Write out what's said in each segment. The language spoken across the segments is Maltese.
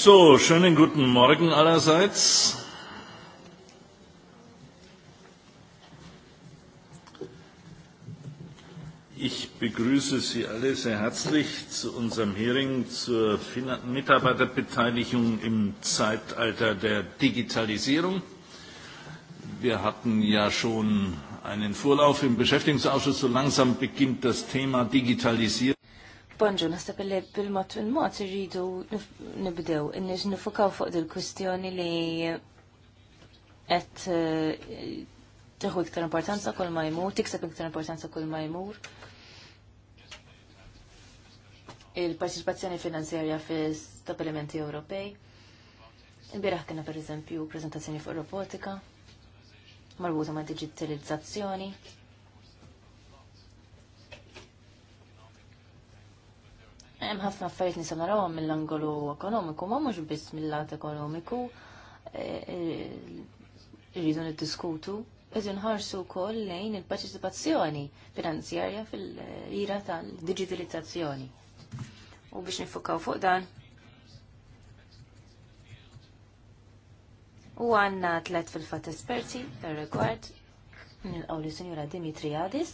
So, schönen guten Morgen allerseits. Ich begrüße Sie alle sehr herzlich zu unserem Hearing zur Mitarbeiterbeteiligung im Zeitalter der Digitalisierung. Wir hatten ja schon einen Vorlauf im Beschäftigungsausschuss. So langsam beginnt das Thema Digitalisierung Bonġu, nasab li bil-mot il-mot irridu nibdew, inniġ nifukaw fuq dil-kustjoni li għet eh, teħu iktar importanza kol ma jmur, tikseb iktar importanza kol ma jmur. Il-parċipazzjoni finanzjarja fi stabilimenti Ewropej. Imbiraħ kena per eżempju prezentazzjoni fuq robotika, marbuta ma' digitalizzazzjoni Hemm ħafna affarijiet nisa narawhom mill-angolu ekonomiku, ma mhux biss mill-lat ekonomiku e, e, irridu niddiskutu, Eżi nħarsu wkoll lejn il parċiċipazzjoni finanzjarja fil-ira tal-digitalizzazzjoni. U biex nifukaw fuq dan, U għanna tlet fil-fat esperti tal rigward nil-għawli Sinjura Dimitriadis,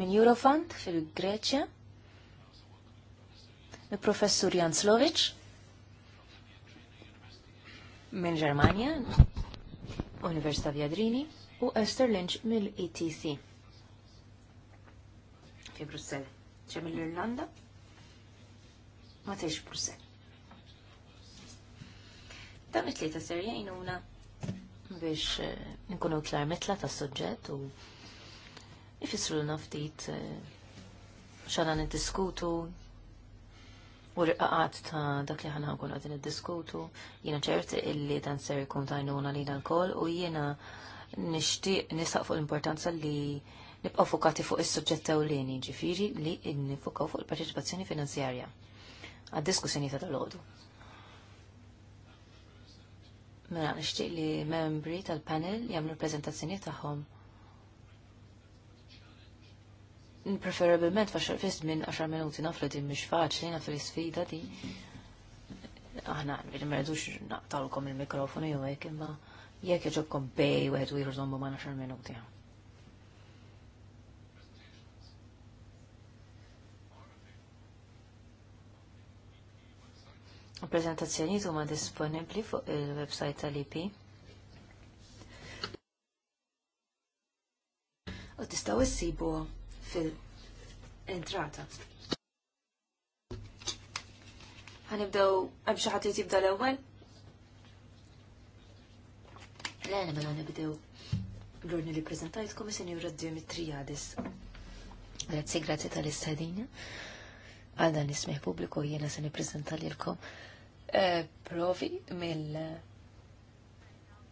minn Eurofund fil-Greċja, mill-professur Jan Slovic minn Ġermanja, Università Viadrini u Esther Lynch mill-ETC fi Brussell. ċem mill irlanda Ma teħx Brussell. Dan it-tlieta ser jgħinuna biex eh, nkunu klar mitla ta' soġġett u ifissru ftit eh, xana diskutu U rqaqat ta' dak li ħana għol għadin id-diskutu, jina ċert illi dan ser jkun tajnuna li dan kol u jina nishtiq nisaq fuq l-importanza li nibqaw fukati fuq is-suġġett ewlieni, ġifiri li nifukaw fuq il-parteċipazzjoni finanzjarja. Għad-diskussjoni ta' dal ħodu Mela nixtieq li membri tal-panel jagħmlu prezentazzjoni preżentazzjoni tagħhom preferabilment faċar fis minn 10 minuti nafra din mhix faċli naf l-isfida di. Aħna li meredux naqtalkom il-mikrofonu jew hekk imma jekk jaġobkom bej wieħed u jirżommu ma' 10 minuti. Il-prezentazzjonijiet huma disponibbli fuq il-website tal-IP. U tistgħu issibu fil-entrata. Għanibdew, għem xaħat li tibda l-ewel? Le, mela nibdew l-urni li prezentajtkom, senjura Dimitriadis. Grazzi, grazzi tal-istadina. Għal dan ismiħ publiku jena se niprezenta lilkom eh, provi mill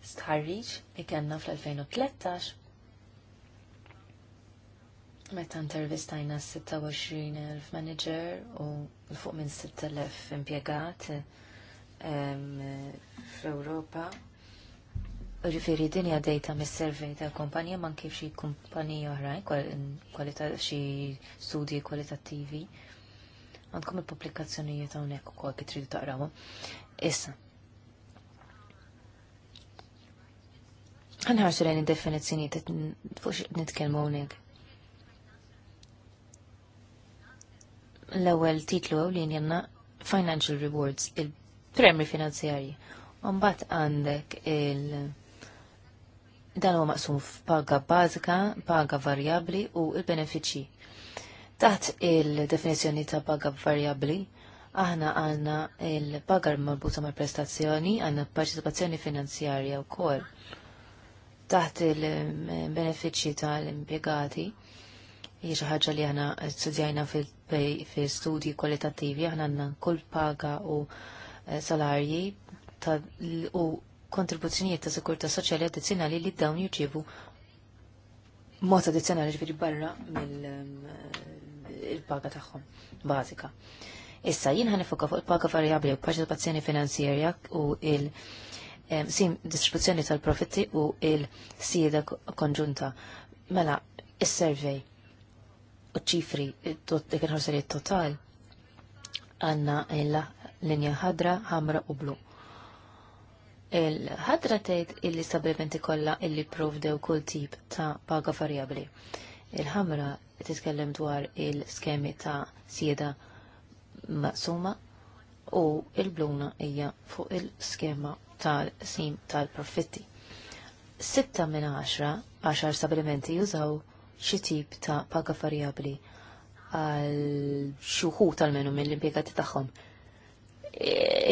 starriċ li kanna fl-2013 Meta intervistajna 26.000 manager u l fuq minn 6.000 impiegat fl-Europa. Ġifiri dinja dejta mis survey ta' kompanija man kif xie kompanija oħrajn, xie studji kwalitattivi. Għandkom il-publikazzjonijiet hawnhekk ukoll kif tridu taqrawhom. Issa. Ħanħarsu lejn id-definizzjonijiet fuq nitkelmu hawnhekk l-ewwel titlu ewlien jenna Financial Rewards, il-premri finanzjarji. Mbagħad għandek il- dan huwa maqsum f'paga bażika, paga varjabbli u l-benefiċċji. Taħt il-definizzjoni ta' paga varjabbli, aħna għandna il-paga marbuta mal-prestazzjoni, għandna parċipazzjoni finanzjarja wkoll taħt il-benefiċċji tal-impjegati, hija xi ħaġa li aħna studjajna fil fi studji kwalitattivi aħna għandna kull paga u eh, salarji u kontribuzzjonijiet ta' sekurta soċjali addizzjonali li dawn jirċievu mod addizzjonali ġifieri barra mill-paga eh, tagħhom bażika. Issa jien ħanifoka fuq il-paga varjabbli u parċipazzjoni finanzjerja u il- eh, sim distribuzzjoni tal-profitti u il-sieda konġunta. Mela, is-survey u ċifri dik il-ħarsariet total għanna illa linja ħadra, ħamra u blu. Il-ħadra tgħid illi sabrimenti kollha illi provdew kull tip ta' paga variabli. Il-ħamra titkellem dwar il-skemi ta' sieda maqsuma u il-bluna hija fuq il-skema tal-sim tal-profitti. Sitta minn 10, 10 sabrimenti jużaw xi tip ta' paga varjabbli għal xuħu tal-menu mill-impjegati tagħhom.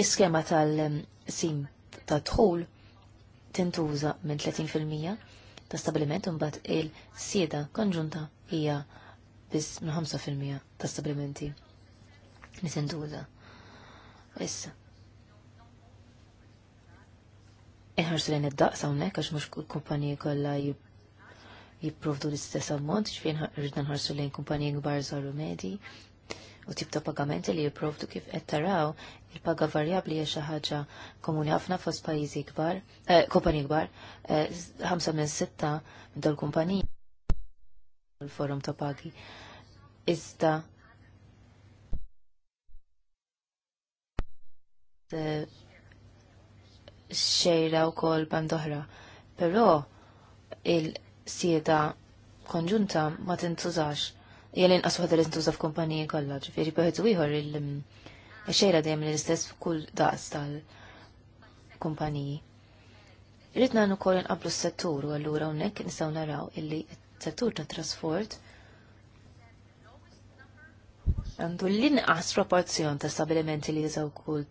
Iskema tal-sim ta' dħul tintuża minn 30% ta' stabiliment imbagħad il-sieda konġunta hija biss minn 5% ta' stabilimenti li tintuża. Issa. Iħarsu lejn id daqsa hawnhekk għax mhux kumpaniji kollha jib jipprovdu l-istess ammont, ġifien rridna nħarsu lejn kumpaniji gbar żaru medi, u tip ta' pagamenti li jipprovdu kif qed taraw il-paga varjabli hija xi ħaġa komuni ħafna fost pajjiżi kbar, eh, kumpaniji kbar, eh, ħamsa minn sitta minn dal kumpaniji l-forum ta' pagi. Iżda eh, xejra u kol oħra, Pero, il- sieda konġunta ma tintużax. Jgħal inqas waħda li tintuża f'kumpaniji kollha, ġifieri bieħed ieħor il-xejra mm, dejjem l-istess f'kull daqs tal-kumpaniji. Ridna nukoll inqablu s-settur u allura hawnhekk nistgħu naraw illi s-settur ta' trasport għandu l-inqas proporzjon ta' stabilimenti li jizaw kull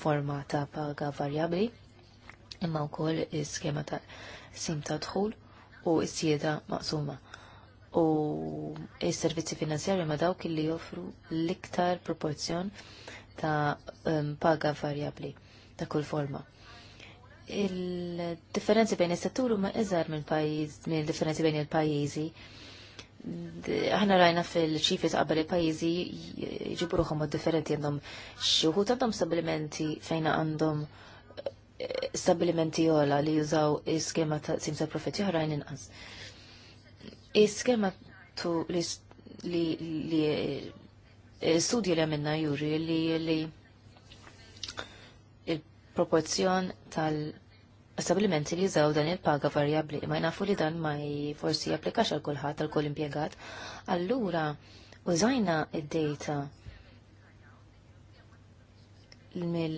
forma ta' paga variabli imma wkoll is-skema ta' sim ta' dħul u s-sieda maqsuma u s-servizzi finanzjarju ma dawk li joffru l-iktar proporzjon ta' um, paga varjabli ta' kull forma. Il-differenzi bejn is-settur huma iżgħar minn pajjiż minn differenzi bejn il-pajjiżi. Aħna rajna fil ċifis qabel il-pajjiżi ġibruhom mod differenti għandhom xi wħud għandhom stabilimenti fejn għandhom stabilimenti jola li jużaw iskema ta' simsa profeti oħrajn inqas. Iskema tu li li eh, studji li għamilna juri li li il-proporzjon tal- Stabilimenti li jużaw dan il-paga varjabli ma jnafu li dan ma forsi japplikax għal kulħadd għal kull impjegat, allura użajna id-data mill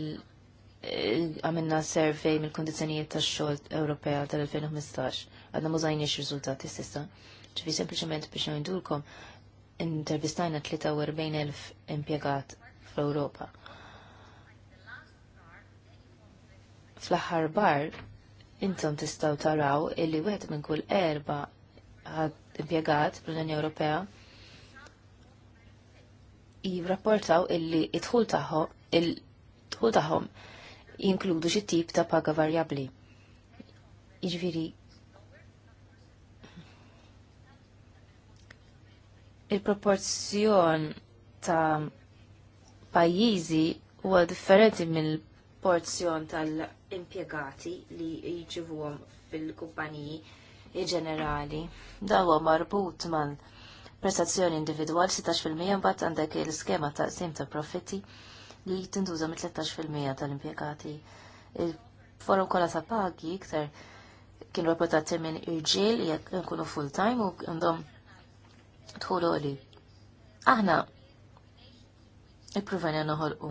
Eh, għamilna survey mill-kondizjonijiet tax xogħol Ewropea tal-2015. Għadna mużajniex riżultati s'issa. Ġifi sempliciment biex ngħidulkom intervistajna 43,000 impjegat fl-Ewropa. Fl-aħħar bar intom tistgħu taraw illi wieħed minn kull erba' impjegat fl-Unjoni Ewropea jirrapportaw illi id-dħul tagħhom il-dħul tagħhom il dħul tagħhom jinkludu xi tip ta' paga varjabbli. Jiġifieri il-proporzjon ta' pajjiżi huwa differenti mill-porzjon tal-impjegati li jiġivuhom fil-kumpaniji ġenerali. Da huwa marbut mal' prestazzjoni individwali 16% mbagħad għandek il iskema ta' sim ta' profitti li tintuża mit-13% tal-impjegati. Il-forum kollha ta' pagi iktar kienu rapportati minn irġiel jekk nkunu full-time u għandhom tħulu li. Aħna ippruvajna noħolqu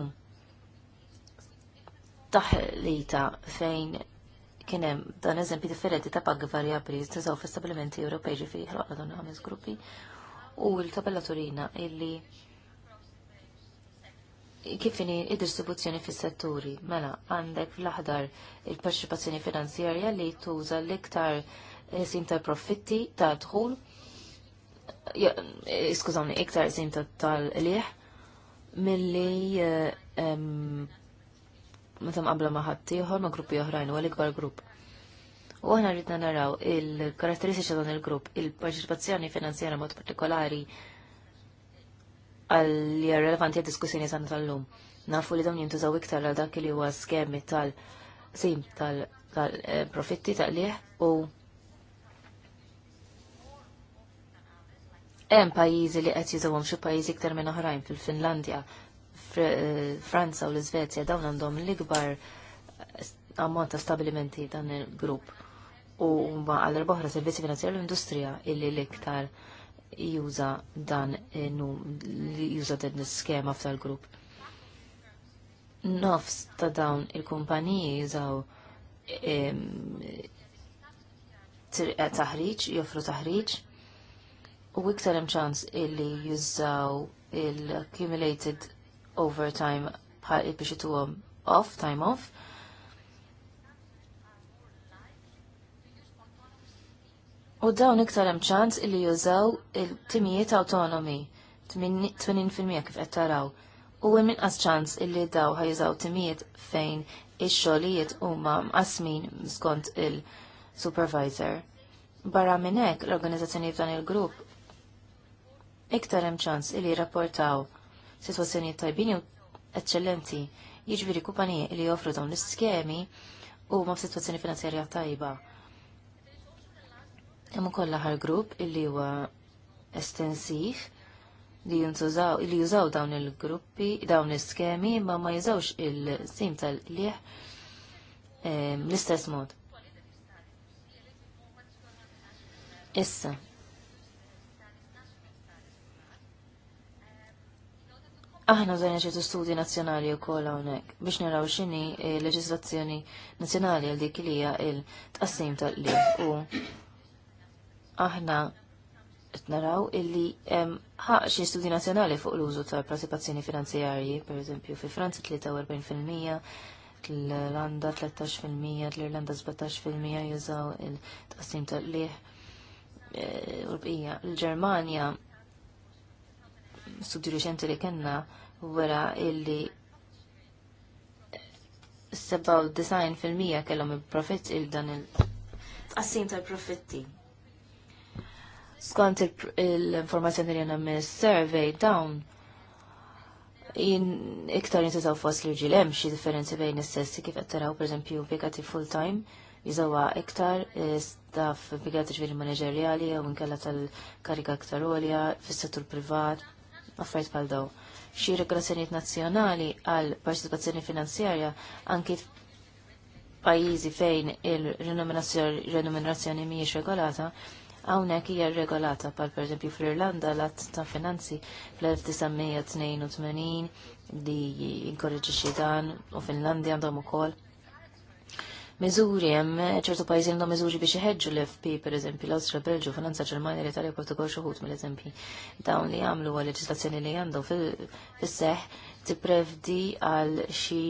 taħlita fejn kien hemm dan eżempi differenti ta' pagi varjabbli jintużaw fl-istabilmenti Ewropej ġifieri ħloqna dawn ħames gruppi u l-tabella turina illi kifini id-distribuzzjoni fis-setturi, mela għandek fl-aħdar il-parċipazzjoni finanzjarja li tuża l-iktar sim ta' profitti ta' dħul, skużawni, iktar sim ta' tal-liħ, mill-li eh, meta qabla ma' ħaddieħor ma' gruppi oħrajn u l-ikbar grupp. U għana rridna naraw il-karatteristiċi dan il-grupp, il-parċipazzjoni finanzjarja mod partikolari għalli relevanti għad diskussjoni san tal-lum. Nafu li dawn jintużaw iktar għal dak li huwa skemi tal-sim tal-profitti tal-liħ u hemm pajjiżi li qed jużawhom xi pajjiżi iktar minn oħrajn fil-Finlandja, eh, Franza u l-Iżvezja dawn għandhom l-ikbar ammont ta' stabilimenti dan il-grupp u ma għal boħra servizzi finanzjari l-industrija illi l-iktar juża dan li juża dan l-iskema f'tal grupp. Nofs ta' dawn il-kumpaniji jużaw eh, taħriġ, joffru taħriġ, u iktar hemm ċans illi jużaw il-accumulated overtime biex ituhom off, time off, U dawn iktar hemm ċans li jużaw il-timijiet autonomi, 80% kif qed taraw. U hemm inqas ċans illi daw ħajżaw timijiet fejn ix-xogħlijiet huma mqasmin skont il-supervisor. Barra minn hekk l-organizzazzjoni f'dan il-grupp iktar hemm ċans illi jirrapportaw sitwazzjonijiet tajbini u eċċellenti jiġri kumpaniji li joffru dawn l-iskemi huma f'sitwazzjoni finanzjarja tajba. Hemm ukoll aħħar grupp illi huwa estensiv li jintużaw li jużaw dawn il-gruppi, dawn l-iskemi ma ma jużawx il-sim tal-lieħ l-istess mod. Issa. Aħna użajna ċertu studji nazzjonali u hawnhekk biex naraw x'inhi eh, leġislazzjoni nazzjonali għal dik il-tqassim tal-lieħ u aħna qed naraw illi ħaq xie studi nazzjonali fuq l-użu ta' partecipazzjoni finanzjarji, pereżempju fi Franza 43%, l-Irlanda 13%, l-Irlanda 17% jużaw il-taqsim tal-liħ e, u l-bqija. studi ġermanja studju reċenti li kellna wara illi 97% kellhom il-profitt il-dan il-tqassim tal-profitti skont l-informazzjoni li għanna mis survey dawn jien iktar jintużaw fost li ġil hemm xi differenzi bejn is-sessi kif qed taraw pereżempju impjegati full time jużawha iktar eh, staff impjegati ġifieri manageriali jew inkella tal-karika aktar għolja fis-settur privat affarijiet bħal daw. Xi regolazzjonijiet nazzjonali għal partecipazzjoni finanzjarja anki pajjiżi fejn il-renominazzjoni mhijiex regolata hawnhekk hija regolata pal pereżempju fl-Irlanda l-att ta' finanzi fl-1982 li jinkoreġixxi dan u Finlandi għandhom ukoll. Miżuri hemm ċertu pajjiżi għandhom miżuri biex iħeġġu l-FP pereżempju l-Awstra, Belġu, Franza, Ġermanja, l-Italja, Portugal xi wħud mill-eżempji dawn li għamlu għal leġislazzjoni li għandhom fis-seħħ tiprevdi għal xi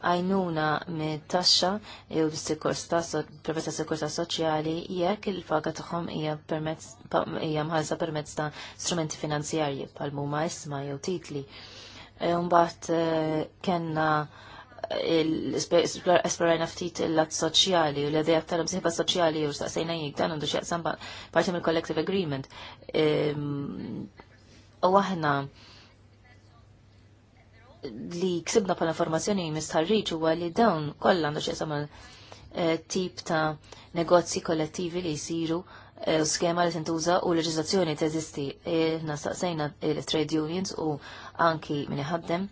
għajnuna minn taxxa jew permezz ta' sikurtà soċjali jekk il faga tagħhom hija permezz hija mħallsa permezz ta' strumenti finanzjarji bħal huma isma jew titli. E, mbagħad e, kellna esplorajna ftit il-lat soċjali u l-għadija tal-msiħba soċjali u staqsejna jik dan għandu xieqsam parti mill collective agreement. E, u aħna li ksibna pala informazzjoni mistħarriċ huwa li dawn kollha għandu samal eh, tip ta' negozji kollettivi li jisiru eh, u skema li tintuża u leġislazzjoni teżisti. Eh, Nasaqsejna il-trade unions u anki minni ħaddem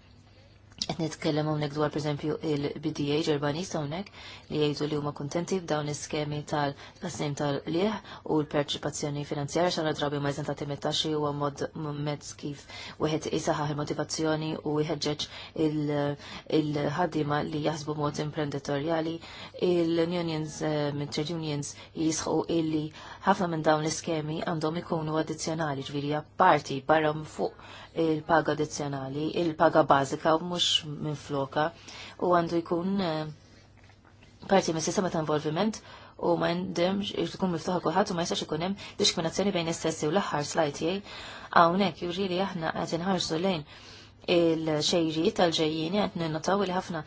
qed nitkellem hawnhekk dwar esempio, il-BDA Ġermaniż hawnhekk li jgħidu li huma kuntenti b'dawn iskemi tal-tasnim tal-lieħ u l perċipazzjoni finanzjarja xara drabi ma eżentati mit-taxxi huwa mod mezz kif wieħed isaħaħ il-motivazzjoni u jħeġġeġ il-ħaddiema li jaħsbu mod imprenditorjali. Il-unions, eh, trade unions jisħu illi ħafna minn dawn l-iskemi għandhom ikunu addizzjonali, ġviri parti barra fuq il-paga addizzjonali, il-paga bażika mhux minn floka u għandu jkun eh, parti mis sistema ta' involviment u ma jendemx tkun miftuħa kulħadd u ma jistax ikun hemm diskriminazzjoni bejn istessi u l-aħħar slajt jgħid hawnhekk juri aħna qed inħarsu lejn il-xejri tal-ġejjini għed ninnotaw li ħafna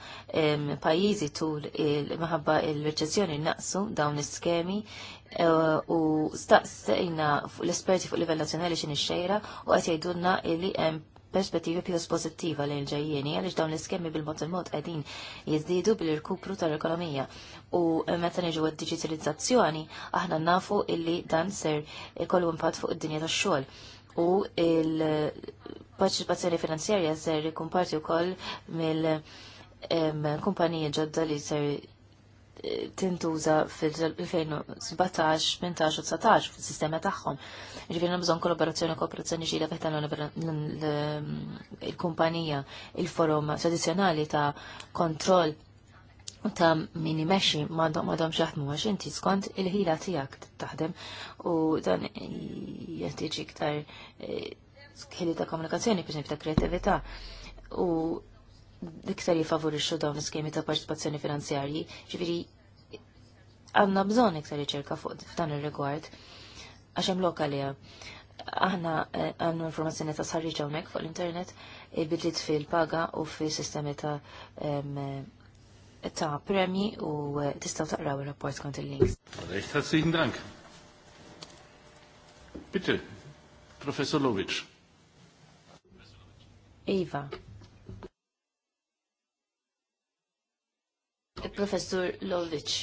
pajizi tul il-maħabba il-reċezzjoni naqsu dawn iskemi eh, u staqsejna l-esperti fuq livell nazjonali xin il xejra u qed jgħidulna li hemm perspettivi pjus pozittiva lejn ġajjeni, għaliex dawn l-iskemmi bil-mod il-mod qegħdin jiżdiedu bil-irkupru tal-ekonomija. U meta niġu d-diġitalizzazzjoni aħna nafu illi dan ser ikollu impatt fuq id-dinja tax-xogħol u il-parċipazzjoni finanzjarja ser ikun parti wkoll mill kumpanija ġodda li ser tintuża fil-2017, 18 u fil-sistema tagħhom. Ġifirna bżon kollaborazzjoni u kooperazzjoni ġida fiħtan l-kumpanija, il-forum tradizjonali ta' kontroll ta' mini meċi madom xaħtmu għax inti skont il-ħila tijak taħdem u dan jattiġi iktar eh, ħili ta' komunikazzjoni, per ta' kreativita u iktar jifavorixxu dawn l-iskemi ta' partecipazzjoni finanzjarji, ġifiri għanna bżon iktar riċerka fuq f'dan il-rigward għaxem lokalija. Aħna eh, għannu informazzjoni ta' sarri ġawnek fuq l-internet eh, bidlit fil-paga u fil-sistemi ta' eh, ta' premji u tistaw taqraw il-rapport kont il-links. Għalek, tazzin dank. Bitte, Professor Lovic. Iva. Professor Lovic.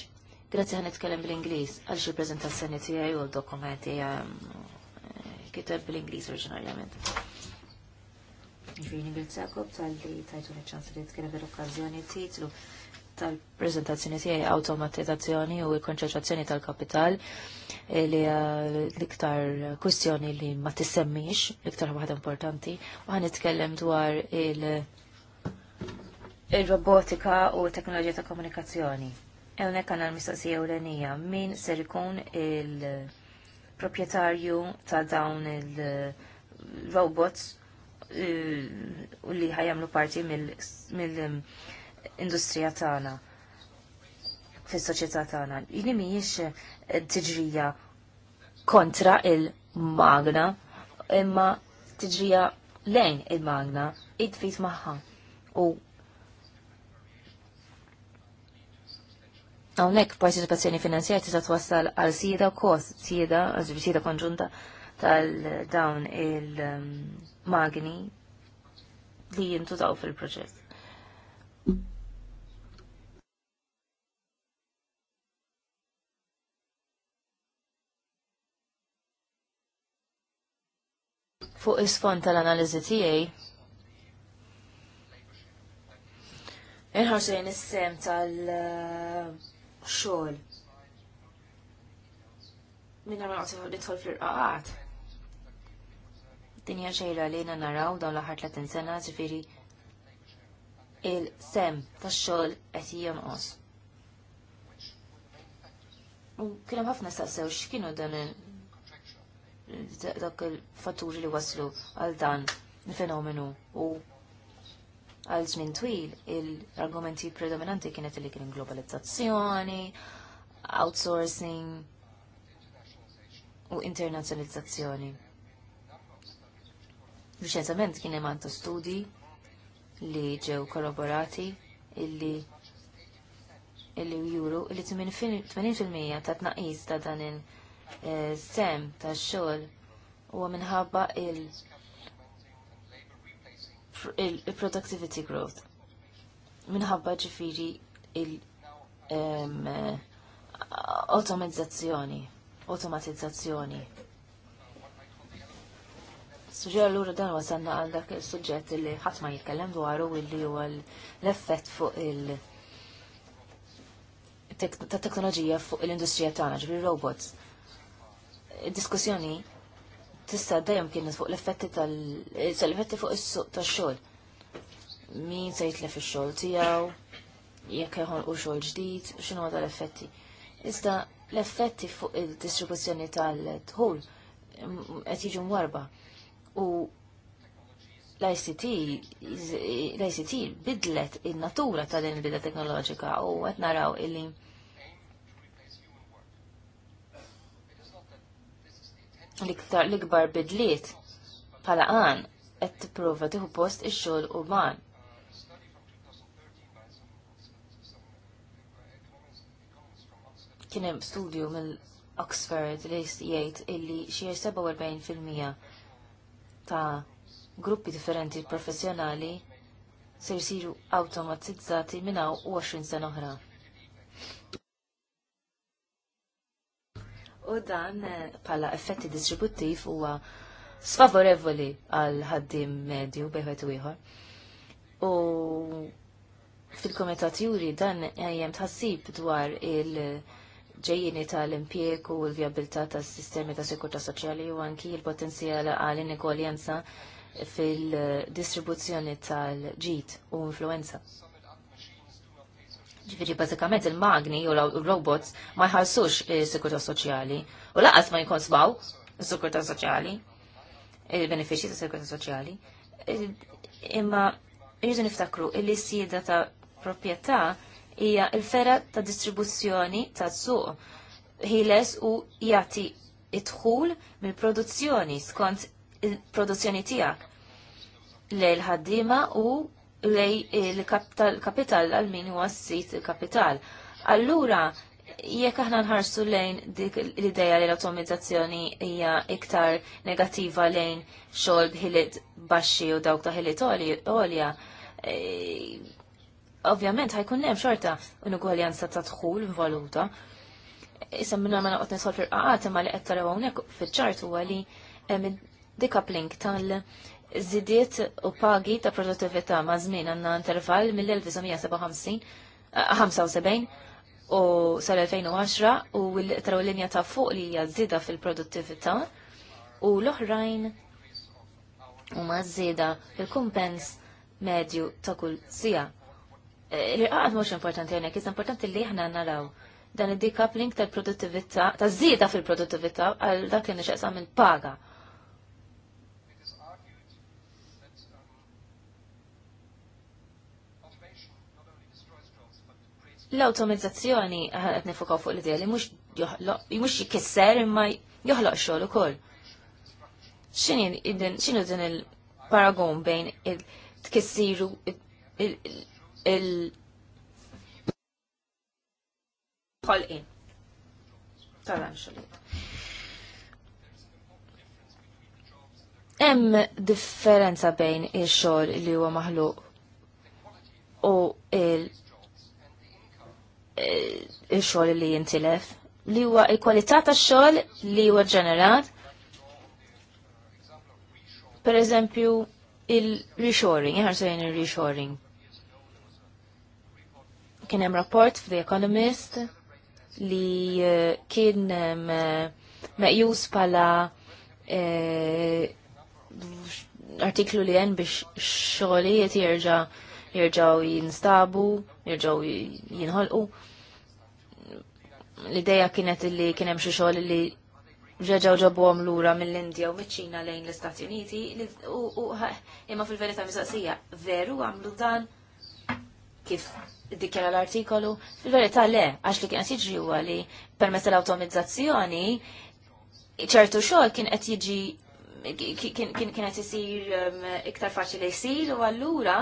Grazie għan nitkellem bil-Inglis, għal xie prezentazzjoni tijaj u l-dokumenti ehm, eh, kiteb bil-Inglis oriġinarjament. Ġvini grazzakob tal-li tajtu ċans li t-kena bil-okkazjoni titlu tal-prezentazzjoni tiegħi automatizzazzjoni u l-konċentrazzjoni tal-kapital eh, li l-iktar kustjoni li ma tissemmix, l-iktar waħda importanti, u għan nitkellem dwar il-robotika u teknoloġija ta' komunikazzjoni. Ewnek kanal l-mistoqsija ewlenija min ser ikun il-propietarju ta' dawn il-robots eh, u li ħajamlu parti mill-industrija tagħna fis-soċjetà tagħna. Jini mhijiex eh, tiġrija kontra il-magna imma tiġrija lejn il-magna id-fit magħha u Hawnhekk partizipazzjoni finanzjarja tista' twassal għal sieda kost sieda għazbi sieda konġunta tal-dawn il-magni um, li daw fil-proċess. Fuq is-fond tal-analiżi tiegħi Inħarsu jen is-sem tal- uh, xol. Minna ma naqsu nidħol fil qaqat Dinja xejra li naraw dawn l-aħħar 30 sena ġifiri il-sem ta' xol qed jonqos. U kienem hemm ħafna staqsew x'kienu dan il-fatturi li waslu għal dan il-fenomenu u għal żmien twil l-argumenti predominanti kienet li kien globalizzazzjoni, outsourcing u internazzjonalizzazzjoni. Riċentament kien hemm għandu studi li ġew kollaborati illi illi juru illi 80% ta' tnaqis ta' dan il-sem eh, ta' xogħol huwa minħabba il- il-productivity growth. Minħabba ġifiri il automatizzazzjoni automatizzazzjoni. Suġġer l-ura dan wasanna għal dak il-sujġet li ħatma jitkellem dwaru illi huwa l-effett fuq il- ta' teknoloġija fuq l-industrija tagħna ġifieri robots. Diskussjoni tista' dejjem kienet fuq l-effetti tal-effetti eh, fuq is-suq tax-xogħol. Min se jitlef ix-xogħol tiegħu, jekk jeħolqu xogħol ġdid, x'inhu l effetti Iżda l-effetti fuq il-distribuzzjoni tal-dħul mm, qed jiġu mwarba. U l-ICT bidlet in-natura ta' din il-bidla teknoloġika u qed naraw illi l-iktar l-ikbar bidliet bħala għan qed tipprova tieħu post ix-xogħol uman. Kien hemm studju mill Oxford li jgħid illi xie 47% ta' gruppi differenti professjonali se jsiru awtomatizzati minn hawn 20 sena oħra. u dan bħala eh, effetti distributtiv huwa sfavorevoli għal ħaddim medju bejħet u ieħor. U fil-komitat juri dan jem tħassib dwar il- ġejjini tal impjek u l-vjabilità tas-sistemi ta' sekurta soċjali u anki l-potenzjal għal inegoljanza fil-distribuzzjoni tal-ġit u influenza ġifiri bażikament il-magni u l-robots ma jħarsux is sikurta soċjali u laqas ma jkonsmaw is-sikurtà soċjali il-benefiċċji ta' s-sikurta soċjali. Imma jizu niftakru il s sida ta' proprjetà hija l-fera ta' distribuzzjoni ta' suq ħiles u jagħti idħul mill-produzzjoni skont il-produzzjoni tiegħek lejl ħaddiema u lej il-kapital għal min huwa s-sit il-kapital. Allura, jekk aħna nħarsu lejn dik l-ideja li l-automizzazzjoni hija iktar negattiva lejn xogħol bħilit baxxi u dawk ta' ħilit għolja, e, ovvjament ħajkun hemm xorta unugwaljanza ta' dħul valuta. Issa minna ma naqgħod nisol fil-qaqat imma li qed taraw hawnhekk fiċ-ċart huwa li hemm decoupling tal- zidiet u pagi ta' produttività ma' żmien għandna intervall mill-1975 eh, u sal-2010 u l-traw linja ta' fuq li hija fil-produttività u l-oħrajn huma żieda fil-kumpens medju ta' kull sija. Eh, il għad mhux importanti għanek, iżda importanti li aħna naraw dan id-decoupling tal-produttività, ta' żieda fil-produttività għal dak li nixaqsam il-paga L-automizzazzjoni eh, għed nifukaw fuq l-idea li mux jikisser imma joħloq xogħol ukoll. X'inhu din il-paragon bejn il-tkissiru il- ħolqin. Taran xolit. Hemm differenza bejn il-xogħol li huwa maħluq u il- Eh, il-xogħol li jintilef li huwa il-kwalità tax-xogħol li huwa ġenerat. Per eżempju, il-reshoring, jħarsajn il-reshoring. Kien hemm rapport f'The Economist li eh, kien eh, meqjus pala artiklu li jen biex x jerġa' jerġgħu jinstabu, jerġgħu jinħolqu l-ideja kienet li kien hemm xi xogħol li ġeġaw l lura mill-Indja u miċ-Ċina lejn l-Istati Uniti u imma fil-verità mistoqsija veru għamlu dan kif dikjara l-artikolu fil-verità le għax li kien jiġri u li permezz l-awtomizzazzjoni ċertu xogħol kien qed jiġi kien qed isir um, iktar faċli jsir u allura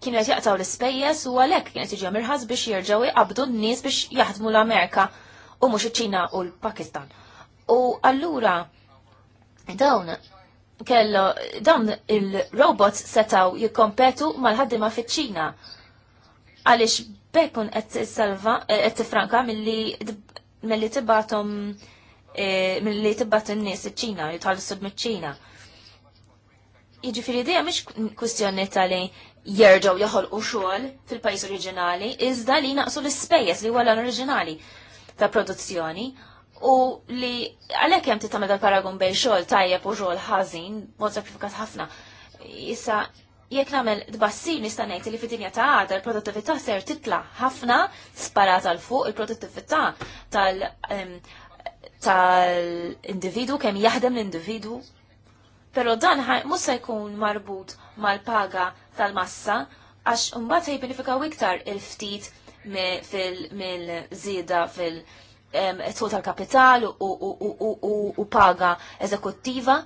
kienet qed jaqtaw l-ispejjeż u għalhekk kienet iġi mirħas biex jerġgħu jqabdu n-nies biex jaħdmu l-Amerika u mhux iċ-Ċina u l-Pakistan. U allura dawn kello dawn il-robots setaw jikkompetu mal-ħaddima fiċ-Ċina. Għaliex bekun qed salva eh, qed tifranka milli milli tibatom eh, milli tibbat in-nies iċ-Ċina, jitħallsu miċ-Ċina. Jiġifieri dejja mhix kwistjoni tal-li jerġgħu joħolqu xogħol fil-pajjiż oriġinali iżda li naqsu l-ispejjeż li huwa l-oriġinali ta' produzzjoni u li għalhekk hemm titgħamel dal-paragun bejn xogħol tajjeb u xogħol ħażin mod sakrifikat ħafna. Issa jekk namel d-bassin ngħid li fid-dinja ta' għad, l-produttività ser titla' ħafna sparat għal fuq il-produttività tal- individu kemm jaħdem l-individu Pero dan mhux se jkun marbut mal-paga tal-massa għax mbagħad jibbenifikaw iktar il-ftit mill zida fil tħul tal-kapital u paga eżekuttiva.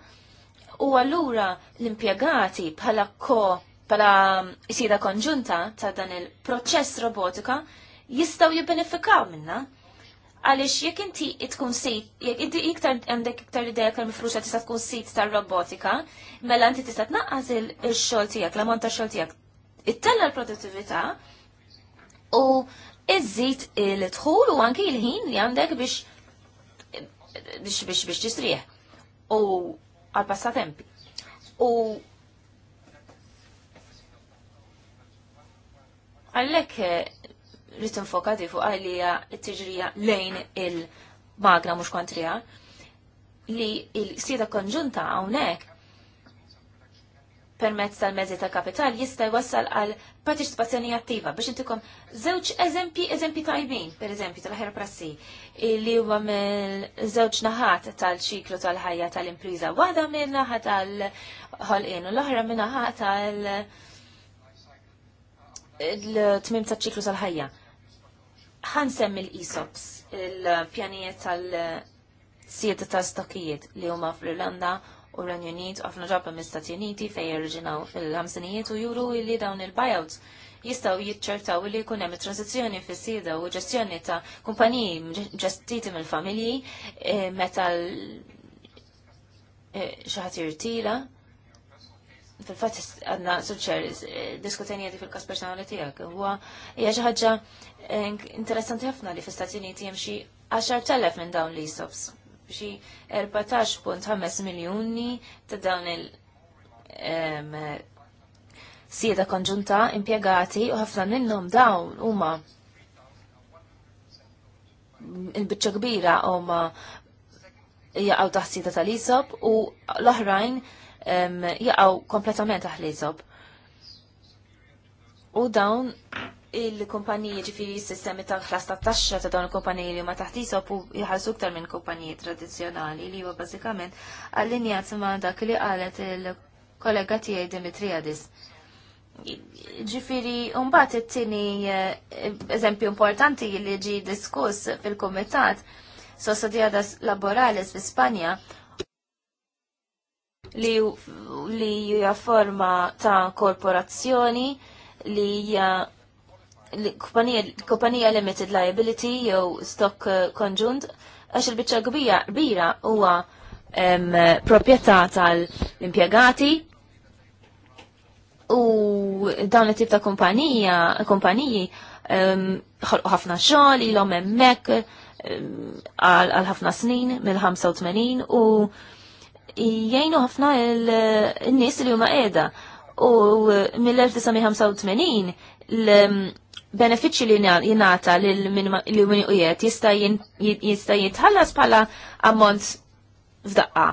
U allura l-impjegati bħala ko bħala isida konġunta ta' dan il-proċess robotika jistaw jibbenefikaw minna għaliex jekk inti tkun sejt, jekk inti iktar għandek iktar ideja kemm mifruxa tista' tkun sit tar-robotika, mela inti tista' tnaqqas il-xogħol tiegħek, l monta tax-xogħol tiegħek. t-tella l-produttività u iżżid il-dħul u anki il-ħin li għandek biex biex biex biex tistrieħ u għal passatempi. U għallek rrit infokati fuq għalija t-tiġrija lejn il-magra mux kontrija li il-sida konġunta għawnek permezz tal-mezzi tal kapital jista' jwassal għal partiċipazzjoni attiva biex intikom żewġ eżempji eżempji tajbin, per eżempju tal ħerprassi prassi li huwa mill-żewġ naħat tal-ċiklu tal-ħajja tal-impriża, waħda minn naħat tal-ħolqien u l-oħra minn naħat tal-tmim tal-ċiklu tal-ħajja. tal- tmim ta' ċiklu tal-ħajja semmi l-isops il-pjanijiet tal-sieta ta' stokijiet li huma fl-Irlanda u r Unit u għafna ġabba mill-Stati Uniti fej jirġinaw fil-ħamsinijiet u juru li dawn il-buyouts jistaw jitċertaw li jkun hemm transizjoni fis-sieda u ġestjoni ta' kumpaniji ġestiti mill-familji eh, meta eh, xi ġaħat jirtila. Fil-fatt għandna suċċer eh, diskutenija fil-każ personali tiegħek huwa hija xi ħaġa Eh, interessanti ħafna li fl istati Uniti hemm xi 10,000 minn dawn l-ESOPs, xi 14.5 miljuni ta' dawn il- sieda konġunta impiegati u ħafna minnhom dawn huma il-biċċa kbira huma jaqgħu taħt sieda tal-isob u l-oħrajn jaqgħu kompletament taħt l-isob. U dawn il-kumpaniji ġifiri s-sistemi ta' ħlas ta' taxxa ta' dawn il-kumpaniji li ma taħtisa u jħallsu ktar minn kumpaniji tradizzjonali li huwa bażikament għallinjat ma' dak li qalet il-kollega tiegħi Dimitriadis. Ġifiri, mbagħad it-tieni eh, eżempju importanti li ġi diskuss fil-kumitat sosodjadas laborales fl Spanja li, li hija forma ta' korporazzjoni li hija kumpanija limited liability jew stock eh, konġunt għax il-biċċa kbira kbira huwa proprjetà tal-impjegati u dawn it-tip ta' kumpanija kumpaniji ħolqu ħafna xogħol ilhom hemmhekk għal ħafna snin mill-85 u jgħinu ħafna il-nies li huma qiegħda. U eh, mill-1985 benefiċċji li jingħata lil min ujiet jista' jitħallas bħala ammont f'daqqa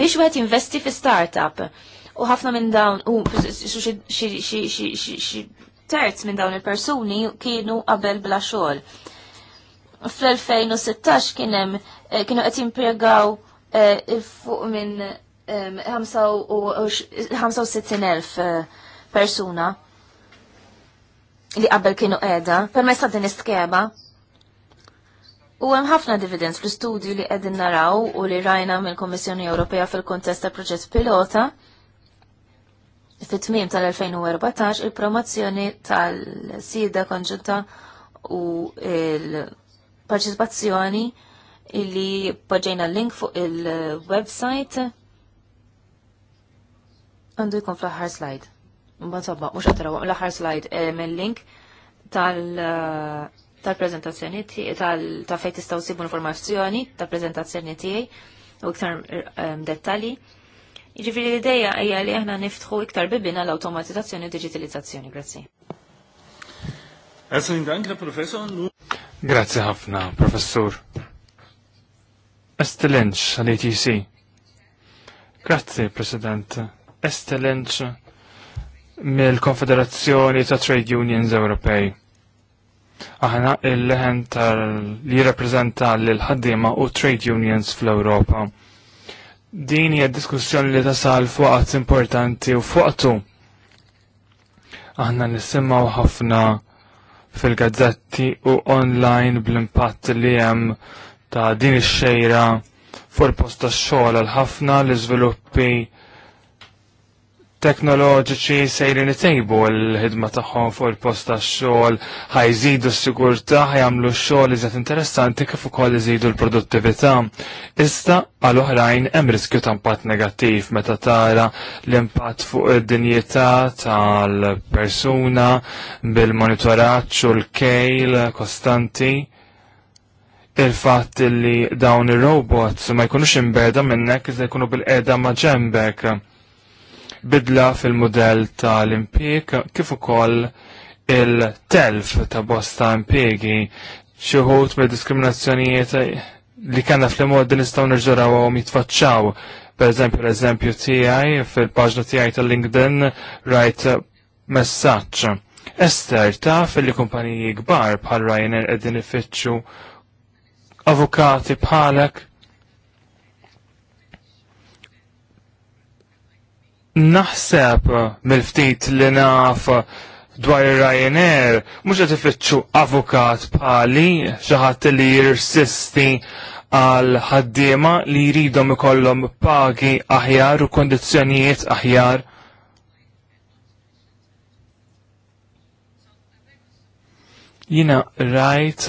biex wieħed jinvesti fi startup. U ħafna minn dawn u xi terz minn dawn il-persuni kienu qabel bla xogħol. Fl-2016 kienem eh, kienu qed jimpjegaw eh, fuq minn 65,000 eh, persuna li qabel kienu qiegħda permezz ta' din iskema. U hemm ħafna dividends fl-istudju li qegħdin naraw u li rajna mill-Kummissjoni Ewropea fil-kontest ta' proġett pilota fit-tmiem tal-2014 il-promozzjoni tal-sida konġunta u il-parċipazzjoni illi poġġejna link fuq il-website għandu jkun fl-aħħar slide. Mbagħad sobba, mhux qed l-aħħar slide eh, mill-link tal- eh, tal-prezentazzjoni ta' fejt istaw sibu informazzjoni tal-prezentazzjoni tiegħi u iktar eh, dettalji. Iġifiri l ideja hija li aħna niftħu iktar bibina l automatizzazzjoni u digitalizzazzjoni. Grazzi. Herzlichen Dank, la Professor. Grazie ħafna, Professur. Estelenċ għal-ATC. Grazie, President. Estelenċ mill-Konfederazzjoni ta' Trade Unions Ewropej. Aħna il-leħen tal-li jirrappreżenta l-ħaddiema u Trade Unions fl-Ewropa. Din hija diskussjoni li tasal fuqat importanti u fuqtu. Aħna nisimgħu ħafna fil-gazzetti u online bl-impatt li hemm ta' din ix-xejra fuq il-post tax-xogħol għal ħafna l-iżviluppi teknoloġiċi sejrin it-tejbu l-ħidma tagħhom fuq il-post tax-xogħol, ħajżidu s-sigurtà, ħajamlu x-xogħol iżjed interessanti kif ukoll iżidu l-produttività. Issa għal oħrajn hemm riskju ta' impatt negattiv meta tara l-impatt fuq id-dinjità tal-persuna bil-monitoraġġ u l-kejl kostanti il-fatt li dawn ir-robots ma jkunux imbeda minnek iżda jkunu bil-qeda ma' ġembek bidla fil-modell tal-impjeg kif ukoll il-telf ta' bosta impiegi xi wħud diskriminazzjonijiet li kellna fl-mod din nistgħu nirġurawhom jitfaċċaw. Pereżempju l-eżempju TI fil-paġna TI tal-LinkedIn rajt messaġġ. Ester taf li kumpaniji kbar bħal Ryanair qegħdin ifittxu avukati bħalek Naħseb mill-ftit li naf dwar Ryanair, mux għat ifittxu avukat pali, xaħat li jirsisti għal ħaddiema li jridhom ikollhom pagi aħjar u kondizjonijiet aħjar. Jina rajt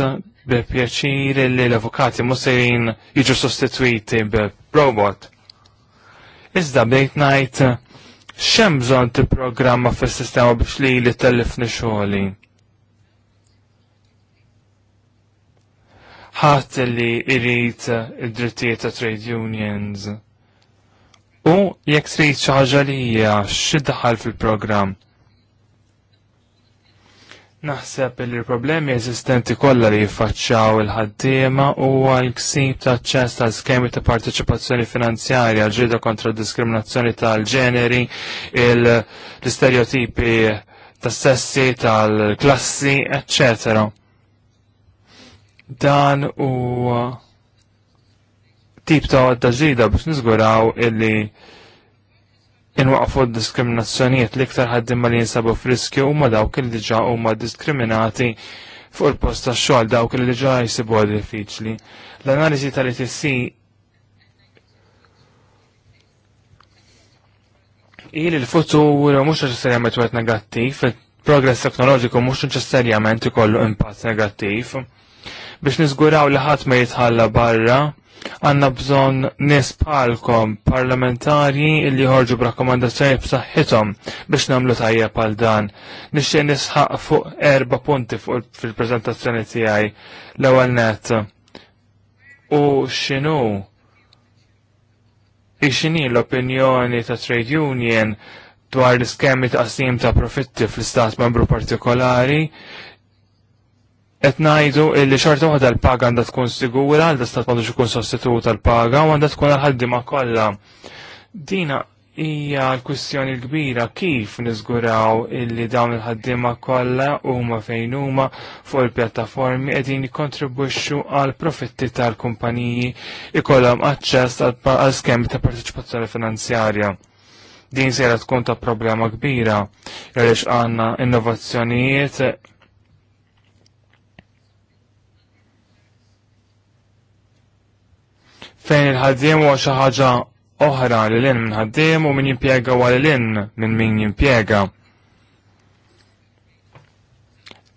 bi pjaċir li l-avukati musserin jiġu sostituiti bi robot. Iżda bejt najt xem bżon t-programma fil-sistema biex li li tellifni xoħli. ħat li irrit id-drittijiet ta' trade unions. U jekk trid xi ħaġa li hija xi fil-programm Naħseb li l-problemi eżistenti kollha li jiffaċċjaw il-ħaddiema huwa l-ksib ta' ċess ta' skemi ta' parteċipazzjoni finanzjarja, ġrida kontra diskriminazzjoni tal-ġeneri, l-istereotipi ta' sessi, tal-klassi, etc. Dan huwa tip ta' għadda ġrida biex nizguraw illi inwaqfu d-diskriminazzjonijiet l-iktar ħaddimma li jinsabu friskju huma dawk li u huma diskriminati fuq il-post ta' xogħol dawk li jisibu għad diffiċli. L-analiżi tal-ITC il il-futur mhux neċessarjament wieħed negattiv, il-progress teknoloġiku mhux neċessarjament ikollu impatt negattiv. Biex niżguraw li ħadd ma jitħalla barra, Għanna bżon nis palkom parlamentari li ħorġu b'rakkomandazzjoni b'saħħithom biex namlu tajja pal dan. Nixxie nisħaq fuq erba punti fil-prezentazzjoni tiegħi l-ewwel net. U x'inhu ixini l-opinjoni ta' trade union dwar l-iskemi ta' qasim ta' profitti fl-istat membru partikolari qed ngħidu li xorta waħda l-paga għandha tkun sigura għanda stat m'għandux ikun sostitut l paga u għandha tkun għal ħaddima kollha. Dina hija l-kwistjoni l-kbira kif niżguraw illi dawn il-ħaddiema kollha huma fejn huma fuq il-pjattaformi qegħdin jikkontribwixxu għal profitti tal-kumpaniji ikollhom aċċess għal skemi ta' partecipazzjoni finanzjarja din sejra tkun ta' problema kbira għalix għanna innovazzjonijiet fejn il-ħaddiem huwa xi ħaġa oħra li lin minn ħaddiem u min jimpjega huwa li lin minn min jimpjega.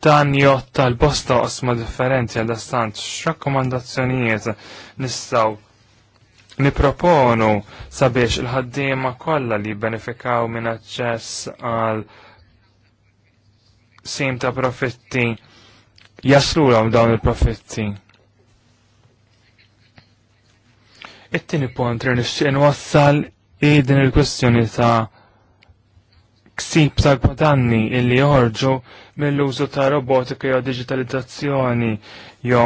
Dan jott tal-bosta osma differenti għal stant x'rakkomandazzjonijiet nistgħu niproponu sabiex il-ħaddiema kollha li jibbenefikaw minn aċċess għal sim ta' profitti jaslu dawn il-profitti. It-tieni punt li nixtieq wassal i din il-kwestjoni ta' ksib tal-padanni illi jorġu mill-użu ta' robotika jew digitalizzazzjoni jew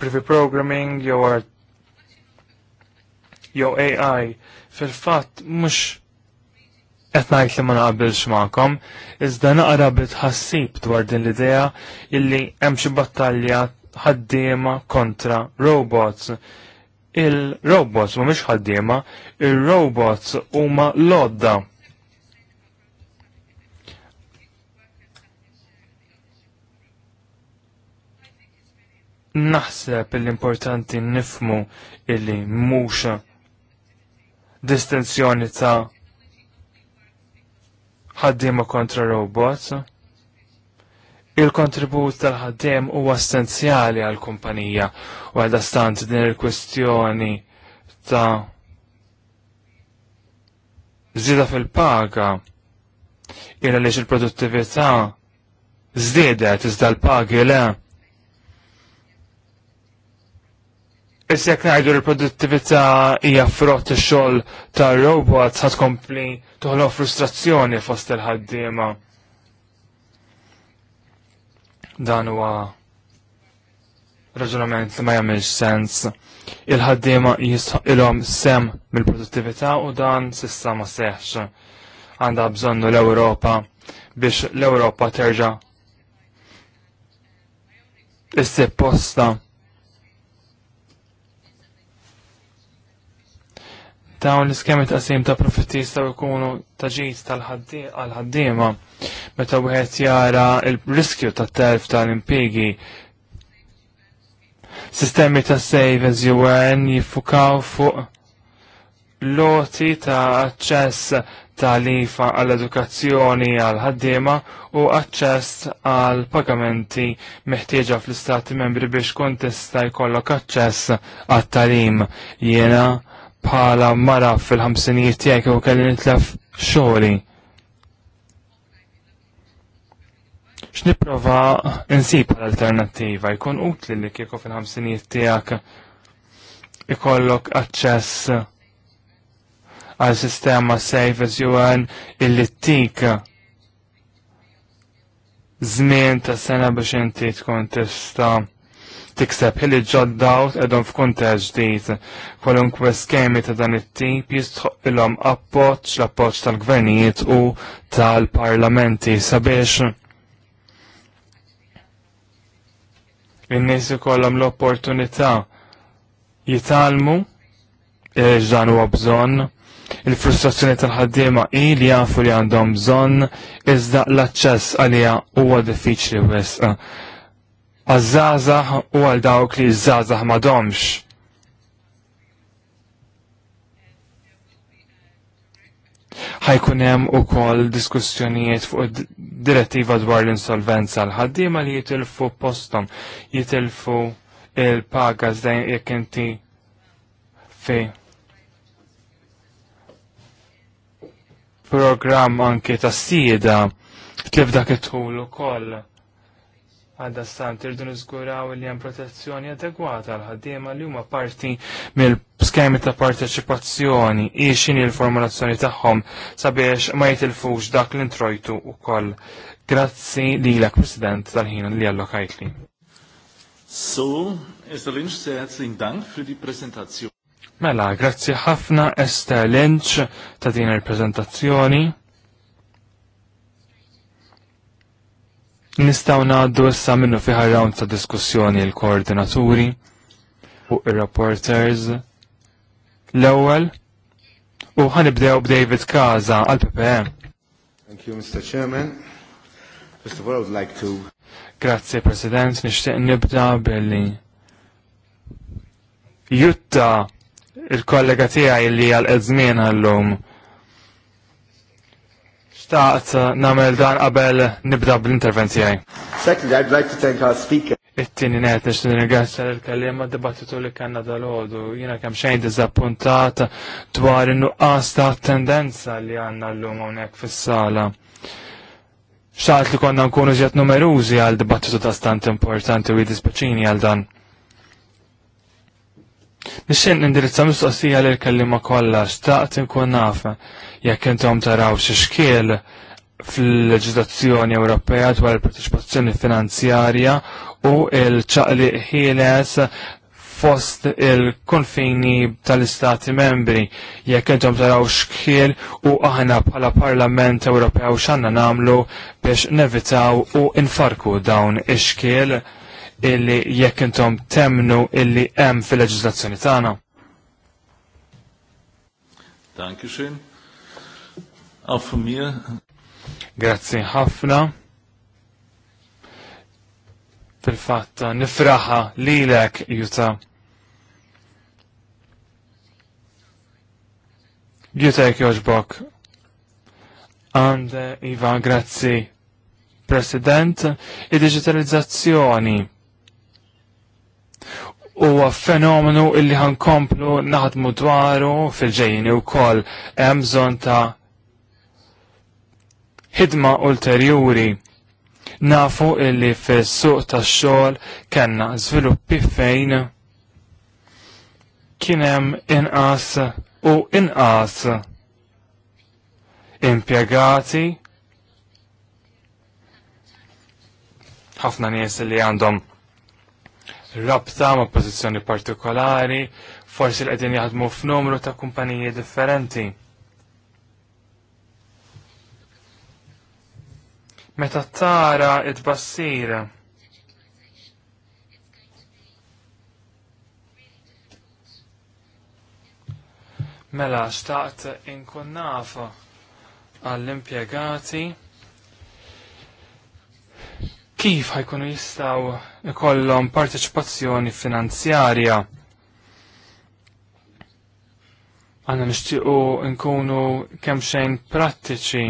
privy programming jew jew AI fil-fatt mhux qed ngħid li ma naqabilx magħkom, iżda naqra bitħassib dwar din l-idea illi hemm xi battalja ħaddiema kontra robots il-robots mhumiex ħaddiema, il-robots huma lodda. Naħseb l-importanti nifmu illi mhux distinzjoni ta' ħaddiema kontra robots il-kontribut tal-ħaddiem huwa essenzjali għal kumpanija u għal stant din il-kwestjoni ta' zida fil-paga jena lex il-produttività zdidet iżda l-pagi le. Issa jekk ngħidu l-produttività hija frott ix-xogħol tar-robots ħad kompli toħloq frustrazzjoni fost il-ħaddiema. Dan huwa raġunament li ma jagħmilx sens. Il-ħaddiema ilhom sem mill-produttività u dan s'issa ma seħx. Għandha bżonnu l-Ewropa biex l-Ewropa terġa' issib posta Dawn l-iskemi ta' sim ta' profitti jistgħu jkunu ta' ġid tal-ħaddiema meta wieħed jara l riskju ta' terf tal impigi Sistemi ta' save as you earn jiffukaw fuq loti ta' aċċess ta' lifa għall-edukazzjoni għall-ħaddiema u aċċess għall-pagamenti meħtieġa fl-istati membri biex kontesta jkollok aċċess għat-talim. Jena bħala mara fil-ħamsinijiet tiegħi kieku kelli nitlef xoħli. X'nipprova insib l alternativa jkun utli li kieku fil-ħamsinijiet tiegħek ikollok aċċess għal sistema safe as You Earn illi tik żmien ta' sena biex inti tkun tista' tikseb ħili ġodda u edhom f'kunteġ ġdid. Kwalunkwe skemi ta' dan it-tip jistħoq ilhom appoġġ l-appoġġ tal-gvernijiet u tal-parlamenti sabiex in-nies l-opportunità jitalmu e, dan huwa bżonn il-frustrazzjoni tal-ħaddiema i li jafu li għandhom bżonn iżda l-aċċess għalija huwa diffiċli wisq għaż u għal dawk li ż-żgħażagħ m'għadhomx. ħajkun hemm ukoll diskussjonijiet fuq direttiva dwar l-insolvenza l-ħaddiema li jitilfu postom, jitilfu il-paga zdejn jekk inti fi program anke ta' Sida tlif dak it-tul ukoll Għadda stant irdu nizguraw li hemm protezzjoni adegwata għal ħaddiema li huma parti mill-skemi ta' parteċipazzjoni i xini l-formulazzjoni tagħhom sabiex ma jitilfux dak l-introjtu koll. Grazzi lilek President tal-ħin li allokajtli. So, Esther Lynch, sehr herzlichen Dank fri di Präsentation. Mela, grazzi ħafna Esther Lynch ta' din il-prezentazzjoni. Nistaw naħaddu issa minnu fiħar round ta' diskussjoni l-koordinaturi u il-reporters l-ewwel u ħanibdew b'David Kaza għal PPM. Thank you, Mr. Chairman. First of all, I would like to... Grazie, President. Nishtiq nibda billi jutta il-kollega tijaj li għal-ezmin għallum Xtaqt namel dan qabel nibda bl intervenzi għaj. Secondly, I'd like to thank our speaker. It-tini net nix nirgħassa l-kallima dibattitu li kanna dal-ħodu. Jina kem xejn dizappuntat dwar il-nuqqas ta' tendenza li għanna l-lum għonek fis-sala. Xtaqt li konna nkunu ġiet numerużi għal dibattitu ta' stant importanti u jidispaċini għal dan. Nixxen indirizza mistoqsija li l-kellima kollha staqt inkun naf jekk intom taraw xi xkiel fil-leġislazzjoni Ewropea dwar il-parteċipazzjoni finanzjarja u il-ċaqli ħieles fost il-konfini tal-istati membri jekk intom taraw xkiel u aħna bħala Parlament Ewropew x'għandna nagħmlu biex nevitaw u infarku dawn ix-xkiel illi jekk intom temnu illi hemm fil leġislazzjoni tagħna. Dankeschön. Auf mir. Grazzi ħafna. Fil-fatt nifraħa lilek Juta. Juta jek joġbok. Għande Iva, grazzi. President, id-digitalizzazzjoni huwa fenomenu illi komplu naħdmu dwaru fil-ġejjini wkoll hemm bżonn ta' ħidma ulterjuri. Nafu illi fis-suq tax-xogħol kellna żviluppi fejn kien hemm inqas u inqas impjegati ħafna nies li għandhom rabta ma' pozizjoni partikolari, forsi li qegħdin jaħdmu f'numru ta' kumpaniji differenti. Meta tara id bassira Mela, xtaqt inkun nafa għall-impjegati kif ħajkunu jistaw ikollhom parteċipazzjoni finanzjarja. Għanna nixtiequ nkunu kemm xejn prattiċi.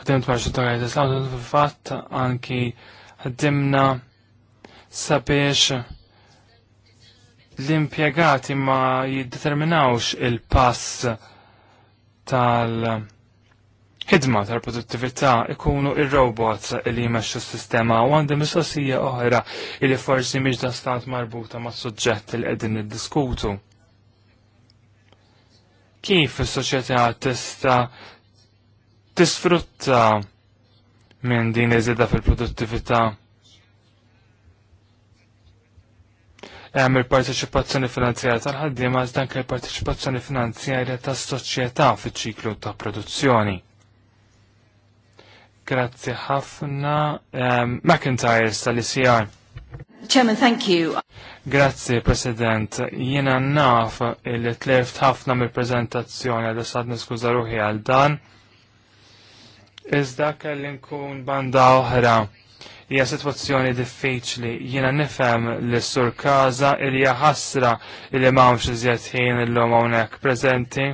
Għadimt maġġu t-għajt, fatt anki għaddimna sabiex l-impjegati ma jiddeterminawx il-pass tal-ħidma tal-produttività ikunu il-robots li jmexxu s-sistema u għandi mistoqsija oħra li forsi miex stat marbuta ma' suġġett li qegħdin niddiskutu. Kif is-soċjetà tista' tisfrutta minn din iżida fil-produttività? hemm il-parteċipazzjoni finanzjarja tal-ħaddiema iżda anke l-parteċipazzjoni finanzjarja tas-soċjetà fiċ-ċiklu ta' produzzjoni. Grazzi ħafna um, McIntyre tal-ICR. Chairman, thank you. Grazzi, President. Jiena naf li tleft ħafna mill-prezentazzjoni għal sad niskuża ruħi għal dan. Iżda kelli nkun banda oħra hija sitwazzjoni diffiċli. Jiena nifhem li sur kaza ili hija ħasra li m'hawnx iżjed ħin illum hawnhekk preżenti.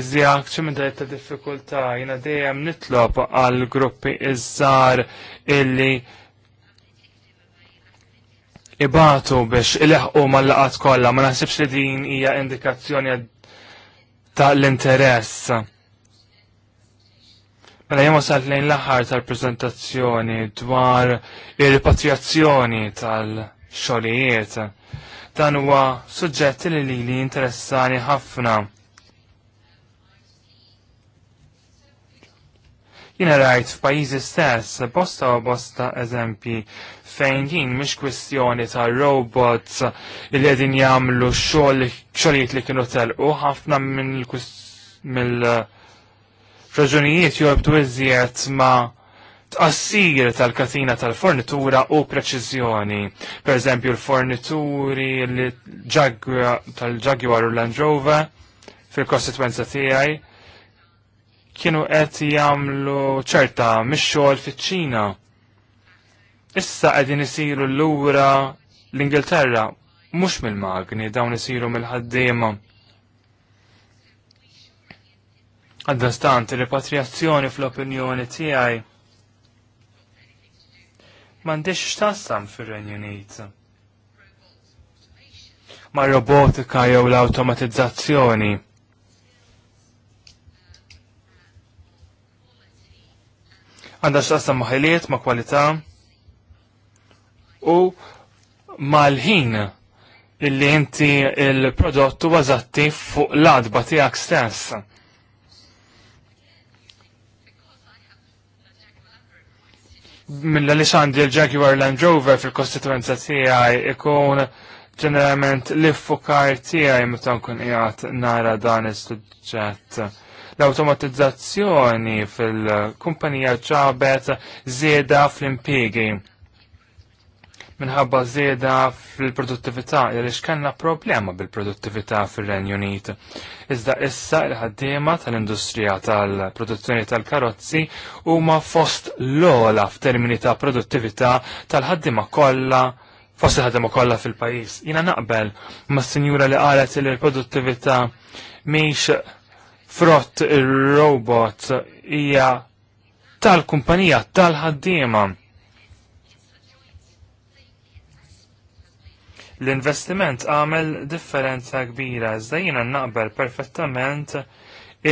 Iżda ċi minn ta' diffikultà jiena dejjem nitlob għal gruppi iż-żar illi ibatu biex il-ħqu mal-laqat kollha ma naħsibx li din hija indikazzjoni ta' l-interess Mela jemma sal lejn l-aħħar tal-prezentazzjoni dwar ir-repatriazzjoni tal-xogħlijiet. Dan huwa suġġett li lili interessani ħafna. Jina rajt f'pajjiżi stess, bosta u bosta eżempji fejn jien mhix kwistjoni ta' robots li qegħdin jagħmlu xogħol xogħlijiet li kienu telqu ħafna mill mill raġunijiet jorbtu iżjed ma' tqassir tal-katina tal-fornitura u preċiżjoni. Per eżempju l-fornituri tal-Jaguar u Land Rover fil kostitwenza tiegħi kienu qed jagħmlu ċerta mix-xogħol fiċ-Ċina. Issa qegħdin isiru lura l-Ingilterra mhux mill-magni dawn isiru mill-ħaddiema. Għaddastant, repatriazzjoni fl-opinjoni tiegħi m'għandix x'tassam fir-Renju Unit. Ma' robotika jew l-awtomatizzazzjoni. għandha x'tassam ma' ħiliet, ma' kwalità u mal-ħin illi inti il prodottu għazatti fuq l-adba tiegħek stess mill-Alexandri il jaguar Land Rover fil-kostituenza tiegħi ikun ġeneralment l-iffukar tijaj meta nkun qiegħed nara dan is-suġġett. L-automatizzazzjoni fil-kumpanija ġabet żieda fl-impjegi minħabba żieda fil-produttività għaliex kellna problema bil-produttività fir-Renju Unit. Iżda issa il ħaddiema tal-industrija tal-produzzjoni tal-karozzi huma fost l-ola f'termini ta' produttività tal ħaddima kollha fost il-ħaddiema kollha fil-pajjiż. Jiena naqbel mas-sinjura li qalet li l-produttività mhix frott ir-robot hija tal-kumpanija tal-ħaddiema. tal kumpanija tal ħaddima tal kumpanija tal ħaddiema L-investiment għamel differenza kbira, iżda jiena naqbel perfettament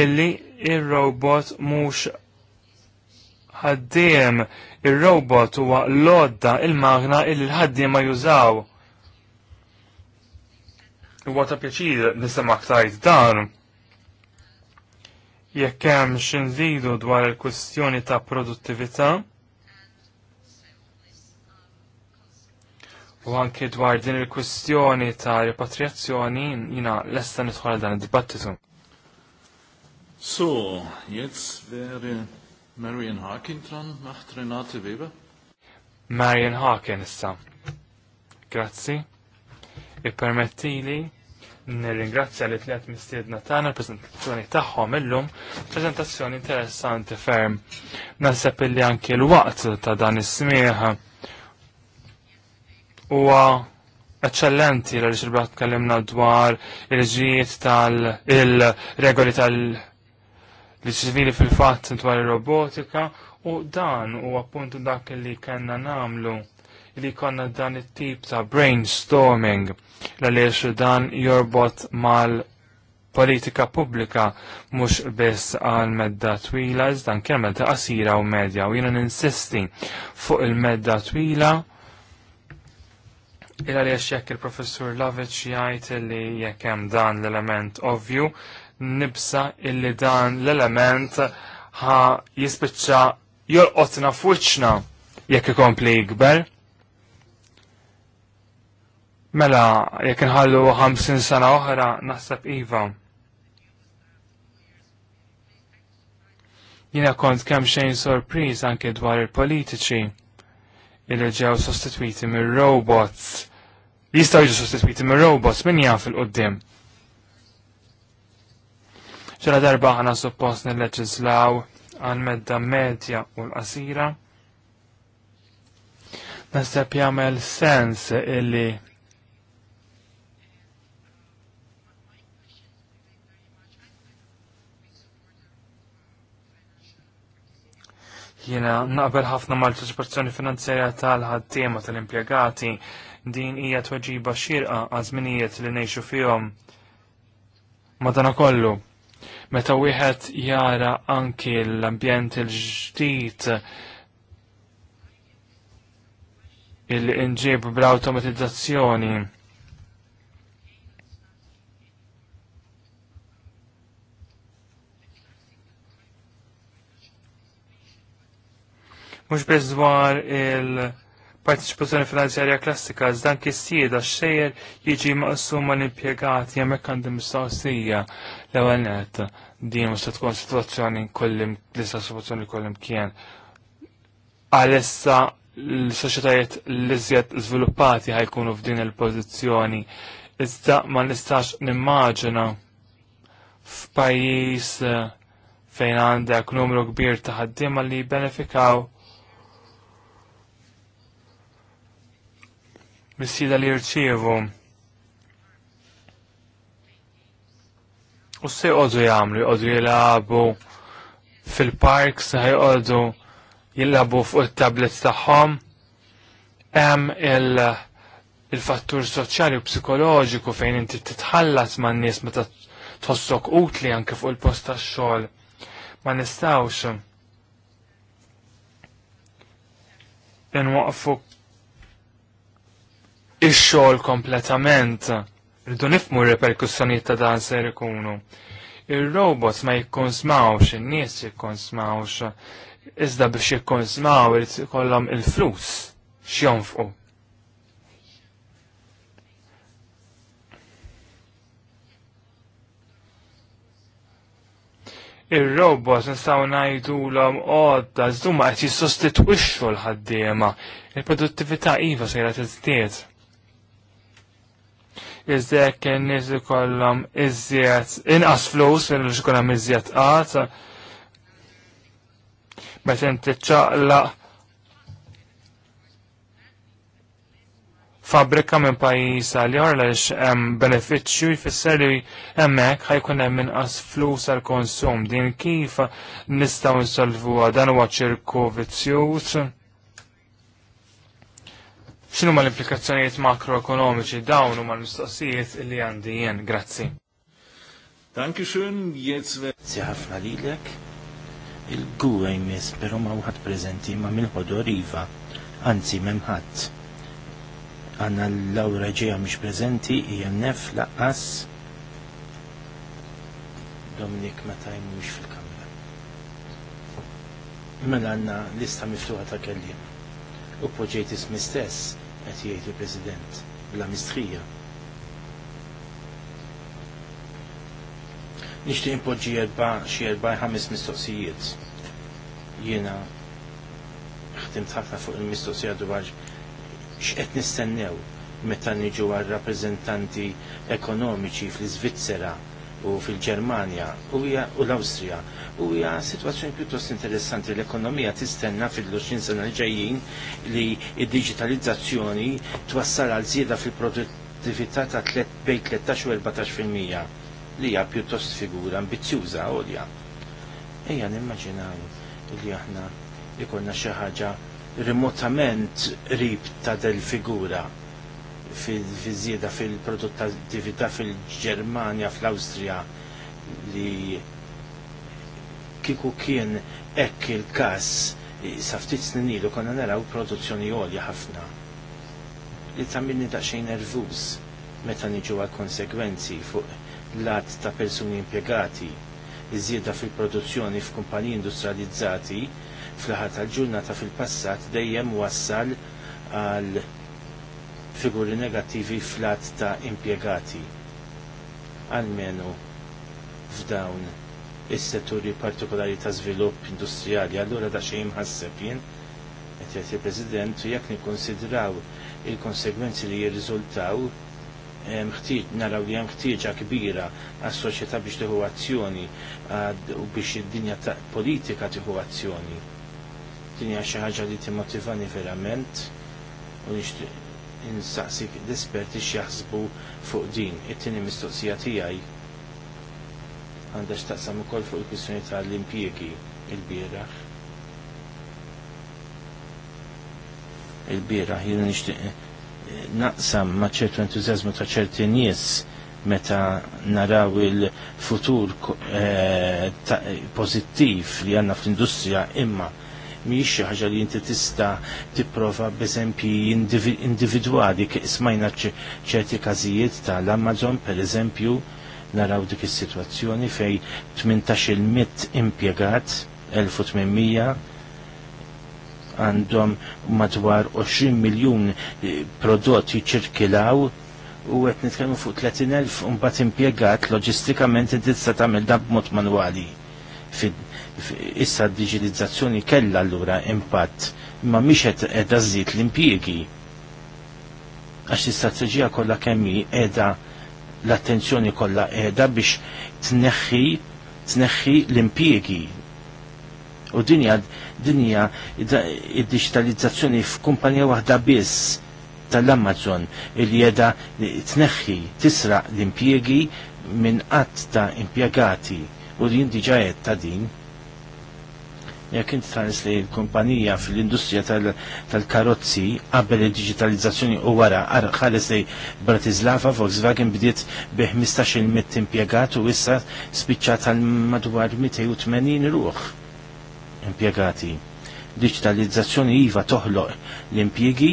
illi il robot mux mhux ħaddiem ir-robot huwa l-odda il-magna illi l-ħaddiem ma jużaw. Huwa ta' pjaċir nisema' tajt dan. Jekk hemm xinżidu dwar il kwestjoni ta' produttività, U anke dwar din il-kwestjoni ta' repatriazzjoni jina lesta nidħol dan id-dibattitu. So, jetzt wäre Marian Harkin dran, macht Renate Weber. Marian Harkin issa. Grazzi. Ippermettili nirringrazzja li tliet mistiedna tagħna l-preżentazzjoni tagħhom illum, Prezentazzjoni interessanti ferm. Naseb illi anke l-waqt ta' dan is-smieħ huwa eccellenti l xirbat tkellimna dwar il ġiet tal-regoli tal-ċivili fil-fatt dwar il-robotika u dan u appuntu dak li kanna namlu li konna dan it-tip ta' brainstorming l-għaliex dan jorbot mal politika pubblika mhux biss għal medda twila, iżda kien medda qasira u medja u jiena ninsisti fuq il-medda twila Il għaliex jekk il-professur Lovic jgħid li jekk hemm dan l-element ovvju, nibsa illi dan l-element ħa jispiċċa jolqotna f'wiċċna jekk ikompli jikber. Mela, jekk inħallu 50 sena oħra, naħseb iva. Jina kont kemm xejn sorpriż anke dwar il-politiċi il-ġew sostituiti mir robots Jistaw jiġu sostituiti mir robots min jaf il-qoddim. ċela darba ħana suppost nil-leġizlaw għal medda medja u l-qasira. Nasab jagħmel sens illi Jiena naqbel ħafna mal-parteċipazzjoni finanzjarja tal-ħaddiema tal-impjegati din hija tweġiba xirqa għażminijiet li ngħixu fihom. Madana kollu, meta wieħed jara anki l-ambjent il-ġdid il-inġib bl-automatizzazzjoni mhux bez dwar il-partiċipazzjoni finanzjarja klassika, k-sieda x xejjer jiġi maqsum l impjegati hemmhekk għandi mistoqsija l-ewwel nett din mhux tkun sitwazzjoni kollim l issa situazzjoni kollim kien. Għalissa l-soċjetajiet l izjet żviluppati ħajkunu f'din il-pożizzjoni iżda ma nistax nimmaġina f'pajjiż eh, fejn għandek numru kbir ta' ħaddiema li benefikaw mis-sida li jirċievu. U se jgħodu jgħamlu, jgħodu jilagħbu fil-parks, jgħodu jilagħbu fuq il-tablets tagħhom. Hemm il-fattur soċjali u psikoloġiku fejn inti titħallas man nies meta tħossok utli anke fuq il-post tax-xogħol. Ma nistgħux inwaqfuk ix-xogħol kompletament. Rridu nifmu r-reperkussjonijiet ta' dan ser ikunu. Ir-robots ma jikkonsmawx, in-nies jikkonsmawx, iżda biex jikkonsmaw irid ikollhom il-flus x'jonfqu. il-robots nistaw najdu l-om għodda, zdumma għet jissostitwixxu l-ħaddiema. Il-produttività iva sejra t-izdiet iżda jekk in-nies ikollhom iżjed inqas flus fejn biex kollom hemm iżjed qat. Meta inti ċaqla fabrika minn pajis għal jorlax hemm benefiċċju jfisser li hemmhekk ħajkun hemm inqas flus għal konsum din kif nistaw nsolvuha dan huwa ċirku vizzjuż. Xinu ma l-implikazzjonijiet makroekonomiċi dawn huma l-mistoqsijiet li għandi jien. Grazzi. Siħafna li ħafna lilek. Il-gwej mis, pero ma uħat prezenti ma mil ħodor iva, anzi memħat. Għanna l lawra ġeja mux prezenti, hija nef laqqas Dominik ma tajn mux fil-kamra. Mela għanna lista miftuħa ta' kellim. U poġejt mistess, stess, qed jgħid il-President bla mistrija. Nixtieq impoġi erba' xi erba' ħames mistoqsijiet. Jiena ħtim ħafna fuq il-mistoqsija dwar x'qed nistennew meta niġu għal rappreżentanti ekonomiċi fl-Iżvizzera u fil-Ġermanja u l-Awstrija. U hija sitwazzjoni pjuttost interessanti l-ekonomija tistenna fil-20 sena ġejjin li d-digitalizzazzjoni twassal għal żieda fil-produttività ta' bej 13 u 14 li hija pjuttost figura ambizzjuża għolja. Ejja nimmaġinaw li aħna konna xi ħaġa remotament rib ta' del figura fil-żieda fil-produttività fil-Ġermanja, fl-Awstrija li kiku kien ekk il-kas saftit snin ilu konna naraw produzzjoni għolja ħafna. Li tammilni daqxej nervuż meta niġu għal konsegwenzi fuq lat ta' persuni impiegati iżjeda fil-produzzjoni f'kumpaniji industrializzati fl-ħat tal-ġurnata fil-passat dejjem wassal għal figuri negattivi flat ta' impjegati. għalmenu f'dawn is-setturi partikolari ta' żvilupp industrijali, allura da xejn ħasseb jien qed il-President jekk nikkonsidraw il-konsegwenzi li jirriżultaw naraw li hemm ħtieġa kbira għas-soċjetà biex tieħu azzjoni u biex id-dinja ta' politika tieħu azzjoni. Dinja xi ħaġa li timmotivani verament u nixtieq insaqsik l-esperti x'jaħsbu fuq din. It-tieni mistoqsija tiegħi għandha x'taqsam ukoll fuq il-kwistjoni tal impiegi il-bieraħ. Il-bieraħ jina nixtieq eh, naqsam ma' ċertu entużjażmu ta' ċerti nies meta naraw il-futur eh, eh, pozittiv li għanna fl-industrija imma mhix xi ħaġa li inti tista' tipprova b'eżempji individwali smajna ċerti każijiet tal-Amazon pereżempju naraw dik is-sitwazzjoni fej 18 impjegat 1800 għandhom madwar 20 miljun eh, prodott jiċirkilaw u għet nitkellmu fuq 30.000 mbagħad impjegat loġistikament tista' tagħmel dan b'mod manwali fid issa d-digitalizzazzjoni kella allura impatt imma mhix qed qiegħda żżid l-impjiegi. Għax l-istrateġija kollha kemm qiegħda l-attenzjoni kollha qiegħda biex tneħħi tneħħi l-impjiegi. U dinja dinja id-digitalizzazzjoni f'kumpanija waħda biss tal-Amazon li jeda tneħħi tisra l-impjiegi minn qatt ta' impjegati u li jindiġajet ta' din jekk inti tħares li l-kumpanija fil-industrija tal-karozzi qabel id-digitalizzazzjoni u wara ħares li Bratislava Volkswagen bdiet bi 15 mit impjegat u issa spiċċa tal madwar 280 ruħ impjegati. Digitalizzazzjoni iva toħloq l-impjegi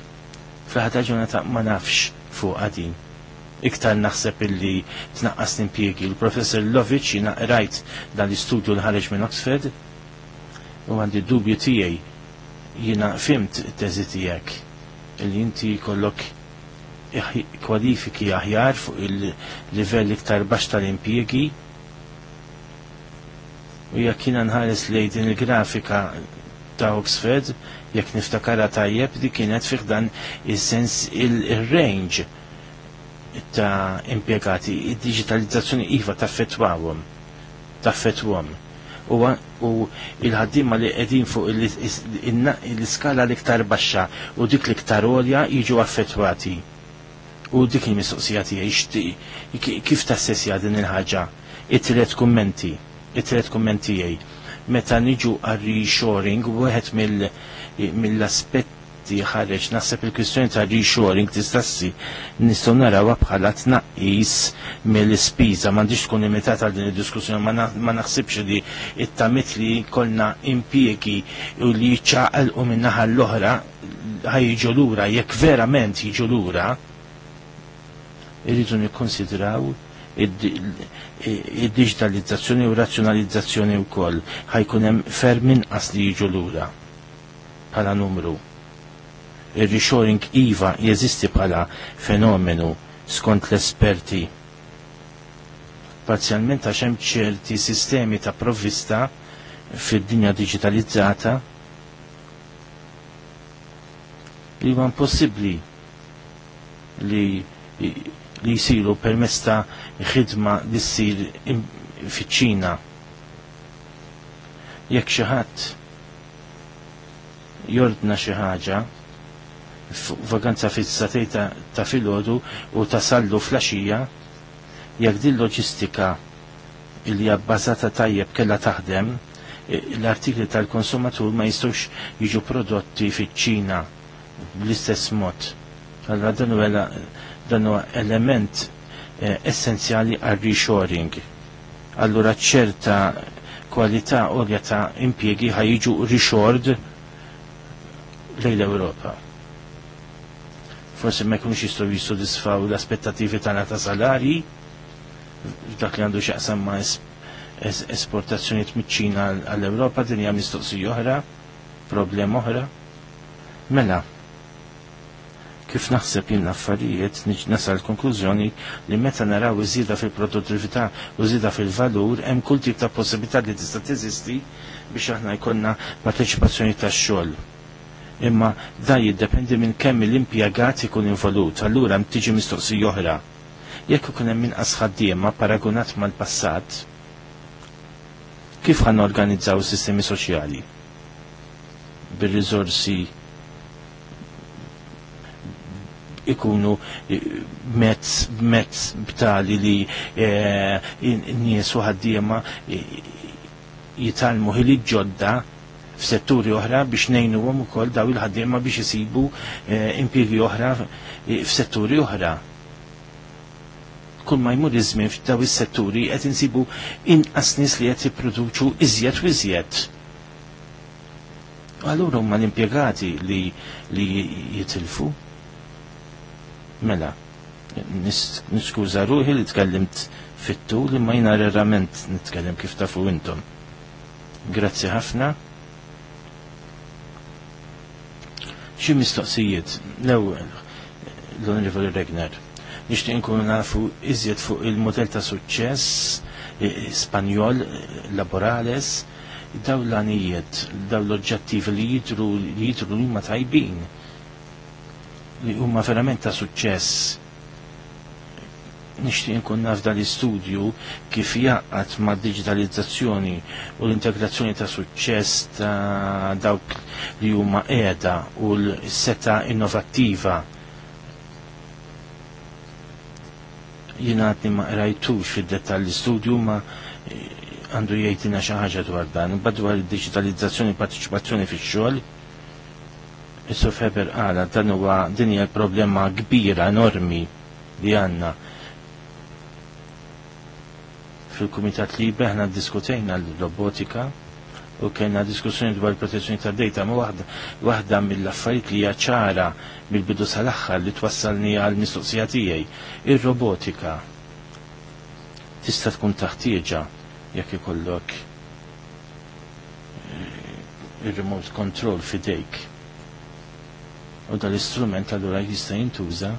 fl-ħata ġurnata ma nafx fuq għadin iktar naħseb illi tnaqqas l impjegi Il-professor Lovic jina rajt dan l-istudju l-ħarġ minn Oxford u għandi dubju tiegħi jiena fimt t teżi tiegħek li inti kollok kwalifiki aħjar fuq il level iktar baxx tal-impjiegi u jekk jiena nħares lejn din il-grafika ta' Oxford jekk niftakara tajjeb di kienet fih dan il sens il-range ta' impiegati, il digitalizzazzjoni iva ta' fetwawum ta' fetwawum u il-ħaddima li qegħdin fuq l-iskala l-iktar baxxa u dik l-iktar għolja jiġu affettwati. U dik il-mistoqsija tiegħi kif tassessja din il-ħaġa. It-tret kummenti, it-tret kummenti meta niġu għar reshoring wieħed mill-aspett ħarreċ naħseb il-kwistjoni ta' reshoring tistassi nistgħu narawha bħala tnaqqis mill-ispiża m'għandix tkun limitata din id-diskussjoni ma naħsibx li it-tamit li kollna impjiegi u li ċaqalqu min-naħa l-oħra ħajġu lura jekk verament jiġu lura irridu nikkonsidraw id-digitalizzazzjoni u razzjonalizzazzjoni wkoll ħajkun hemm ferm inqas li jiġu lura bħala numru il-reshoring iva jeżisti bħala fenomenu skont l-esperti parzjalment għax hemm ċerti sistemi ta' provvista fid-dinja digitalizzata li huwa impossibbli li li jsiru permess ta' ħidma li ssir fiċ-Ċina. Jekk xi ħadd jordna xi ħaġa, vaganza fil-satej ta' filgħodu u ta' sallu flaxija jekk din loġistika li bbażata tajjeb kellha taħdem e, l-artikli tal-konsumatur ma jistgħux jiġu prodotti fiċ-Ċina bl-istess mod. Allora dan huwa element e, essenzjali għal reshoring. Allura ċerta kwalità orja ta' impjegi ħajġu rixord lejn l-Ewropa forse ma jkunx jistgħu jissodisfaw l-aspettattivi tagħna ta' salari dak li għandu x'aqsam ma' esportazzjonijiet miċ-Ċina għall-Ewropa din hija mistoqsija oħra, problema oħra. Mela, kif naħseb jien l-affarijiet nasal konklużjoni li meta naraw iżida fil-produttività u iżida fil-valur hemm kull tip ta' possibilità li tista' teżisti biex aħna jkollna parteċipazzjoni tax-xogħol imma da jiddependi minn kemm l-impjegat ikun involut, allura mtiġi mistoqsi oħra. Jekk ikun hemm inqas ħaddiema paragunat mal-passat, kif ħan organizzaw sistemi soċjali? Bir-riżorsi ikunu eh, mezz mezz btali li eh, nies u ħaddiema eh, jitalmu ħili ġodda f'setturi oħra biex u ukoll daw il-ħaddiema biex isibu eh, impjiegi oħra eh, f'setturi oħra. Kull ma jmur iż f'daw is-setturi qed insibu inqas nies li qed jipproduċu iżjed u iżjed. Allura huma l-impjegati li li jitilfu. Mela, niskuża ruħi li tkellimt fit-tul imma jina rarament nitkellem kif tafu intom. Grazzi ħafna xi mistoqsijiet l-ewwel l-Onorevoli Regner. Nixtieq inkunu nafu iżjed fuq il-modell ta' suċċess eh, Spanjol eh, laborales daw l-għanijiet, daw l-oġġettivi li jitru li jitru li ma tajbin li huma verament ta' suċċess nixtieq inkun naf dan l-istudju kif jaqqat ma' digitalizzazzjoni u l-integrazzjoni ta' suċċess ta' dawk li huma qiegħda u l-seta innovattiva jina għadni ma' rajtux fid-dettall l-istudju ma' għandu jgħidina xi ħaġa dwar dan, imbagħad dwar id-diġitalizzazzjoni partiċipazzjoni fix-xogħol. Is-Feber qala dan huwa din hija problema kbira, enormi li għandna fil-Kumitat Libe ħna diskutejna l-robotika u kena diskussjoni dwar protezzjoni ta' data ma waħda wahda mill-affarijiet li hija ċara mill-bidu sal-aħħar li twassalni għal mistoqsija tiegħi. Ir-robotika tista' tkun taħtieġa jekk ikollok eh, ir-remote control fidejk. U dal-istrument allura jista' jintuża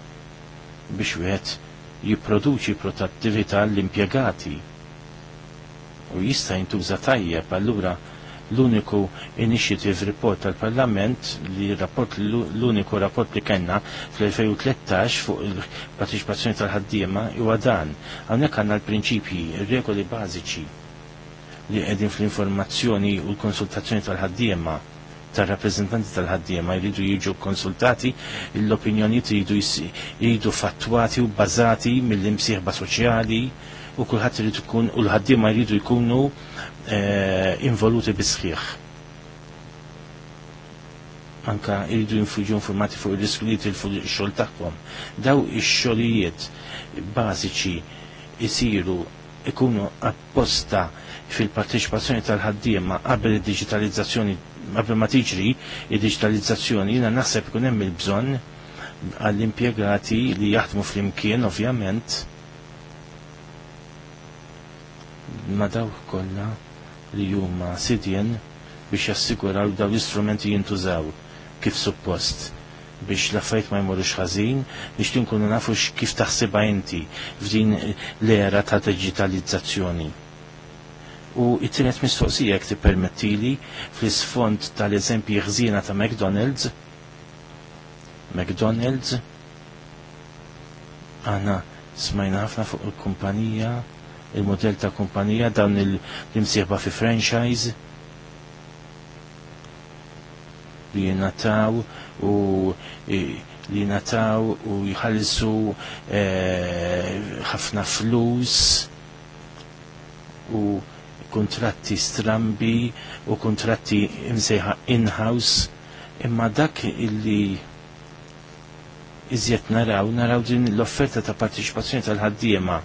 biex wieħed jipproduċi protattività l-impjegati u jista' jintuża tajjeb allura l-uniku initiative report tal-Parlament li rapport l-uniku rapport li kenna fl-2013 fuq il-partiċipazzjoni tal-ħaddiema huwa dan. Hawnhekk għandna l-prinċipji, regoli bażiċi li qegħdin fl-informazzjoni u l-konsultazzjoni tal-ħaddiema tar-rappreżentanti tal-ħaddiema jridu jiġu konsultati l-opinjonijiet jridu jridu fattwati u bbażati mill-imsieħba soċjali u kulħadd irid ikun u l-ħaddiema jridu jkunu eh, involuti bisħiħ. Anka jridu jinfuġu informati fuq il-risklijiet il-xogħol tagħhom. Daw ix-xogħlijiet bażiċi jisiru ikunu apposta fil-parteċipazzjoni tal-ħaddiema qabel id-diġitalizzazzjoni qabel ma tiġri id-diġitalizzazzjoni jiena naħseb ikun hemm il-bżonn għall-impjegati li jaħdmu fl-imkien ovvjament ma dawk kollha li huma sidjen biex jassiguraw daw l-istrumenti jintużaw kif suppost biex laffajt ma jmorux ħażin biex tinkunu nafu kif taħsibha inti f'din l-era ta' digitalizzazzjoni. U it-tielet mistoqsija jekk tippermettili fl-isfond tal-eżempji ħżiena ta' McDonald's McDonald's għana smajna ħafna fuq il-kumpanija il-modell ta' kumpanija dawn il-imsieħba fi franchise li nataw u e, li nataw u jħallisu e, ħafna flus u kontratti strambi u kontratti imsejħa in-house imma dak illi iżjed naraw naraw din l-offerta ta' partiċipazzjoni tal-ħaddiema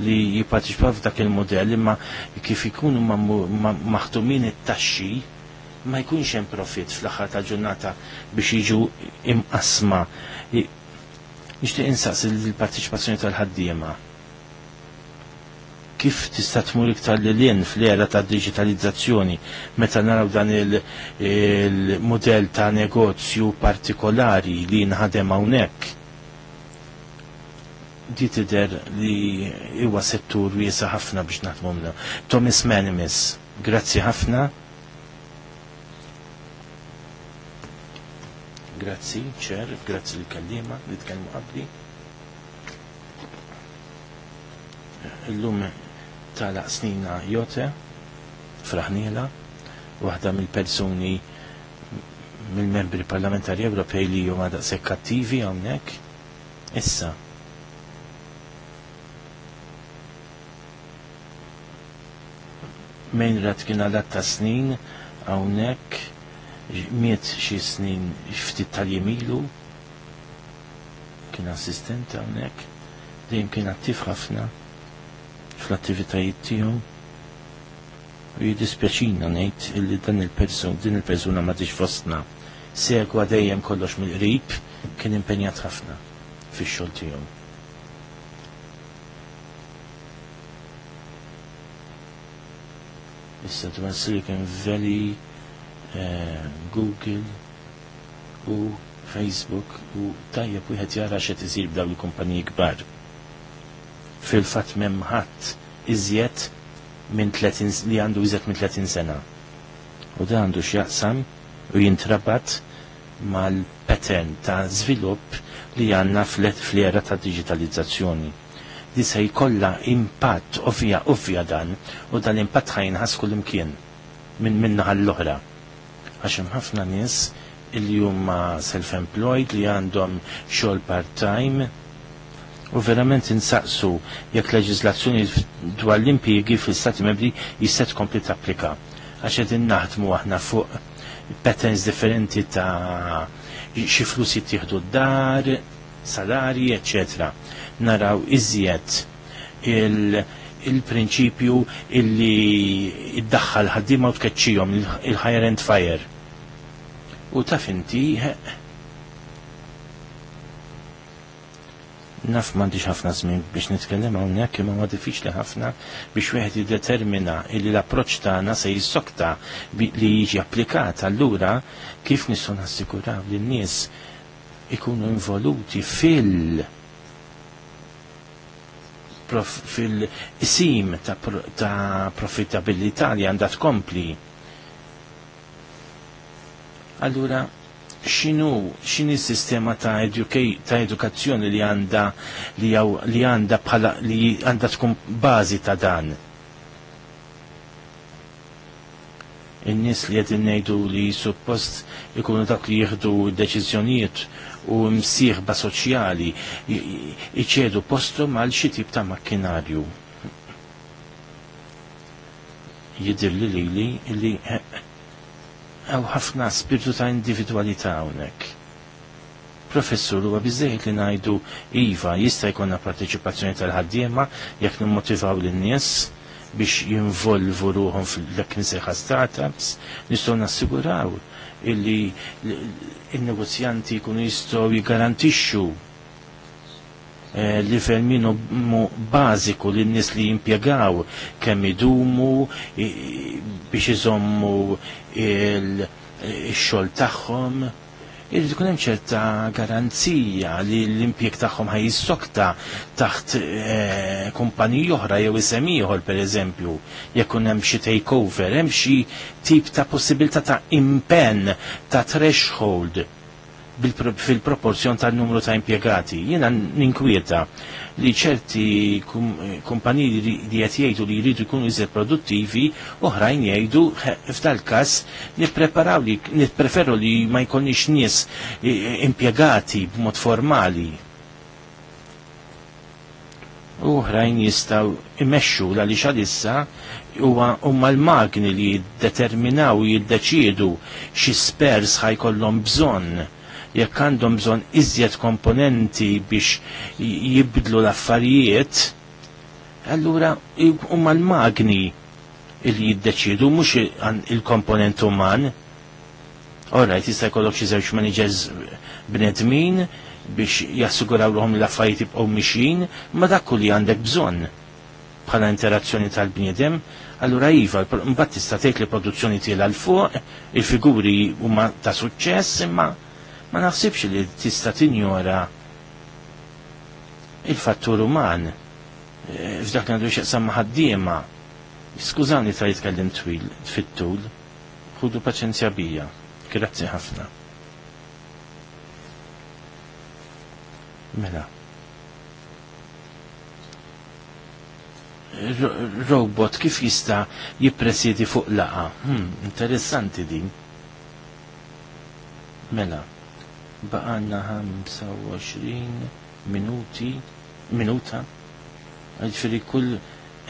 li jipparteċipaw f'dak il-modell imma kif ikunu maħtumin it-taxxi ma jkunx hemm profit fl-aħħar ta' ġurnata biex jiġu imqasma. Nixtieq insaqs il parteċipazzjoni tal-ħaddiema. Kif tista' tmur iktar lilien fl-era ta' digitalizzazzjoni meta naraw dan il-modell ta' negozju partikolari li nħadem hawnhekk? di tider li iwa settur wiesa ħafna biex naħtmumna. Thomas Manimis, grazzi ħafna. Grazzi, ċer, grazzi li kallima, li tkellmu qabli. Illum tala snina jote, fraħnila, waħda mill-persuni mill-membri parlamentari Ewropej li huma daqshekk kattivi hawnhekk. Issa, mejnrat kien għalat ta' snin għawnek miet xi snin ftit tal-jemilu kien assistent għawnek dejjem kien attiv ħafna fl-attivitajiet tiegħu u jiddispjaċina ngħid illi dan il-persun din il-persuna ma tix fostna segwa dejjem kollox mill-qrib kien impenjat ħafna fix-xogħol tiegħu. issa dwar Silicon Valley, Google u Facebook u tajjeb wieħed jara xe tizir b'daw il kumpanji kbar. Fil-fatt m'hemm ħadd iżjed minn 30 li għandu iżjed minn 30 sena. U da għandu x'jaqsam u jintrabat mal-pattern ta' żvilupp li għandna fl-era ta' digitalizzazzjoni li se jkollha impatt ovvja ovvja dan u dan impatt ħajnħas kull imkien minn minna għall-oħra. Għax hemm ħafna nies illi huma self-employed li għandhom xogħol part-time u verament insaqsu jekk leġislazzjoni dwar l-impjiegi fl-Stati Membri jista' tkompli tapplika. Għax qed innaħdmu aħna fuq patterns differenti ta' xi flus jittieħdu d-dar, salarji, eccetera naraw iżjed il- il illi id-daħħal ħaddim u tkeċċijom il-higher end fire. U taf inti naf m'għandix ħafna żmien biex nitkellem hawnhekk imma ma diffiċli ħafna biex wieħed jiddetermina illi l-approċċ tagħna se jissokta li jiġi applikat allura kif nistgħu li n nies ikunu involuti fil- fil-sim ta', profitabilità li għandha tkompli. Allura, xinu, xini sistema ta', ta edukazzjoni li għanda li, jaw, li għanda li għanda tkun bazi ta' dan? In-nies li qed ngħidu li suppost ikunu dak li jieħdu deċiżjonijiet u msieħba soċjali iċedu postom għal xi tip ta' makkinarju. Jidir li li li li eh, għaw ħafna spirtu ta' individualità hawnhekk. Professur huwa bizzejt li ngħidu iva jista' jkollna parteċipazzjoni tal-ħaddiema jekk nimmotivaw lin-nies biex jinvolvu ruħom fil-dak nisirħa startups, nistgħu nassiguraw illi il-negozjanti kun jistgħu jgarantixxu eh, li ferminu bażiku li n-nis li jimpjegaw kemm idumu biex iżommu il-xol eh, tagħhom irrid ikun hemm ċerta garanzija li l-impjeg tagħhom ħaj jissokta taħt eh, kumpaniji oħra jew isem ieħor pereżempju jekk hemm xi takeover, hemm xi tip ta' possibilità ta' impenn ta' threshold fil-proporzjon tan numru ta' impjegati. Jiena ninkwieta li ċerti eh, kumpaniji li qed jgħidu li jridu jkunu iżjed produttivi, oħrajn jgħidu f'dal kas nipreparaw li nippreferu li ma jkollniex nies eh, eh, impjegati b'mod formali. Uħrajn jistaw jistgħu imexxu għaliex għalissa huwa huma l-magni li jiddeterminaw jiddeċiedu xi spers ħajkollhom bżonn jekk għandhom bżonn iżjed komponenti biex jibdlu l-affarijiet, allura huma l-magni li jiddeċidu mhux il-komponent uman. Orajt, jista' jkollok xi żewġ managers bnedmin biex jassiguraw l l-affarijiet jibqgħu mixin, ma dak li għandek bżonn bħala interazzjoni tal-bniedem, allura iva, mbagħad tista' tgħid li produzzjoni tiela l fuq, il-figuri huma ta' suċċess, imma ma naħsibx li tista' tinjora il-fattur uman e, f'dak li għandu xieqsam ħaddiema. Skużani ta' jitkellem twil fit-tul, ħudu paċenzja bija. Grazzi ħafna. Mela. robot kif jista jippresjedi fuq laqa. Hmm, interessanti din. Mela baqanna 25 minuti minuta għalfiri kull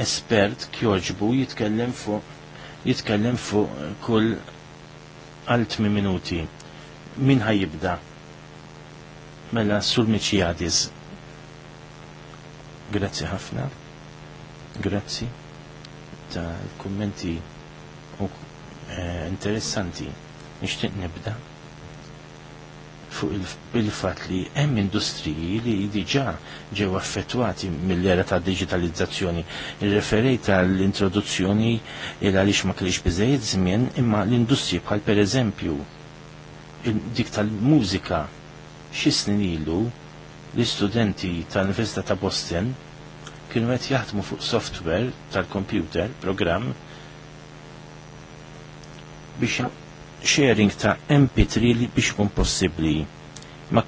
espert kjoġbu jitkellem fuq jitkellem fuq kull għal minuti min ħajibda mela sul miċijadiz grazzi ħafna grazzi ta' kommenti u eh, interessanti nishtiq nibda' fuq il-fat li hemm industriji li diġà ġew affettwati mill-era ta' digitalizzazzjoni. Irreferejt l-introduzzjoni il għaliex ma kellix biżejjed żmien imma l-industriji bħal pereżempju dik tal-mużika xi snin ilu l-istudenti tal-Università ta' Boston kienu qed jaħdmu fuq software tal-computer, program biex sharing ta' MP3 li biex kun possibbli. Ma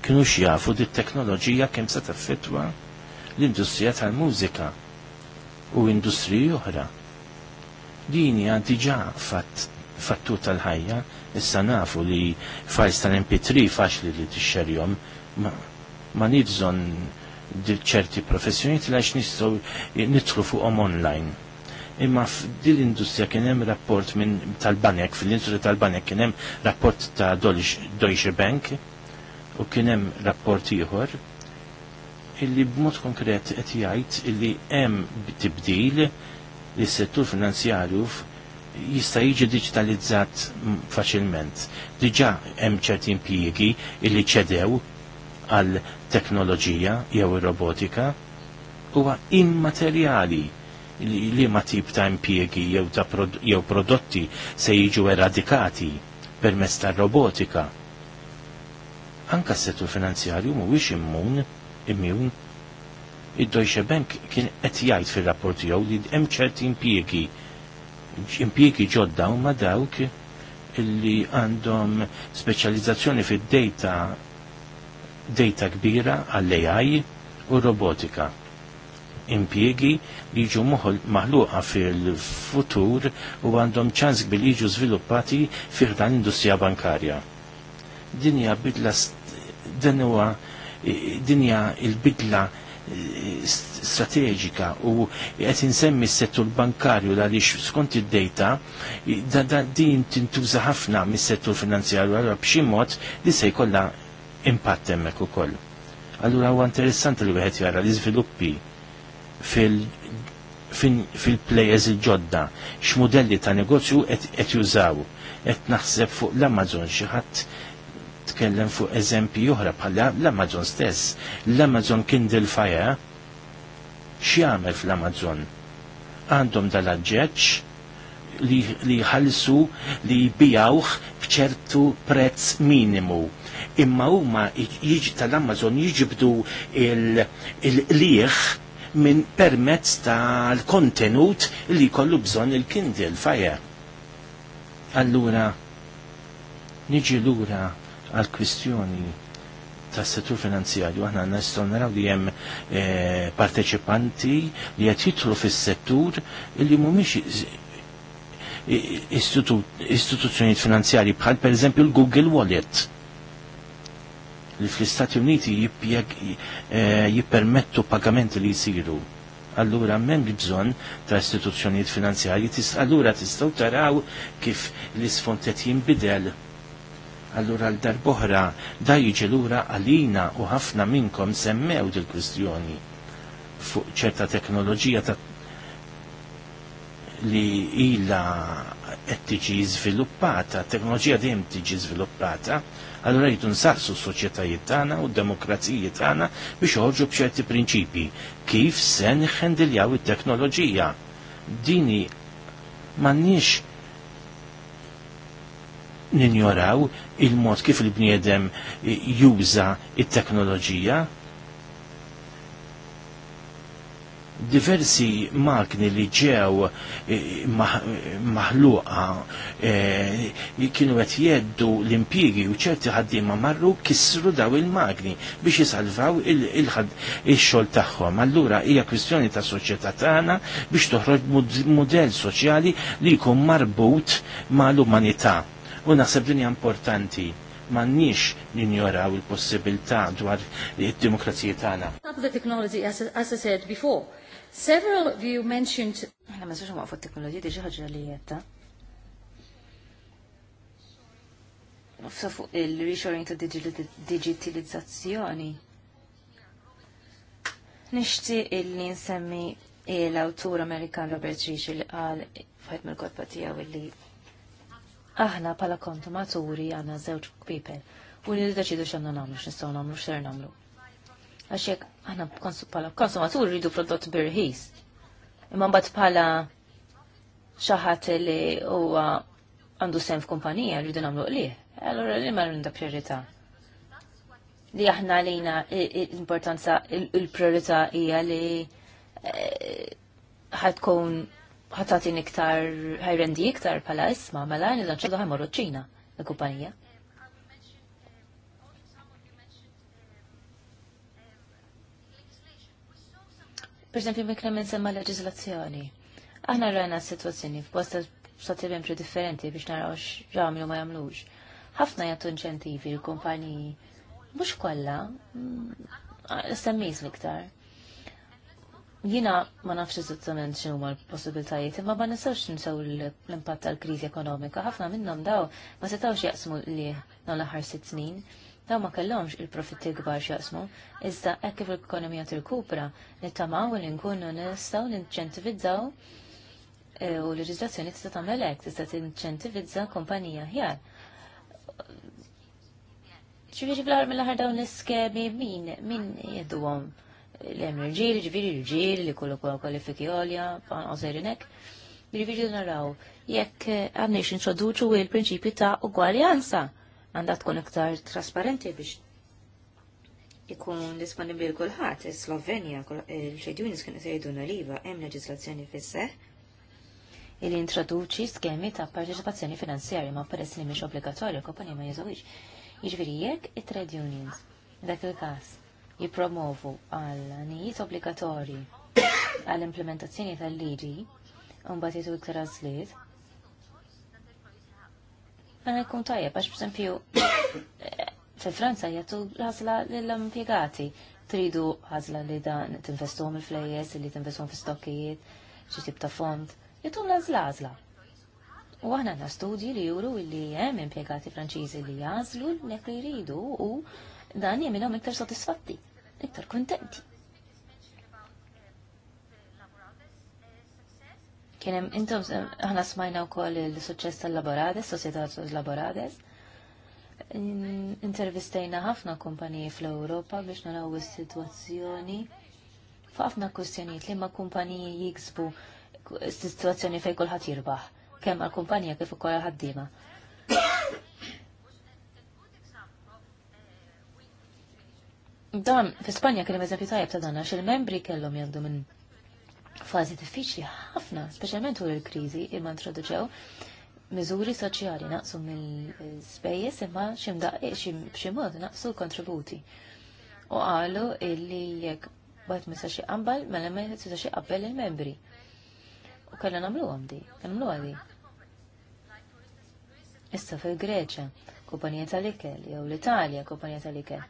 knux jafu di teknoloġija kemm se taffettwa l-industrija tal-mużika u industriji oħra. Din hija diġà fat, fattu tal-ħajja, issa nafu li fajs tal-MP3 faċli li tixxerjom, ma, ma nibżon ċerti professjoni t għax nistgħu nidħlu fuqhom online imma f'din l-industrija kien hemm rapport minn tal-banek, fil-industrija tal-banek kien hemm rapport ta' Deutsche Bank u kien hemm rapport ieħor illi b'mod konkret qed jgħid illi hemm tibdil li s-settur finanzjarju jista' jiġi digitalizzat faċilment. Diġà hemm ċerti impjiegi illi ċedew għal teknoloġija jew ir-robotika huwa immaterjali li ma tip ta' impjiegi jew ta' jew prodotti se jiġu eradikati permezz ta' robotika. Anka s-settur finanzjarju mhuwiex immun immun, id-Deutsche Bank kien qed jgħid fir-rapport jew li hemm ċerti impjiegi impjiegi ġodda huma dawk illi għandhom speċjalizzazzjoni fid-data data kbira għall-AI u robotika impjiegi li jiġu maħluqa fil-futur u għandhom ċans bil jiġu sviluppati fih dan l-industrija bankarja. Dinja bidla dinja dinja il-bidla strateġika u qed insemmi s-settur bankarju għaliex skont id-dejta da, da din tintuża ħafna mis-settur finanzjarju għal b'xi mod li se jkollha impatt hemmhekk ukoll. Allura huwa interessanti li wieħed jara l-iżviluppi fil- fil-plejers il-ġodda, x'modelli ta' negozju qed jużaw. Qed naħseb fuq l-Amazon xi ħadd tkellem fuq eżempji oħra bħala l-Amazon stess. L-Amazon Kindle Fire x'jagħmel fl-Amazon? Għandhom dal ġeċ li jħallsu li jbijawh bċertu prezz minimu. Imma huma jiġi tal-Amazon jiġibdu il-lieħ il liħ il lieħ minn permezz tal-kontenut li kollu bżonn il-Kindle Fire. Allura, niġi lura għal-kwistjoni tas settur finanzjarju, aħna nistgħu naraw li hemm e, parteċipanti li qed jidħlu fis-settur illi mhumiex istituzzjonijiet finanzjarji bħal pereżempju l-Google Wallet li fl-Istati Uniti eh, jippermettu pagamenti li jisiru. Allura mem bżonn ta' istituzzjonijiet finanzjarji, allura tistaw taraw kif l-isfontet jimbidel. Allura l-darboħra da jiġi lura għalina u ħafna minnkom semmew dil-kwistjoni fuq ċerta teknoloġija ta' li ila qed tiġi żviluppata, teknoloġija dejjem tiġi żviluppata, Allura jridu nsaqsu s-soċjetajiet tagħna u d-demokrazijiet tagħna biex joħorġu b'ċerti prinċipji kif se nħendiljaw it-teknoloġija. Dini m'għandniex ninjoraw il-mod kif il-bniedem juża it-teknoloġija diversi magni li ġew eh, maħluqa eh, kienu qed jeddu l impiegi u ċerti ħaddiema marru kissru daw il-magni biex jisalvaw il-xogħol tagħhom. Allura hija kwistjoni ta' soċjetà tagħna biex toħroġ mudell soċjali li jkun marbut mal-umanità. U naħseb din importanti mannix ninjoraw il-possibilità dwar id-demokrazija tagħna. the technology as I said before. Several of you mentioned... Għana ma s-saxum t-teknologi ħagġa li jetta. il-reshoring ta' digitalizzazzjoni. Nishti illi nsemmi l-autur Amerikan Robert Rich li għal fajt mill-kotba tijaw illi aħna pala kontumaturi għanna zewġ people u li d-daċidu xannu namlu, xnistaw namlu, xer namlu. Għaxek Għana bħala konsumatur rridu prodott birħis. Imma mbagħad bħala xaħat li huwa għandu sen f'kumpanija rridu nagħmlu li. Allora li ma rinda priorita. Li aħna għalina l-importanza il priorita hija li eh, ħatkun ħatatin iktar ħajrendi iktar pala isma mela li dan xogħol ħajmorru ċina l-kumpanija. Per esempio, mi kremen semma leġizlazzjoni. Aħna rajna s-situazzjoni f'bosta stati membri differenti biex naraw x'jagħmlu ma jagħmlux. Ħafna jagħtu inċentivi l-kumpaniji. Mhux kollha, semmis l Jina ma nafx eżattament x'inhu huma l-possibilitajiet, imma ma nistgħux nsew l-impatt tal-kriżi ekonomika. Ħafna minnhom daw ma setgħux jaqsmu li dawn l-aħħar sitt snin daw ma kellhomx il-profitti kbar x'jaqsmu, iżda hekk kif l-ekonomija tirkupra nittamaw li nkunu nistgħu ninċentivizzaw e, u l-leġiżlazzjoni tista' tagħmel hekk tista' tinċentivizza kumpanija ħjar. Ġifieri fl-aħħar mill-aħħar dawn l-iskemi min min jedduhom l-hemm irġiel, ġifieri irġiel li kullu kwalifiki għolja bħal qosirinek. Ġifieri naraw jekk għandniex introduċu il-prinċipju ta' ugwaljanza għandha tkun iktar trasparenti biex ikun disponibli kulħadd. Is-Slovenja il-trade unions kienu jgħiduna li iva, hemm leġislazzjoni fisse Il li introduċi skemi ta' parteċipazzjoni finanzjarja ma' peress li mhix obbligatorju kompanija ma jeżawix. Jiġifieri jekk it-trade unions dak il-każ jippromovu għal nijiet obbligatorji għall implementazzjoni tal-liġi u mbagħad jagħtu iktar għażliet dan jkun tajjeb għax b'sempju fi Franza jagħtu ħasla lill-impjegati. Tridu ħasla li dan tinvestuhom il-flejjes, li tinvestuhom fi stokkijiet, xi tip ta' fond, jgħatu l-għażla U għana na studji li juru li jem impiegati franċizi li jgħazlu l-nek li jridu u dan jeminom iktar sodisfatti, iktar kontenti. Kien hemm intom ħana smajna wkoll il-suċċess tal-Laborades, Società tal-Laborades. Intervistejna ħafna kumpaniji fl-Ewropa biex naraw is-sitwazzjoni f'ħafna kwistjonijiet li ma kumpaniji jiksbu situazzjoni fejn kulħadd jirbaħ, kemm għall-kumpanija kif ukoll għal-ħaddiema. Dan, fi Spanja kien eżempju tajjeb ta' dan għax il-membri kellhom jgħaddu minn fażi diffiċli ħafna, speċjalment tul il-kriżi imma introduċew miżuri soċjali naqsu mill-spejjeż imma xi eh, mod naqsu l-kontributi. U qalu illi jekk bad ma saxi qambal, mela ma xi qabbel il-membri. U kellna nagħmluhom għamdi, nagħmlu għadi. Issa fil-Greċa, kumpanija tal-ikel, jew l-Italja, kumpanija tal-ikel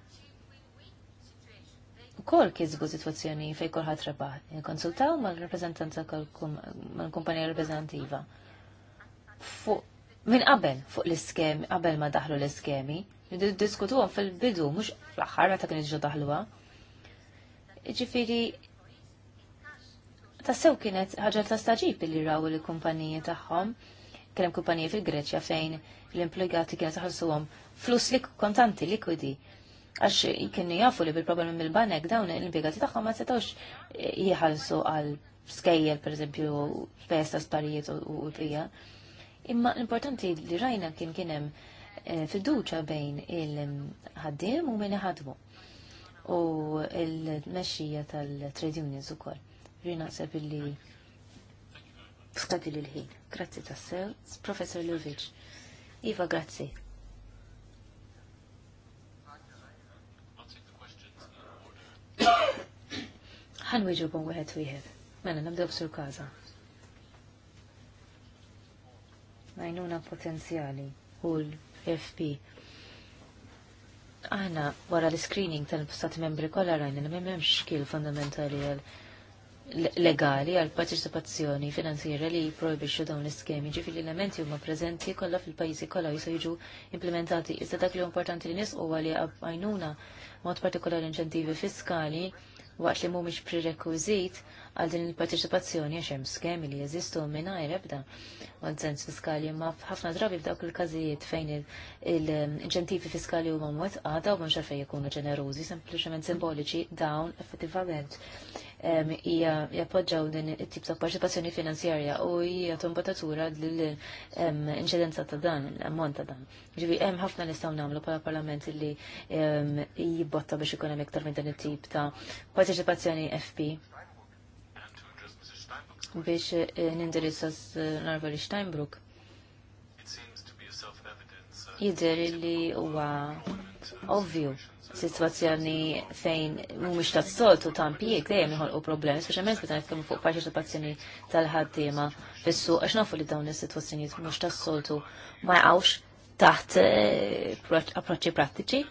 kol kizgu sitwazzjoni fejn kulħadd rebaħ. Konsultaw mal ma mal-kumpanija rappreżentattiva. Fuq minn qabel fuq l-iskemi, qabel ma daħlu l-iskemi, għom fil-bidu mhux fl-aħħar meta kien jiġu Ġifiri, ta' tassew kienet ħaġa ta' staġib li raw il-kumpaniji tagħhom. Kien kumpaniji fil-Greċja fejn l-impjegati kienet għom flus li kontanti likwidi għax kienu jafu li bil-problemi mill-banek dawn il impiegati tagħhom ma setgħux jħallsu għal skejjel pereżempju spejjeż sparijiet u tija. Imma l-importanti li rajna kien kien hemm eh, fiduċa bejn il-ħaddiem u min ħadmu u l-mexxija tal-trade unions ukoll. Rina sepp li skadil il-ħin. Grazzi tassew, Professor Lovic. Iva, grazzi. Ħan bon wieħed wieħed. Mela nabdew sur kaza. Majnuna potenzjali hull fp Aħna wara l-screening tal-Stati membri kollha rajna li m'hemmx xkil fundamentali legali għal partecipazzjoni finanzjera li jipprojbixxu dawn l-iskemi l elementi huma preżenti kollha fil-pajjiżi kollha jistgħu jiġu implementati. Iżda dak li importanti li nisqu għal għajnuna mod partikolari inċentivi fiskali waqt li mhumiex prerekwiżit għal din il-parteċipazzjoni għax hemm skemi li jeżistu mingħajr ebda għad-sens fiskali imma ħafna drabi f'dawk il-każijiet fejn il-inċentivi fiskali huma mwettqa daw mhux għalfejn jkunu ġenerużi, sempliċement simboliċi dawn effettivament jappoġġaw din it-tip ta' parċipazzjoni finanzjarja u hija tombatatura l inċidenza ta' dan, l-ammont ta' dan. Ġivi, hemm ħafna nistgħu nagħmlu bħala parlament li jibbotta biex ikun hemm iktar minn dan it-tip ta' parċipazzjoni FP biex eh, nindirizza s-narva Steinbrook jider li huwa ovvju situazzjoni fejn mhumiex tas-soltu tampijek jħol u problemi, specialment meta jitkemmu fuq parċiċipazzjoni tal-ħaddiema fis-suq għax nafu li dawn is-sitwazzjonijiet mhux tas-soltu ma għawx taħt eh, approċċi prattiċi.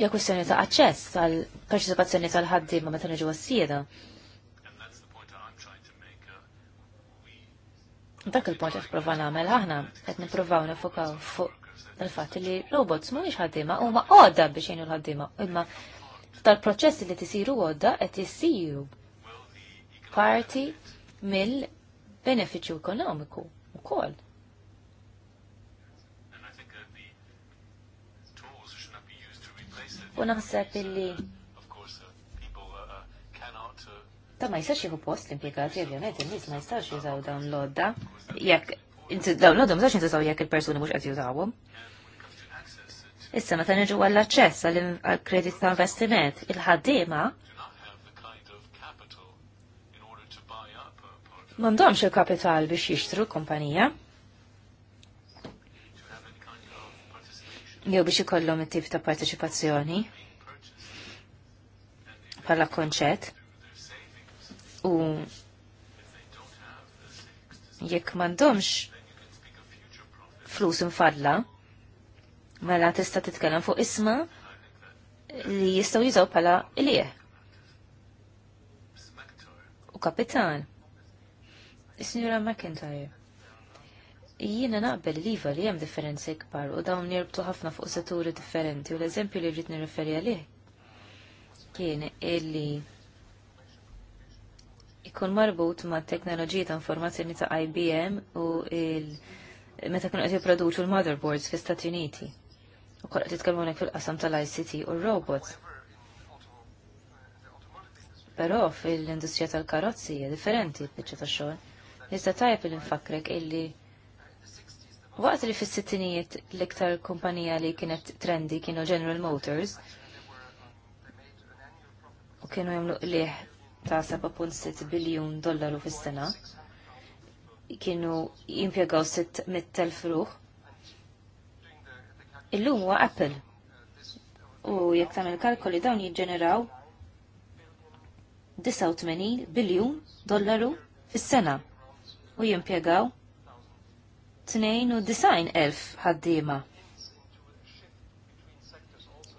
Ja kwestjoni ta' aċċess tal-parċiċipazzjoni tal-ħaddiema meta niġu għas-sieda. Dak il-punt qed prova nagħmel aħna qed nippruvaw nifokaw fuq il fat li robots ma miex ħaddima u ma għodda biex jenu l-ħaddima imma tal proċess li t-siru għodda qed jisiru parti mill beneficju ekonomiku u kol. U naħseb li Ta' ma jistax jieħu post l impiegati ovvijament, il-nis ma jistax jużaw dawn l-odda, jekk inti daw l-għadhom zax inti jek il-persuni mhux qed jużawhom. Issa meta niġu għall-aċċess għall-kredit ta' investiment, il ħaddima Mandomx il-kapital biex jishtru l-kumpanija. Jew biex ikollhom it-tip ta' parteċipazzjoni bħala konċett. U jekk mandomx flus infadla. Mela tista' titkellem fuq isma li jistgħu jużaw bħala ilieħ. U kapitan. Is-Sinjura McIntyre. Jiena naqbel li iva li hemm differenzi kbar u dawn jirbtu ħafna fuq setturi differenti u l-eżempju li rrid nirreferi għalih kien illi ikun marbut ma' teknoloġija ta' informazzjoni ta' IBM u il- meta kienu qed jipproduċu l-motherboards fi Stati Uniti. U kollha titkellmu hekk fil-qasam tal-ICT u robots Però fil-industrija tal-karozzi hija differenti biċċa tax-xogħol. Iżda tajb li nfakrek illi waqt li fis-sittinijiet l-iktar kumpanija li kienet trendi kienu General Motors u kienu jagħmlu qlieħ ta' 7.6 biljun dollaru fis-sena kienu jimpiegaw 600.000 ruħ. Illum huwa Apple. U jekk tagħmel kalkoli dawn jiġġeneraw 89 biljun dollaru fis-sena u jimpjegaw 92,000 ħaddiema.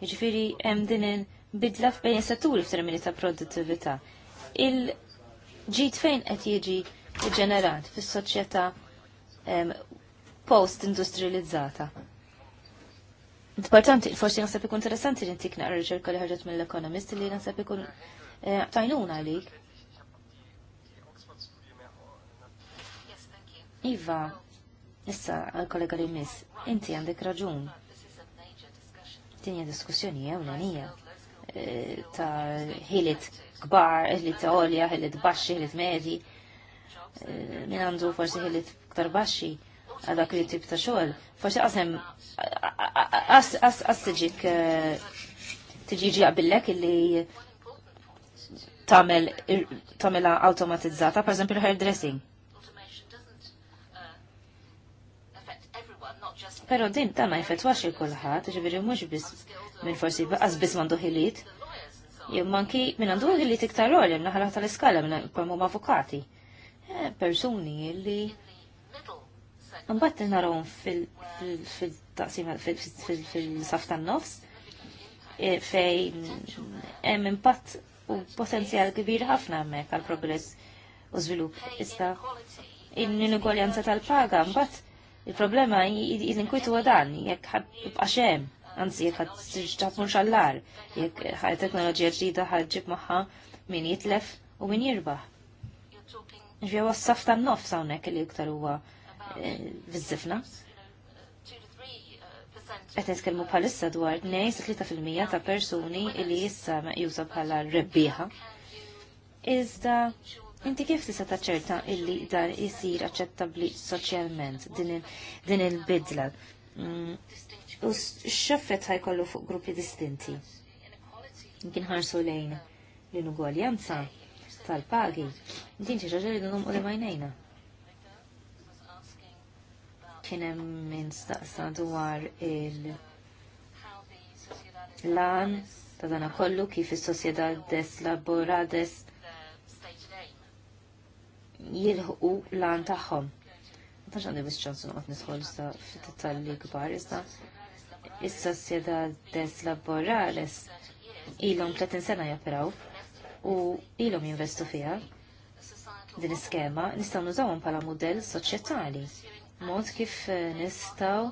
Jiġifieri hemm din bidla f'bejn setturi f'termini ta' produttività. Il-ġid fejn qed jiġi iġenerat fis-soċjetà post-industrializzata. Importanti, forsi naħseb ikun interessanti li ntik naqra riċerka li ħarġet mill-ekonomist li naħseb ikun eh, tajnuna għalik. Iva, issa għal-kollega li miss, inti għandek raġun. Tinja diskussjoni ewlenija eh, ta' ħilit kbar, ħilit olja, ħilit baxxi, ħilit medji min għandu forsi ħilit ktar baxxi għal dak li tip ta' xogħol. Forsi qasem qas tiġik eh, tiġi għabillek illi tamel tamela automatizzata, per esempio hairdressing. Pero din ta' ma jfetwax il kolħat ġiviri mux bis minn forsi baqas bis mandu ħilit, jew manki minn għandu ħilit iktar għol, naħala tal-iskala minn kolmu avukati. avukati Eh, persuni li Mbatt narawhom fil-taqsima fil-saf tan-nofs eh, fejn hemm impatt u potenzjal kbir ħafna hemmhekk għal progress u żvilupp. Iżda l-inugwaljanza tal-paga mbagħad il-problema jinkwitu dan jekk ħabqa hemm, anzi jekk ħad tabmur xallar, jekk ħaj teknoloġija ġdida ħad magħha min jitlef u min jirbaħ. Ġvija wassaf ta' nofs hawnhekk li iktar huwa viżifna. Eh, Qed nitkellmu bħalissa dwar 2-3% ta' persuni li issa meqjusa bħala rebbieħa. Iżda Inti kif tista taċċerta illi dan jisir aċċettabbli soċjalment din il-bidla? Mm. U x-xaffet ħajkollu fuq gruppi distinti? Kien ħarsu lejn l-inugwaljanza tal-pagi. Din xi ħaġa li dnum u li majnejna. Kien hemm min staqsa dwar il lan ta' dana kollu kif is-sosjetà des laborades jilħu lan tagħhom. Ma tax għandi biex ċansu noqgħod nidħol sa' fit-dettalji kbar issa is-sosjetà des laborales ilhom 30 sena japperaw u ilhom jinvestu fiha din iskema nistgħu nużawhom bħala mudell soċjetali, mod kif eh, nistgħu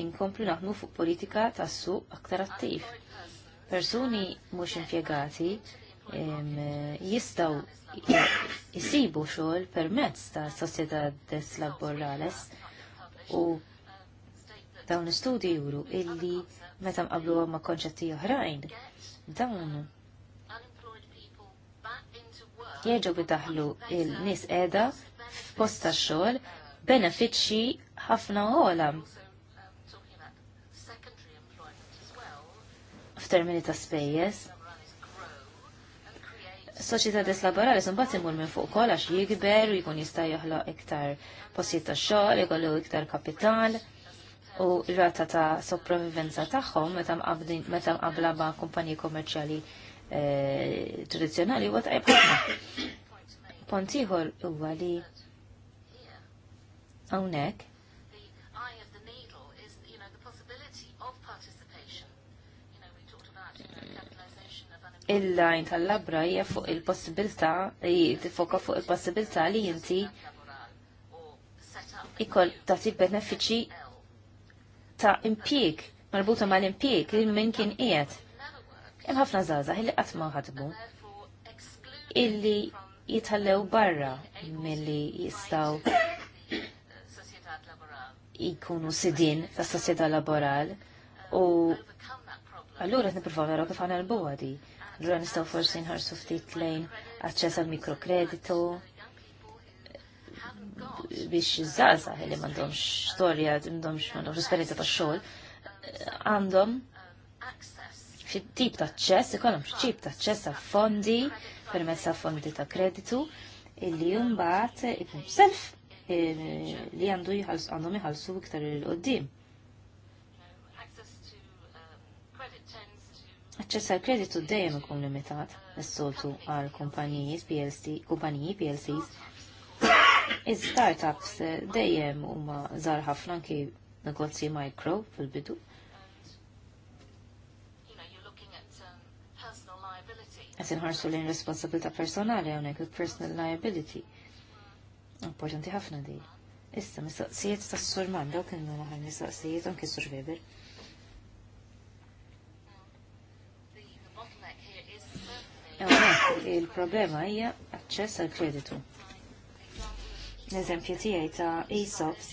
inkomplu naħdmu fuq politika tas-suq aktar attiv. Persuni mhux impjegati jistgħu jisibu xogħol permezz ta' des laborales u dawn l-istudji juru illi meta mqablu ma' konċetti oħrajn dawn jieġu bidaħlu il-nies qiegħda f'posta tax-xogħol benefiċċji ħafna ola. F'termini ta' spejjeż. Soċjetà deslaborali sumbat imur minn fuq ukoll għax jikber u jkun jista' joħloq iktar postijiet tax-xogħol, jkollu iktar kapital u rata ta' sopravivenza tagħhom meta mqabla ma' kumpaniji kummerċjali Eh, tradizjonali huwa tajb ħafna. Pont ieħor huwa li hawnhekk il-lajn tal-labra hija fuq il-possibilità tifoka fuq il-possibilità li inti ikol tagħti benefiċi ta' impjieg marbuta mal-impjieg li minn kien qiegħed Hemm ħafna żgħażagħ illi qatt ma ħadmu illi jitħallew barra milli jistgħu jkunu sidin tas soċjetà laboral u allura qed naraw kif ħanalbuha di. Allura nistgħu forsi nħarsu ftit lejn aċċess għal mikrokreditu, biex żgħażagħ li m'għandhomx storja, m'għandhomx m'għandhomx esperienza ta' xogħol għandhom fit-tip ta' ċess, ikollhom tip ta' ċess ta' fondi permezz ta' fondi ta' kreditu illi jumbat ikun self eh, li għandu għandhom jħallsu iktar il-qoddim. Aċċess għal kreditu dejjem ikun limitat s-soltu għal kumpaniji PLC, kumpaniji PLCs. Iż-startups dejjem huma żgħar ħafna anki negozji micro fil-bidu. Għet nħarsu lejn responsabilta personali għonek personal liability. Importanti ħafna di. Issa, mistaqsijiet ta' s-surman, daw kienu maħal mistaqsijiet anki s-surveber. il-problema hija access għal kreditu. L-eżempju tijaj ta' ESOPs,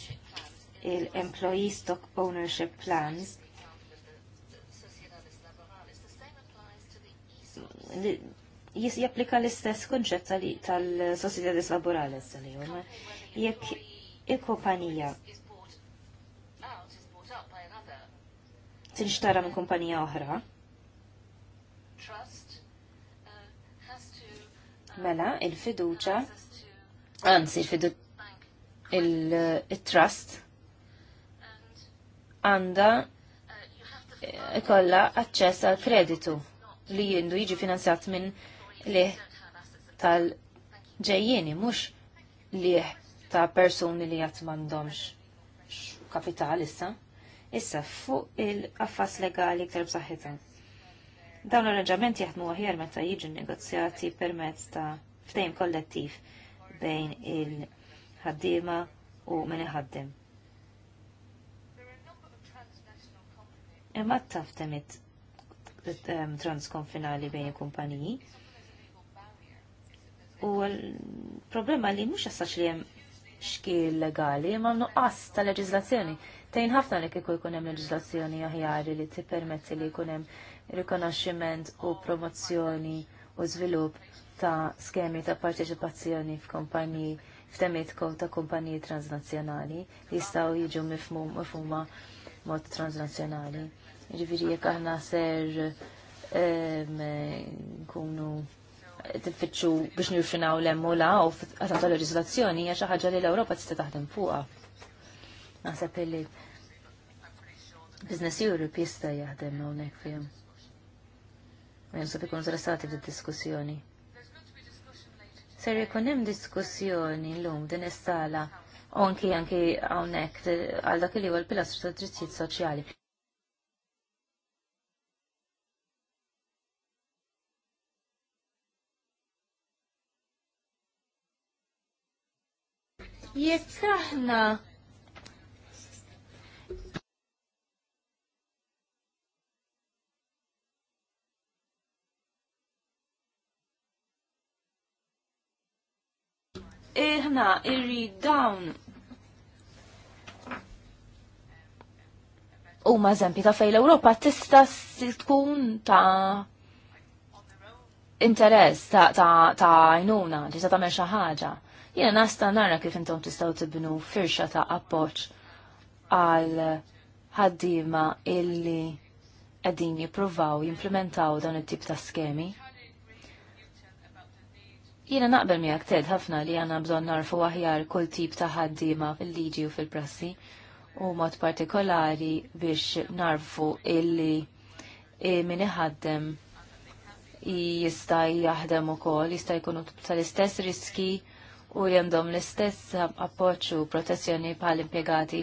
il-Employee Stock Ownership Plans, Jis japplika l-istess konċett tal-sossidjadis laborali tal-jum. il-kompanija t-inċtara minn kompanija oħra, mela il-fiduċa, anzi il-fidu il-trust għanda ikolla aċċess għal kreditu li jindu jiġi finanzjat minn li tal-ġejjeni, mux li ta' personi li jgħat mandomx kapital issa. Issa fuq il-affas legali ktar b'saħħitha. Dawn l-arranġamenti jaħdmu aħjar meta jiġu negozjati permezz ta' ftejn kollettiv bejn il-ħaddiema u min iħaddim. Imma taftemit Ehm, transkonfinali bejn il-kumpaniji. U l-problema li mhux jassax li hemm xkil legali, għamnu nuqqas ta' leġizlazzjoni. Tejn ħafna li kiku jkunem leġizlazzjoni aħjar li tippermetti li jkun hemm rikonoxximent u promozzjoni u żvilupp ta' skemi ta' parteċipazzjoni f'kompanji f'temiet ta' kumpaniji transnazzjonali li jistgħu jiġu mifhuma mod transnazzjonali. Ġifiri jek aħna ser nkunu t-fittxu biex nirfinaw l-emmu la u għatan tal-leġislazzjoni hija xi ħaġa li l-Ewropa tista' taħdem fuqha. Għasab illi Business Europe jista' jaħdem hawnhekk fihom. Jinsab ikun interessati fid-diskussjoni. Ser ikun hemm diskussjoni llum din is onki anki għonek hawnhekk għal dak li huwa l-pilastru tad-drittijiet soċjali. Jekk Iħna eh, irrid dawn u mażempi ta' fej l-Europa tista tkun ta' interess ta' ta' ta' jnuna, tista' ta' merxa ħaġa. Jena nasta nara kif intom tistaw tibnu firxa ta' appoċ għal ħaddima illi għedin jiprovaw jimplementaw dawn it-tip ta' skemi. Jena naqbel mi ted ħafna li għandna bżonn narfu aħjar kull tip ta' ħaddima fil-liġi u fil-prassi u mod partikolari biex narfu illi e min iħaddem jista' jaħdem ukoll, jista' jkunu tal-istess riski u li għandhom l-istess appoċu protezzjoni pal impjegati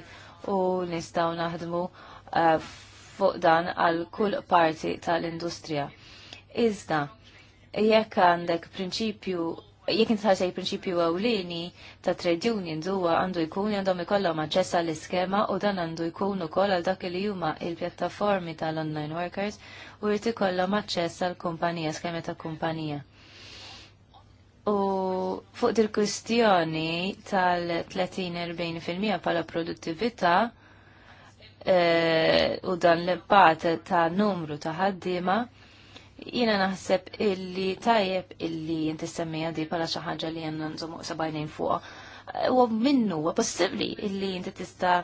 u nistaw naħdmu eh, fuq dan għal kull parti tal-industrija. Iżda, jekk għandek prinċipju jekk inti ħarsej prinċipju ewlieni ta' trade unions huwa għandu jkun għandhom ikollhom aċċess l iskema u dan għandu jkun ukoll għal dak li huma il-pjattaformi tal-online workers u jrid ikollhom aċċess għall kumpanija skema ta' kumpanija. U fuq dil kustjoni tal-30-40% pala produttività e, u dan l-bat ta' numru ta' ħaddima, jina naħseb illi tajjeb illi jinti semmija di pala xaħġa li jenna nżomu sabajnejn fuqa. Eh, u minnu, u possibli illi jinti tista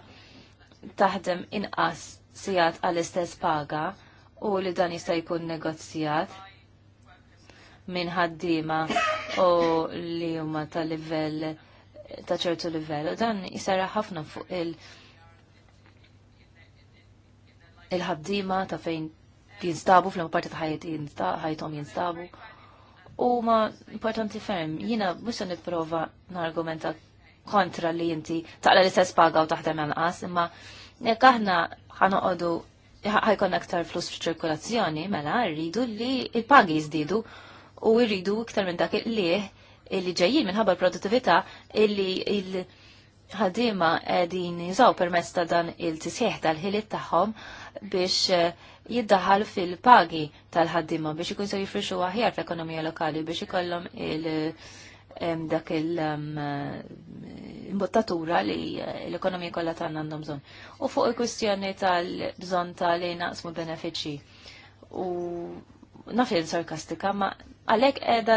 taħdem inqas sijat għal-istess paga u li dan jista' jkun negozjat minn ħaddima u li huma ta' livell ta' ċertu livell. U dan jisara ħafna fuq il- il-ħaddima ta' fejn jinstabu fl parti ta' ħajt ħajtom jinstabu. U ma importanti ferm, jina musa nipprova n-argumenta kontra li jinti taqla li sess paga u taħdem għanqas, imma jekk aħna ħanoqodu ħajkon aktar flus f'ċirkulazzjoni mela rridu li il-pagi jizdidu u jridu iktar minn dak liħ illi ġejjin minħabba l-produttività illi il-ħadima għedin jużaw permezz ta' dan il tisħieħ tal-ħiliet tagħhom biex eh, jiddaħal fil-pagi tal-ħaddima biex ikun sew jifrixu aħjar fl-ekonomija lokali biex ikollhom il- dak il-imbottatura eh, li eh, l-ekonomija kollha tagħna għandhom bżonn. U fuq il-kwistjoni tal-bżonn tal-li naqsmu benefiċċji. U sarkastika ma għalhekk qiegħda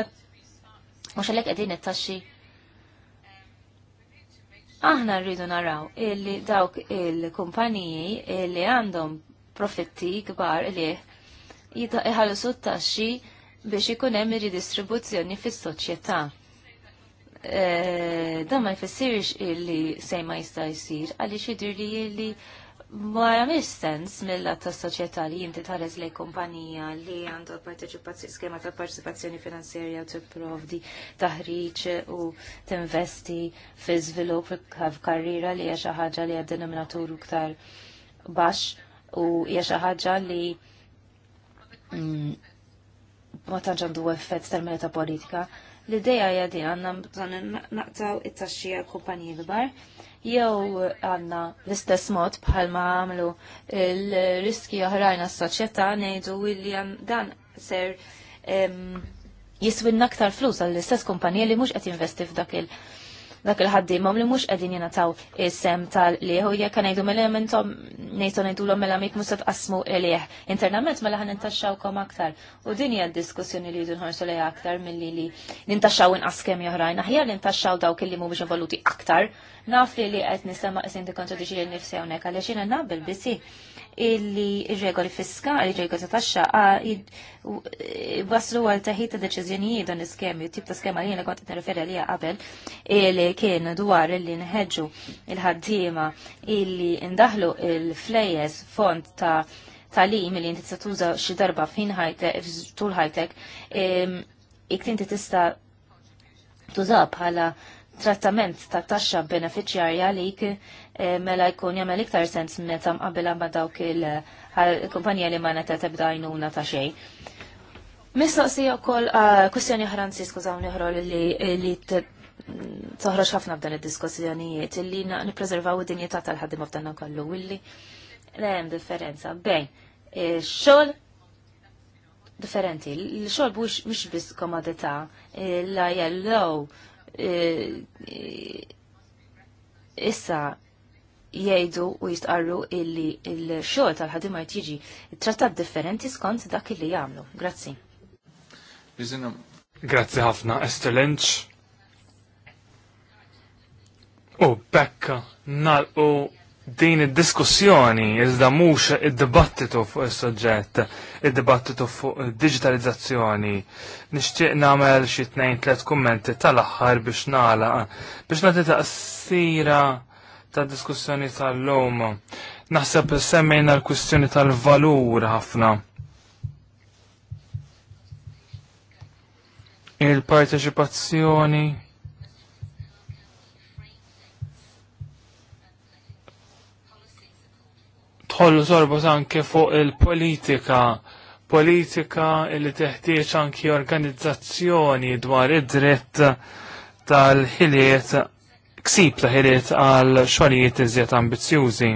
mhux għalhekk qegħdin it-taxxi. Aħna rridu naraw illi dawk il-kumpaniji li għandhom profitti kbar li jħallu t biex ikun hemm ridistribuzzjoni fis-soċjetà. Eh, da ma jfessirx illi sej ma jista' jsir għaliex jidir li illi ma jamil sens mill ta' soċjetà li jinti tħares li kumpanija li għandu skema ta' parteċipazzjoni finanzjerja u tipprovdi taħriġ u tinvesti fi żvilupp karriera li hija xi ħaġa li hija denominatur iktar baxx u hija xi ħaġa li mm, ma tantx għandu effett tal-mela ta' politika. l ideja hija għanna għandna naqtaw it-taxxija l-bar jew għanna l-istess mod bħalma għamlu il-riski oħrajna s soċjetà ngħidu li dan ser jiswinna aktar flus għall-istess kumpanija li mhux qed jinvesti f'dak il- dak il-ħaddimhom li mhux qegħdin jingħataw isem sem tal liħu jek jekk ngħidu mela mill-elementom ngħidu ngħidulhom mela mik mhux tqassmu liħ Internament mela ħan kom aktar. U din hija d-diskussjoni li jridu ħorsu li aktar milli li nintaxxaw inqas askem oħrajn. Aħjar nintaxxaw dawk li mhumiex involuti aktar. Naf li li qed nisema' isinti kontra diġi l-nifsi għonek, għaliex jiena naqbel bisi illi ir-regoli fiskali, regoli ta' taxxa, e, waslu għal ta' ta' deċiżjonijiet dan iskemi, tip ta' skema li jena t-referi għalija qabel, illi kien dwar illi nħedġu il-ħaddiema illi ndaħlu il-flejes font ta' talim li t tuża xi darba fin tul ħajtek, iktinti t tista' tuża bħala trattament ta' taxxa beneficjarja li eh, mela jkun jagħmel iktar sens meta mqabbilha ma' dawk il-kumpanija eh, li ma neta tebda għajnuna ta' xejn. Mistoqsija wkoll eh, kwistjoni oħra skużawni oħra li toħroġ ħafna f'dan id-diskussjonijiet illi nippreservaw id-dinjità tal-ħaddim f'dan kollu willi hemm differenza bejn xogħol differenti. L-xogħol mhux biss komodità, la jellow issa jgħidu u jistqarru illi il-xogħol tal-ħadimar jiġi trattat differenti skont dak illi jagħmlu. Grazzi. Grazzi ħafna Esther Lynch. U bekka u din id-diskussjoni iżda mhux id-dibattitu fuq is-suġġett, id-dibattitu fuq id-digitalizzazzjoni. Nixtieq nagħmel xi tnejn tliet kummenti tal-aħħar biex nagħlaq biex nagħti taqsira ta' diskussjoni tal-lum. Naħseb semmejna l-kwistjoni tal-valur ħafna. Il-parteċipazzjoni tħollu zorbot anke fuq il-politika politika li teħtieġ anki organizzazzjoni dwar id-dritt tal-ħiliet ksib ta' ħiliet għal xogħlijiet iżjed ambizzjużi.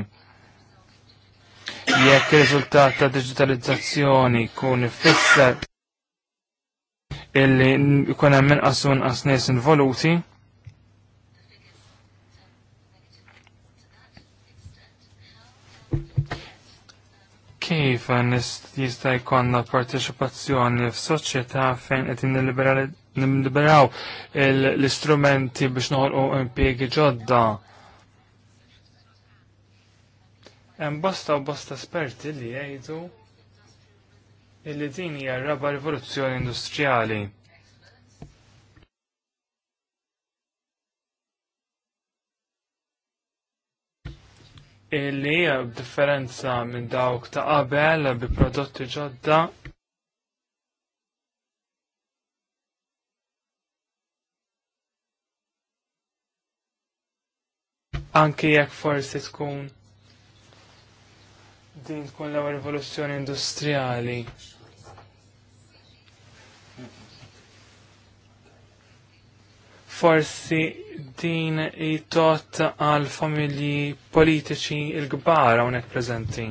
Jekk riżultat ta' digitalizzazzjoni kun ifisser illi kun hemm inqas inqas nies involuti, kif jista' jkollna partecipazzjoni f'soċjetà fejn qed nilliberaw l-istrumenti biex noħolqu impjiegi ġodda. Hemm bosta u bosta esperti li jgħidu illi din hija raba rivoluzzjoni industrijali. illi differenza minn dawk ta' qabel bi prodotti ġodda anki jekk forsi tkun din tkun l-ewwel rivoluzzjoni industrijali. Forsi din jitot għal familji politiċi il-gbar għonek prezenti.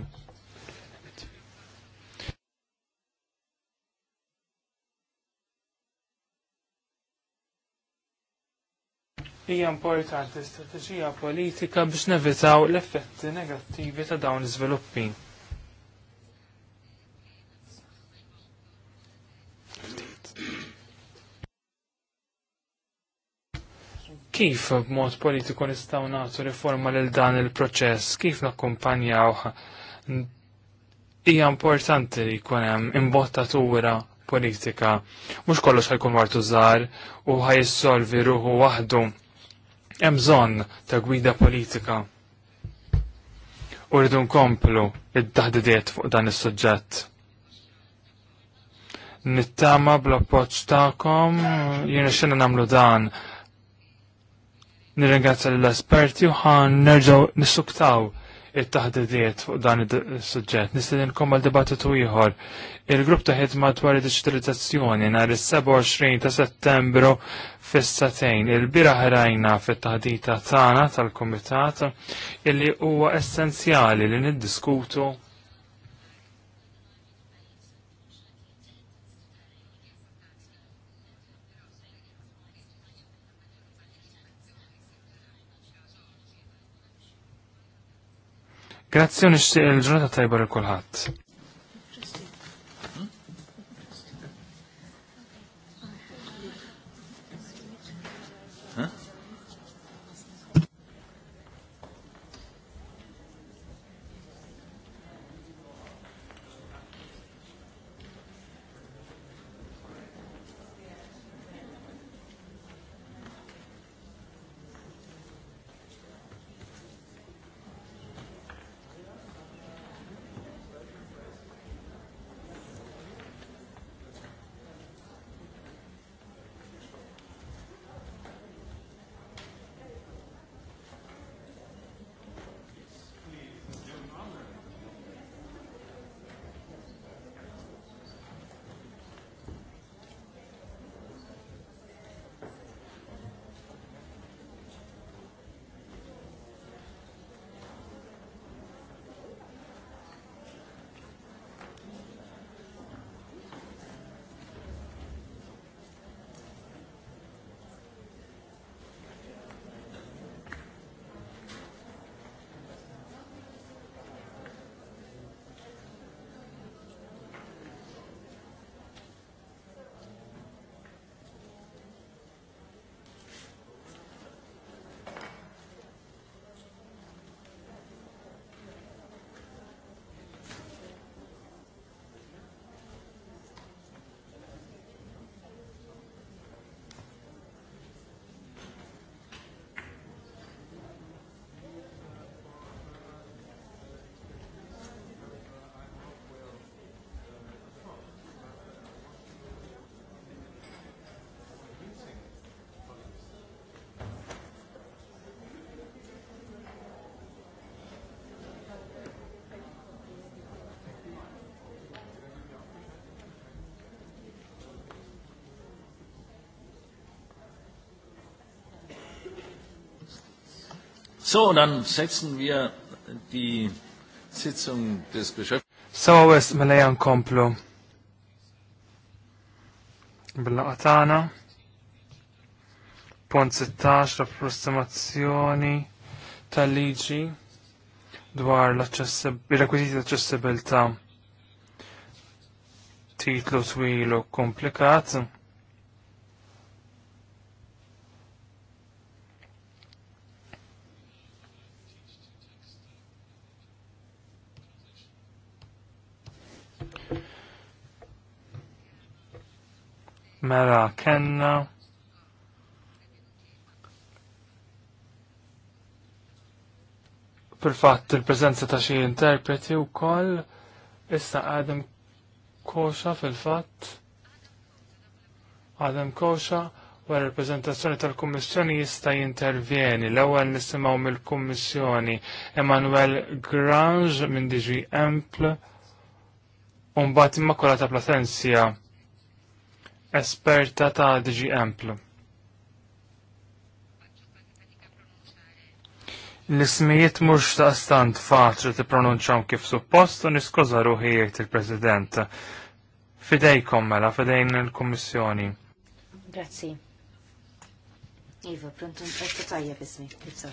Hija importanti strateġija politika biex nevitaw l-effetti negattivi ta' dawn l-iżviluppi. Kif b'mod politiku nistgħu nagħtu riforma lil dan il-proċess, kif nakkumpanjaw hija importanti li jkun hemm imbottatura politika. Mhux kollox ħajkun wartu żgħar u ħajissolvi ruħu waħdu. Hemm bżonn ta' gwida politika. U rridu nkomplu id-daħdidiet fuq dan is-suġġett nittama bl-appoċ ta'kom, jina xena namlu dan Nirringrazzja l-esperti u ħan nerġaw nissuktaw it-taħdidiet fuq dan il-sujġet. kom għal dibattitu ieħor. Il-grupp ta' ħidma dwar id-diġitalizzazzjoni nhar is-27 ta' Settembru fis Il-bira ħrajna fit-taħdita tagħna tal-Kumitat illi huwa essenzjali li niddiskutu Grazzi u eh, nixtieq il-ġurnata tajba l kulħadd. So, dann setzen wir die Sitzung des Beschäftigten. So, es melejan komplu. bil Atana. Pont 16, l-approssimazzjoni tal-liġi dwar il-rekwiziti l-accessibilta titlu twilu komplikat. komplikat Mela, kenna. Fil-fatt il-prezenza ta' xi interpreti wkoll issa għadem kosha fil-fatt għadem kosha u il-reprezentazzjoni tal-Kummissjoni jista' jintervjeni. L-ewwel nisimgħu mill-Kummissjoni Emmanuel Grange minn DG Ample u mbagħad ta' Platensja esperta ta' DG emplu. L-ismijiet mux ta' stand faċli ti pronunċaw kif suppost u niskoza ruħijiet il-President. Fidejkom mela, fidejn il-Kommissjoni. Grazzi. Iva, prontum, etta tajja bismi, kif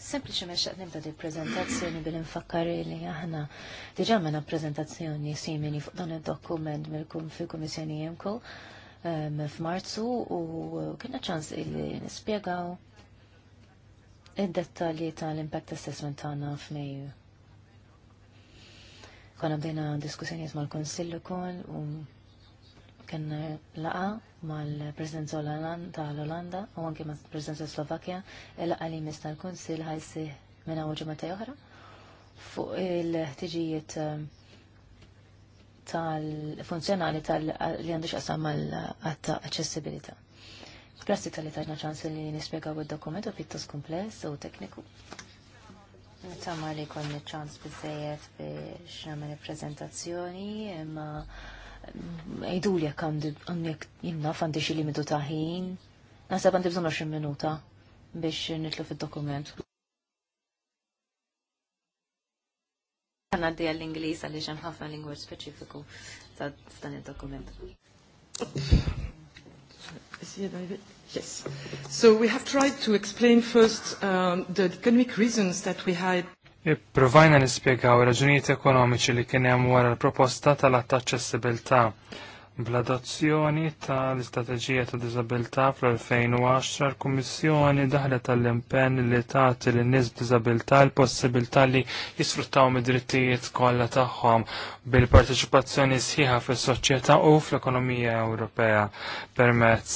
meċ xaqt nibda di prezentazzjoni bil-infakkar li aħna diġa mena prezentazzjoni simili fuq dan il-dokument mill-kum fil-Kummissjoni Jemko ehm, f'Marzu u kena ċans li nispiegaw id-dettalji tal-impact assessment tagħna f'Mejju. Konna bdejna diskussjonijiet mal-Konsillu kol u kien eh, laqa mal-President tal-Olanda u anke mal-President Slovakia il laqa li mis tal-Kunsil ħajsi minna u ġemata oħra fuq il-ħtiġijiet eh, tal-funzjonali tal-li għandux qasam mal-għatta accessibilita. Grazzi tal-li taġna ċansi li nispiegaw il-dokument u kompless u tekniku. Nittama li konni ċans bizzejiet biex il prezentazzjoni imma Ejdu li jekk għannek jinnaf għandi xi limitu taħin. Nasab Naħseb għandi bżonn 20 minuta biex nitlu fil dokument Għanna Għaddi l inglis għalli xan ħafna lingwa specifiku ta' dan il-dokument. Yes. So we have tried to explain first um, the economic reasons that we had Provajna nispiegaw raġunijiet ekonomiċi li kien hemm wara l-proposta tal-att aċċessibilità bl-adozzjoni tal-istrateġija ta' diżabilità fl-2010 l-Kummissjoni daħlet tal-impenn li tagħti lin nies b'diżabilità l-possibilità li jisfruttaw mid-drittijiet kollha tagħhom bil-parteċipazzjoni sħiħa fis-soċjetà u fl-ekonomija Ewropea permezz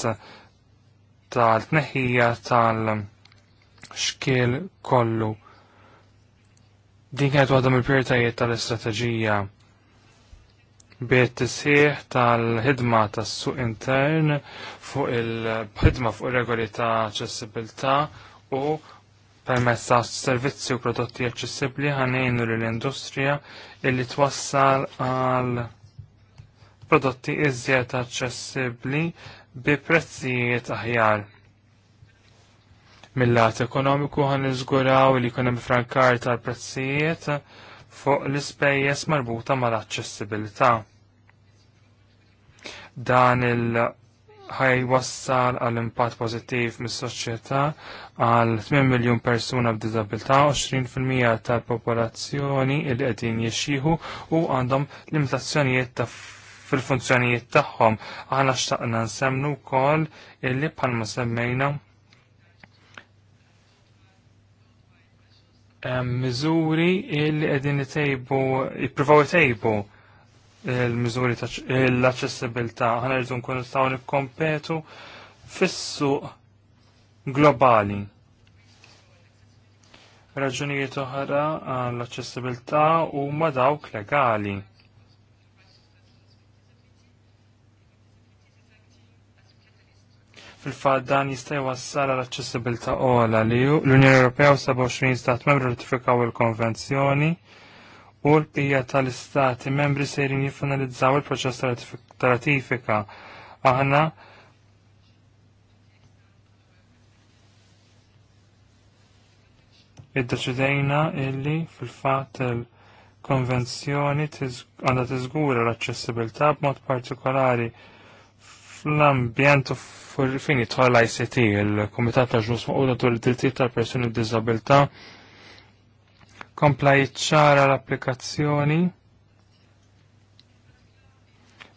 tal-tneħħija tal-xkiel kollu Din kienet waħda mill-prijoritajiet tal-istrateġija bit tisħiħ tal-ħidma tas-suq intern fuq il-ħidma fuq regoli ta' aċċessibilità u permezz ta' servizzi u prodotti aċċessibbli ħanejnu lill-industrija illi twassal għal prodotti iżjed aċċessibbli bi prezzijiet aħjar mill-lat ekonomiku ħan nizguraw li kunem frankar tal-prezzijiet fuq l-ispejjeż marbuta mal-aċċessibilità. Dan il- wassal għal impatt pozittiv mis soċjetà għal 8 miljon persuna b'disabilità, 20% tal-popolazzjoni il qegħdin jixxieħu u għandhom limitazzjonijiet ta' fil-funzjonijiet tagħhom. Aħna xtaqna nsemmu wkoll illi bħalma semmejna miżuri li qegħdin itejbu jippruvaw itejbu il-miżuri l-aċċessibilità ħana rridu nkunu nistgħu nikkompetu fissu globali. Raġunijiet oħra l aċċessibilità huma dawk legali. Fil-fat dan jista' wassal għal aċċessibilità ola li l-Unjoni Ewropea u 27 stat membru ratifikaw il-konvenzjoni u l pija tal-istati membri sejrin jiffinalizzaw il-proċess ta' ratifika. Aħna id-deċidejna illi fil-fat il-konvenzjoni għandha tiżgura l-aċċessibilità b'mod partikolari fl-ambjent u fin jitħol ICT, il-Komitat ta' Ġnus Maquda tul id-drittijiet tal-persuni b'diżabilità kompla jiċċara l-applikazzjoni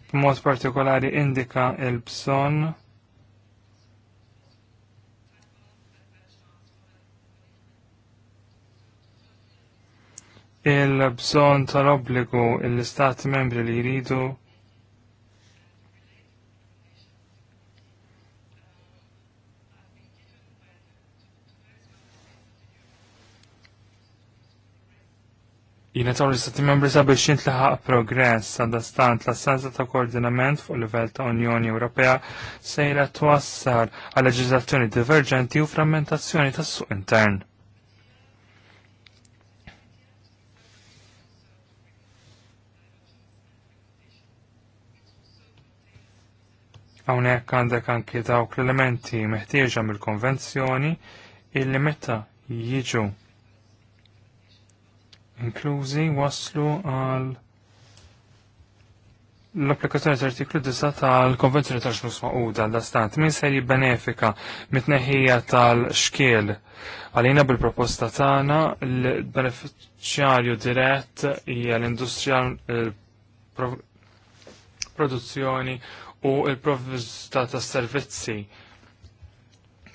b'mod partikolari indika il-bżonn il-bżon tal-obbligu l istati membri li jridu Jina taw l-istati membri sabiex jintlaħaq progress għadastant la senza ta' koordinament fuq livell ta' Unjoni Ewropea sejra tuassar għal leġiżlazzjoni diverġenti u frammentazzjoni tas suq intern. Hawnhekk għandek anke dawk l-elementi meħtieġa mill-konvenzjoni illi meta jiġu inklużi waslu għal l-applikazzjoni tal-artiklu 10 tal-Konvenzjoni tal xnus Maquda l-Astant min se jibbenefika mit tal-xkiel għalina bil-proposta tagħna l-beneficjarju dirett hija l-industrija produzzjoni u l-provvista ta' servizzi.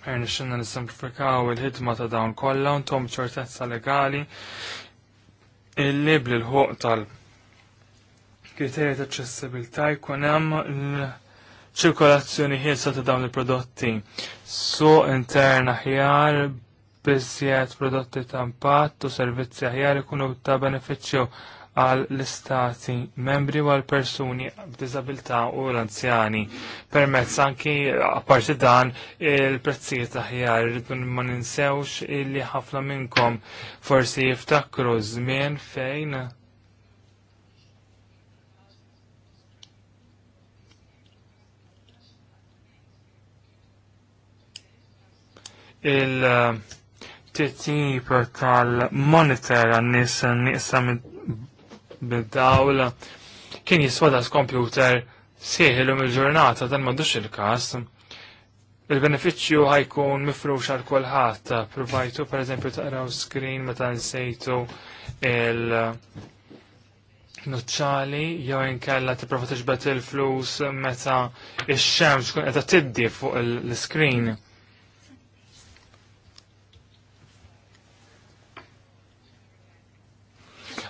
Għerni xinna nisimplifikaw il-ħidma ta' dawn kollha u tom ċertezza legali il-lib l ħuq tal-kriterja ta' jkun hemm ċirkolazzjoni ħielsa ta' dawn il-prodotti. So intern aħjar biżjed prodotti ta' impatt u servizzi aħjar ikunu ta' benefiċċju għal l-istati membri u għal persuni b'dizabilità u l-anzjani. Permezz anki apparti dan il-prezzijiet aħjar rridu ma ninsewx illi ħafna minnkom forsi jiftakru żmien fejn il-titip tal-monitor għan nisa minn bid-dawl kien jiswada s kompjuter seħilu il-ġurnata dan m'għandux il-każ. Il-benefiċċju ħajkun mifrux għal kulħadd provajtu pereżempju taqraw screen meta nsejtu il- nuċċali jew inkella tipprova tixbet il-flus meta ix-xemx tkun qed tiddi fuq l-screen.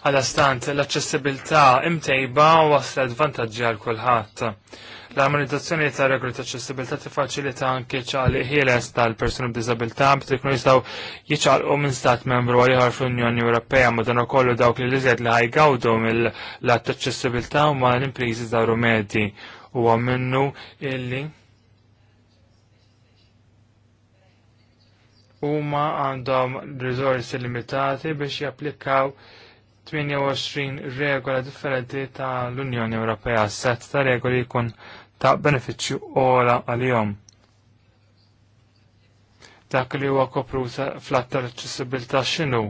Għal-astant, l-accessibilità imtejba u waslet vantaġġi għal kulħadd. L-armonizzazzjoni ta' regoli ta' accessibilità tiffaċilita anke ċali ħieles tal-persuni b'diżabilità biex jistgħu jiċċalqu minn stat membru għal ieħor fl-Unjoni Ewropea madankollu dawk li liżjed li ħajgawdu mill-att ta' u huma l-impriżi daru medji huwa minnu illi huma għandhom riżorsi limitati biex japplikaw 28 regola differenti ta' l-Unjoni Ewropea, set ta' regoli jkun ta' beneficju ola għal-jom. Dak li huwa kopruta fl-attar ċessibilta xinu.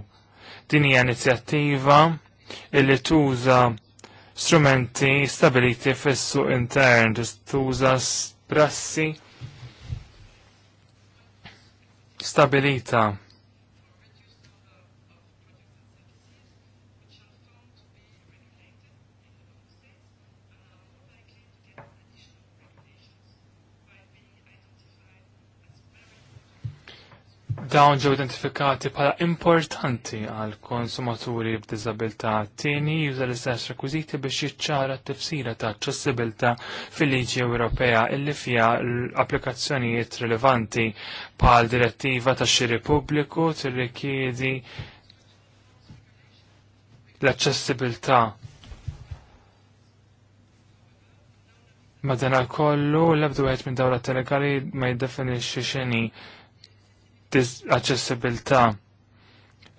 Din hija inizjattiva illi tuża strumenti stabiliti fissu intern, tuża prassi stabilita dawn ġew identifikati bħala importanti għal konsumaturi b'diżabilità tieni juża l-istess rekwiżiti biex jiċċara t-tifsira ta' aċċessibilità fil-liġi Ewropea illi fiha l-applikazzjonijiet rilevanti bħal direttiva tax xiri pubbliku tirrikjedi l-aċċessibilità Madana kollu l-ebdu għed minn dawra telekali ma jiddefinixxi xini aċċessibilità.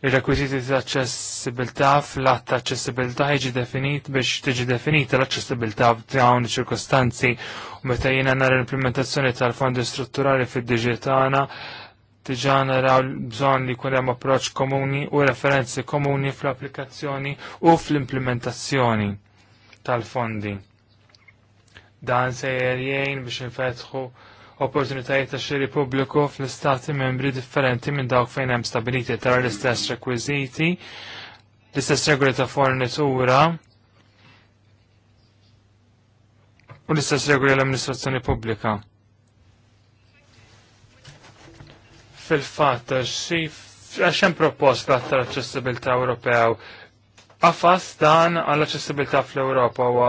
Ir-rekwiżiti ta' accessibilità fl-att ta' aċċessibilità jiġi definit biex tiġi definita l accessibilità f'dawn iċ-ċirkostanzi u meta jiena nara l-implementazzjoni tal-fondi strutturali fid-diġitana tiġana raw bżonn li jkun hemm approċċ komuni u referenzi komuni fl-applikazzjoni u fl-implementazzjoni tal-fondi. Dan se jgħin biex infetħu opportunitajiet ta' xiri pubbliku fl-istati membri differenti minn dawk fejn hemm stabiliti tara l-istess rekwiżiti, l-istess regoli ta' fornitura u l-istess regoli l-amministrazzjoni pubblika. Fil-fatt għax hemm proposta tal-aċċessibilità Ewropew Għafas dan għall-aċċessibilità fl-Europa u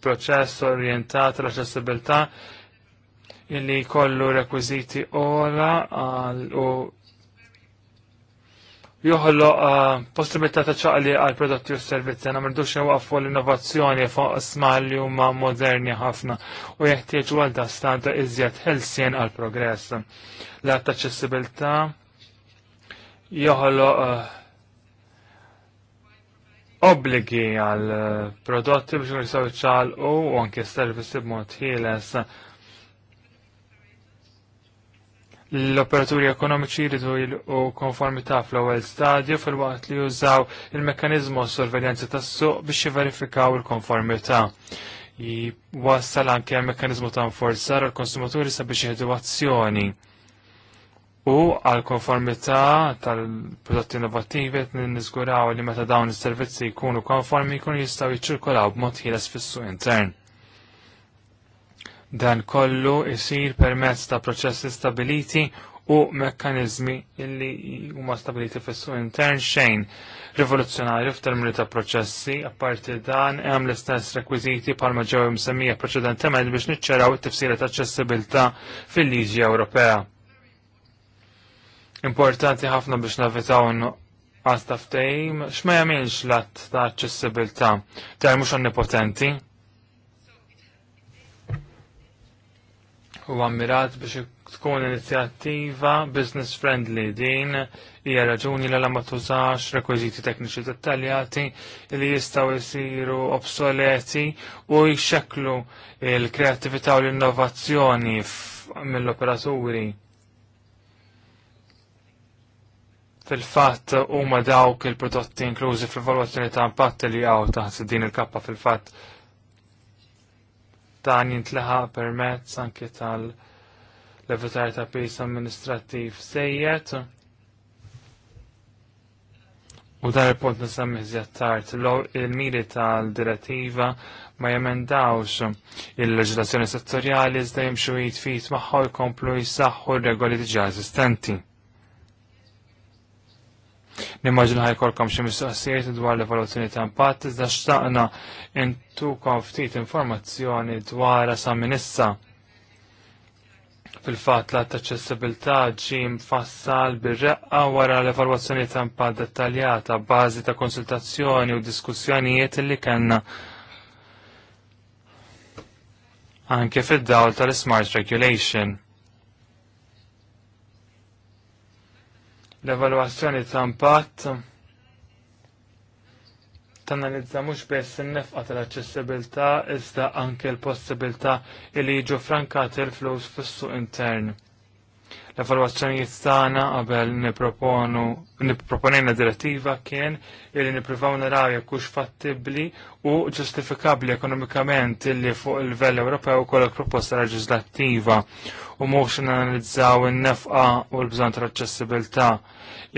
proċess orientat l-aċċessibilità illi kollu rekwiziti ora u joħollo uh, possibilità ta' ċaqli għal prodotti u servizzi għana merdux waqfu l-innovazzjoni fuq smal li huma moderni ħafna u jeħtieġu għal da' stanta iżjed ħelsien għal progress. L-għat ta' ċessibilta joħollo uh, obbligi għal uh, prodotti biex jisaw u anke servizzi b'mod ħieles l-operaturi ekonomiċi jridu jilqu konformità fl-ewwel stadju fil-waqt li jużaw il-mekkaniżmu sorveljanza tas-suq biex jiverifikaw il-konformità. wassal anke mekkaniżmu ta' nforzar għall-konsumaturi sabiex jieħdu azzjoni. U għal konformità tal-prodotti innovattivi qed niżguraw li meta dawn is-servizzi jkunu konformi jkunu jistgħu jiċċirkolaw b'mod ħieles fis-suq intern Dan kollu jisir permezz ta' proċessi stabiliti u mekkanizmi illi huma stabiliti fis-suq intern xejn rivoluzzjonarju f'termini ta' proċessi, apparti dan hemm l-istess rekwiżiti bħalma ġew msemmija preċedentement biex niċċaraw it-tifsira ta' aċċessibilità fil-liġi Ewropea. Importanti ħafna biex navitaw għasta ftejm, x'ma jagħmilx l-att ta' aċċessibilità, ta' mhux onnipotenti. u ammirat biex tkun inizjattiva business friendly din hija raġuni li ma tużax rekwiżiti tekniċi dettaljati li jistgħu jsiru obsoleti u jxekklu l-kreattività u l-innovazzjoni mill-operaturi. Fil-fatt huma dawk il-prodotti inklużi fil-valwazzjoni ta' impatt li għaw taħt din il-kappa fil-fatt dan jintlaħaq permezz anke tal levitar ta' pis amministrattiv sejjet. U dar il-punt nisemmi zjattart, il-miri tal-direttiva ma jemendawx il-leġilazzjoni settorjali iżda jimxu jitfit maħħu jkomplu jisaxħu regoli diġa esistenti. Nimmaġinu ħajkolkom xi mistoqsijiet dwar l-evoluzzjoni ta' impatt iżda xtaqna intukom ftit informazzjoni dwar sa minissa issa. Fil-fatt l aċċessibilità ġie mfassal bir-reqqa wara l-evalwazzjoni ta' impatt dettaljata bażi ta' konsultazzjoni u diskussjonijiet li kellna anke fid-dawl tal-Smart Regulation l-evalwazzjoni ta' impatt tanalizza mhux biss in-nefqa tal-aċċessibilità iżda anke l-possibilità li jiġu frankati l-flus fis-suq intern l-evalwazzjonijiet tagħna qabel nipproponu nipproponejna direttiva kien li nippruvaw naraw jekk hux fattibbli u ġustifikabbli ekonomikament illi fuq il-livell Ewropew ukoll proposta leġislattiva u mhux nanalizzaw in-nefqa u l-bżonn tal-aċċessibilità.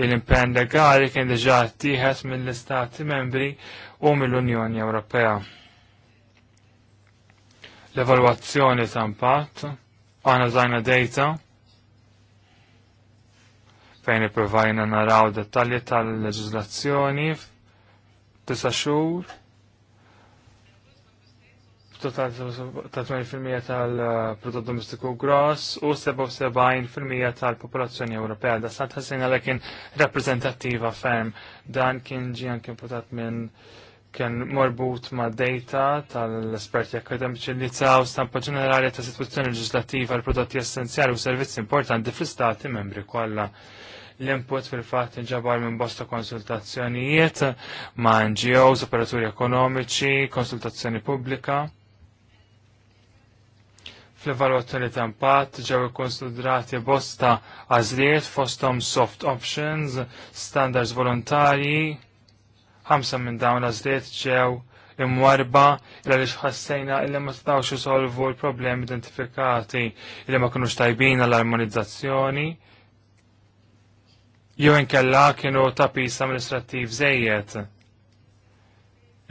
Il-impenn legali kien diġà ttieħed mill-Istati membri u mill-Unjoni Ewropea. L-evalwazzjoni ta' impatt għana zajna data fejn ipprovajna naraw dettalji tal-leġizlazzjoni tisa xhur ta' 80% tal-prodott domestiku gross u 77% tal-popolazzjoni Ewropea. Da sa' tħassina li kien rappresentativa ferm. Dan kien ġi anke imputat minn kien morbut ma' data tal-esperti akademiċi li u stampa ġenerali ta' situazzjoni leġislativa għal prodotti essenzjali u servizzi importanti fl-istati membri kollha L-input fil-fat inġabar minn bosta konsultazzjonijiet ma' NGOs, operaturi ekonomiċi, konsultazzjoni pubblika. Fl-evaluazzjoni ta' impatt ġew ikkonsidrati bosta għażliet fosthom soft options, standards volontarji, ħamsa minn dawn għażliet ġew imwarba il li xħassajna illi ma stawx isolvu l-problemi identifikati illi ma kunux tajbin għall-armonizzazzjoni jew inkella kienu ta' pis amministrattiv żejjed.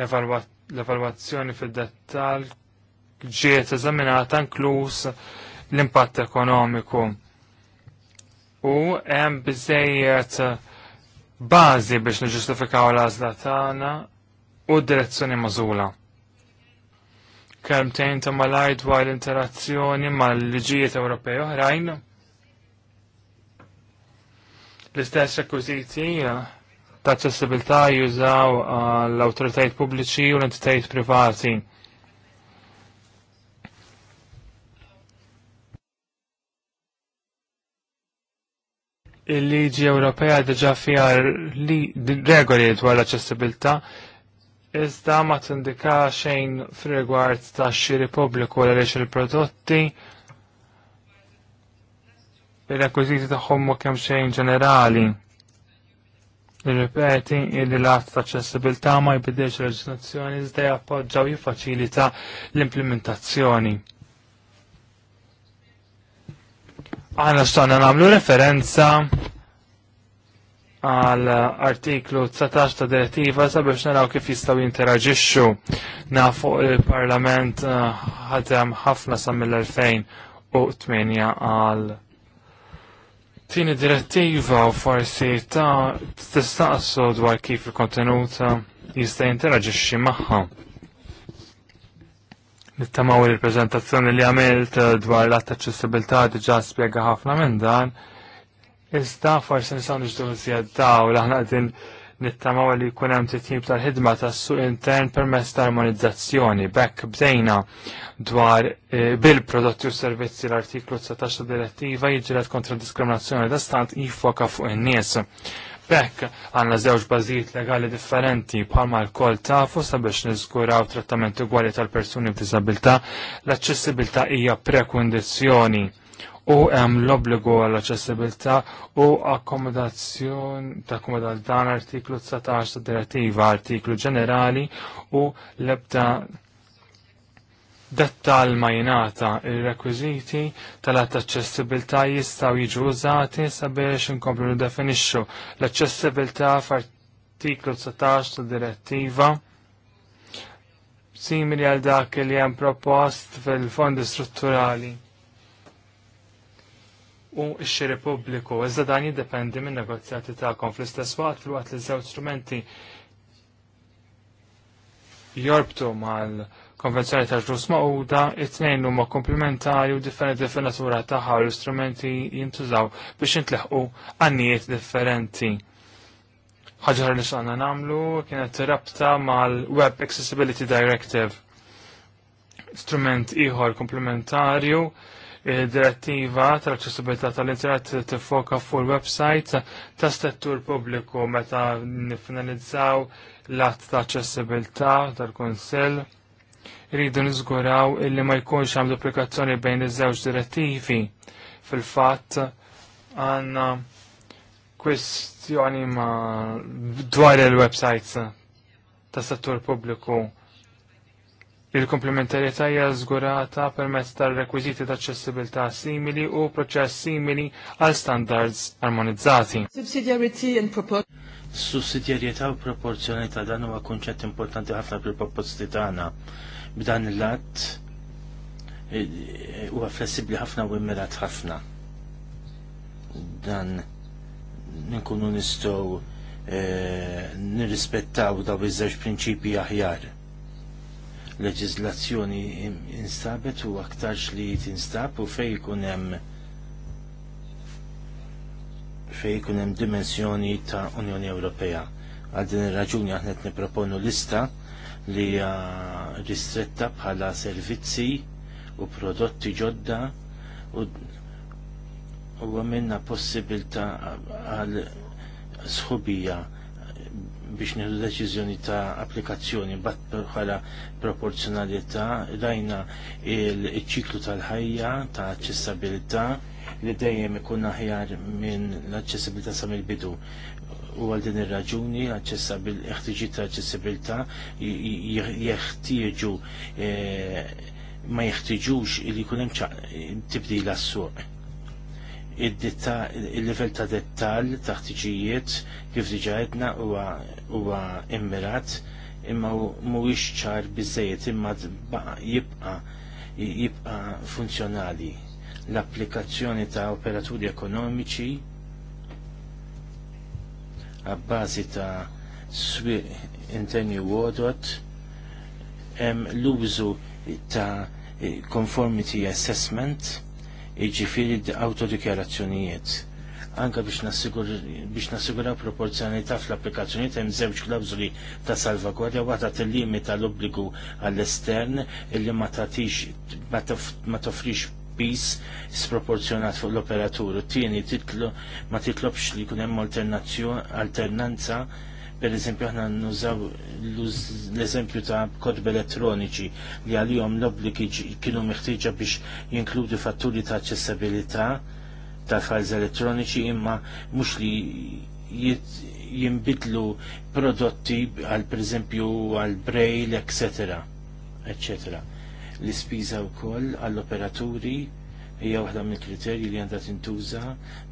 L-evalwazzjoni fid-dettal ġiet eżaminata inkluż l-impatt ekonomiku. U hemm biżejjed bażi biex niġġustifikaw l-għażla tagħna u d-direzzjoni mażula kelmtejn ta' malaj dwar l-interazzjoni mal-liġijiet Ewropej oħrajn L-istess rekwiżiti ta' ċessibilità jużaw l-autoritajiet pubbliċi u l-entitajiet privati. Il-liġi Ewropea diġa fija regoli dwar l-aċċessibilità, iżda ma tindika xejn fir-rigward ta' xiri pubbliku għaliex il-prodotti il-rekwiziti tagħhom ma kemm xejn ġenerali. Irripeti li l-att ta' ċessibilità ma il reġistrazzjoni iżda jappoġġaw jiffaċilita l-implementazzjoni. Aħna xtaqna nagħmlu referenza għal artiklu 19 ta' direttiva sabiex naraw kif jistaw jinteraġixxu fuq il-Parlament ħadem ħafna sa mill-2008 għal Tini direttiva u forsi ta' t-istaqsu dwar kif il-kontenuta jista' jinteraġixxi magħha. Nittamaw il-prezentazzjoni li għamilt dwar l-attaċċessibilità diġà spjega ħafna minn dan, iżda forsi nistgħu nixdu nżjed daw l aħna qegħdin nittamaw li jkun hemm titjib tal-ħidma tas-suq intern permezz ta' armonizzazzjoni. Bekk bdejna dwar eh, bil-prodotti u servizzi l-artiklu 19 direttiva jiġilet kontra diskriminazzjoni da' stant jifoka fuq in-nies. Bekk għanna żewġ bażijiet legali differenti bħalma l-kol tafu sabiex niżguraw trattament ugwali tal-persuni b'diżabilità, l-aċċessibilità hija prekondizzjoni u hemm l-obbligu għall aċċessibilità u akkomodazzjoni ta' akkomodat dan artiklu 19 ta' direttiva artiklu ġenerali u l-ebda dettal ma jingħata ir-rekwiżiti tal-att aċċessibilità jistgħu jiġu użati sabiex inkomplu definixxu l-aċċessibilità f'artiklu 19 ta' direttiva simili għal dak li hemm propost fil-fondi strutturali u x-xiri pubbliku. Iżda dan jiddependi minn negozjati tagħkom fl-istess waqt fil-waqt li ż-żew strumenti jorbtu mal-konvenzjoni ta' ġlus ma'uda, it-tnejn huma komplementari u differenti fin-natura tagħha u l-istrumenti jintużaw biex intleħqu għannijiet differenti Ħaġar li xanna namlu kienet rabta mal-Web Accessibility Directive strument iħor komplementarju direttiva tal-aċċessibilità tal-internet tifoka fuq il-website ta' settur pubbliku meta nifinalizzaw l-att ta' aċċessibilità tal konsell Rridu niżguraw illi ma jkunx hemm duplikazzjoni bejn iż-żewġ direttivi. Fil-fatt għandna kwestjoni ma dwar il-websites ta' settur pubbliku Il-komplementarjetà hija żgurata permezz tar-rekwiżiti ta' aċċessibilità simili u proċess simili għal standards armonizzati. Sussidjarjetà u proporzjonalità dan huwa kunċett importanti ħafna fil-proposti tagħna. B'dan il-att eh, huwa flessibbli ħafna u immirat ħafna. Dan ninkunu nistgħu eh, nirrispettaw daw iż-żewġ prinċipji aħjar leġizlazzjoni instabet u aktarx li tinstab u fej ikun hemm fej ikun hemm dimensjoni ta' Unjoni Ewropea. Għal din ir-raġuni aħna qed nipproponu lista li hija ristretta bħala servizzi u prodotti ġodda u u għamilna possibilta għal sħubija biex nieħdu deċiżjoni ta' applikazzjoni bat bħala proporzjonalità rajna il-ċiklu tal-ħajja ta' aċċessabilità li dejjem ikun aħjar minn l-aċċessibilità sa mill-bidu. U għal din ir-raġuni l-ħtiġijiet ta' aċċessibilità jeħtieġu eh, ma jeħtiġux li jkun hemm tibdil għas-suq il-level ta' dettal ta' ħtiġijiet kif diġa għedna huwa immirat imma mhuwiex ċar biżejjed imma jibqa' jibqa' funzjonali l-applikazzjoni ta' operaturi ekonomiċi għabbażi ta' swieq interni wodot l-użu ta' conformity assessment iġifiri autodikjarazzjonijiet. Anka biex nassiguraw proporzjonalità fl applikazzjoni hemm żewġ klawżuli ta' salvagwardja waħda tillimita l-obbligu għall-estern illi ma tagħtix ma tofrix pis sproporzjonat fuq l-operatur. Tieni titlu ma titlobx li jkun hemm alternanza Per eżempju, ħna nużaw l-eżempju ta' kodb elettroniċi li għalihom l obli kienu meħtieġa biex jinkludi fatturi ta' aċċessibilità ta' files elettroniċi imma mhux li jinbidlu prodotti għal pereżempju għal brail etc. etc. l spiża wkoll għall-operaturi hija waħda mill-kriterji li għandha tintuża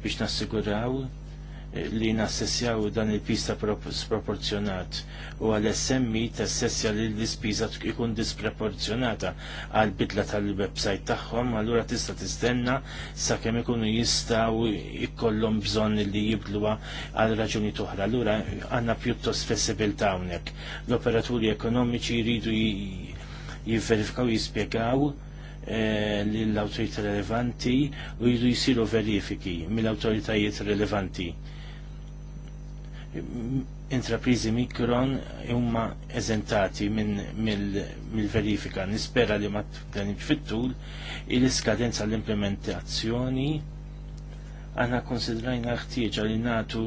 biex nassiguraw li nassessjaw dan il-pista sproporzjonat u għal SMI tassessja li l-ispiża ikun disproporzjonata għal bidla tal-website tagħhom, allura tista' tistenna sakemm ikunu jistgħu jkollhom bżonn li jibdluwa għal raġuni oħra. Allura għandna pjuttost fessibil hawnhekk. L-operaturi ekonomiċi jridu jivverifikaw jispjegaw eh, lill autorita relevanti u jridu jisiru verifiki mill-awtoritajiet relevanti intraprizi mikron huma eżentati mill-verifika. Nispera li ma tplanit fit-tul il-iskadenza l-implementazzjoni għanna konsidrajna ħtieġa li natu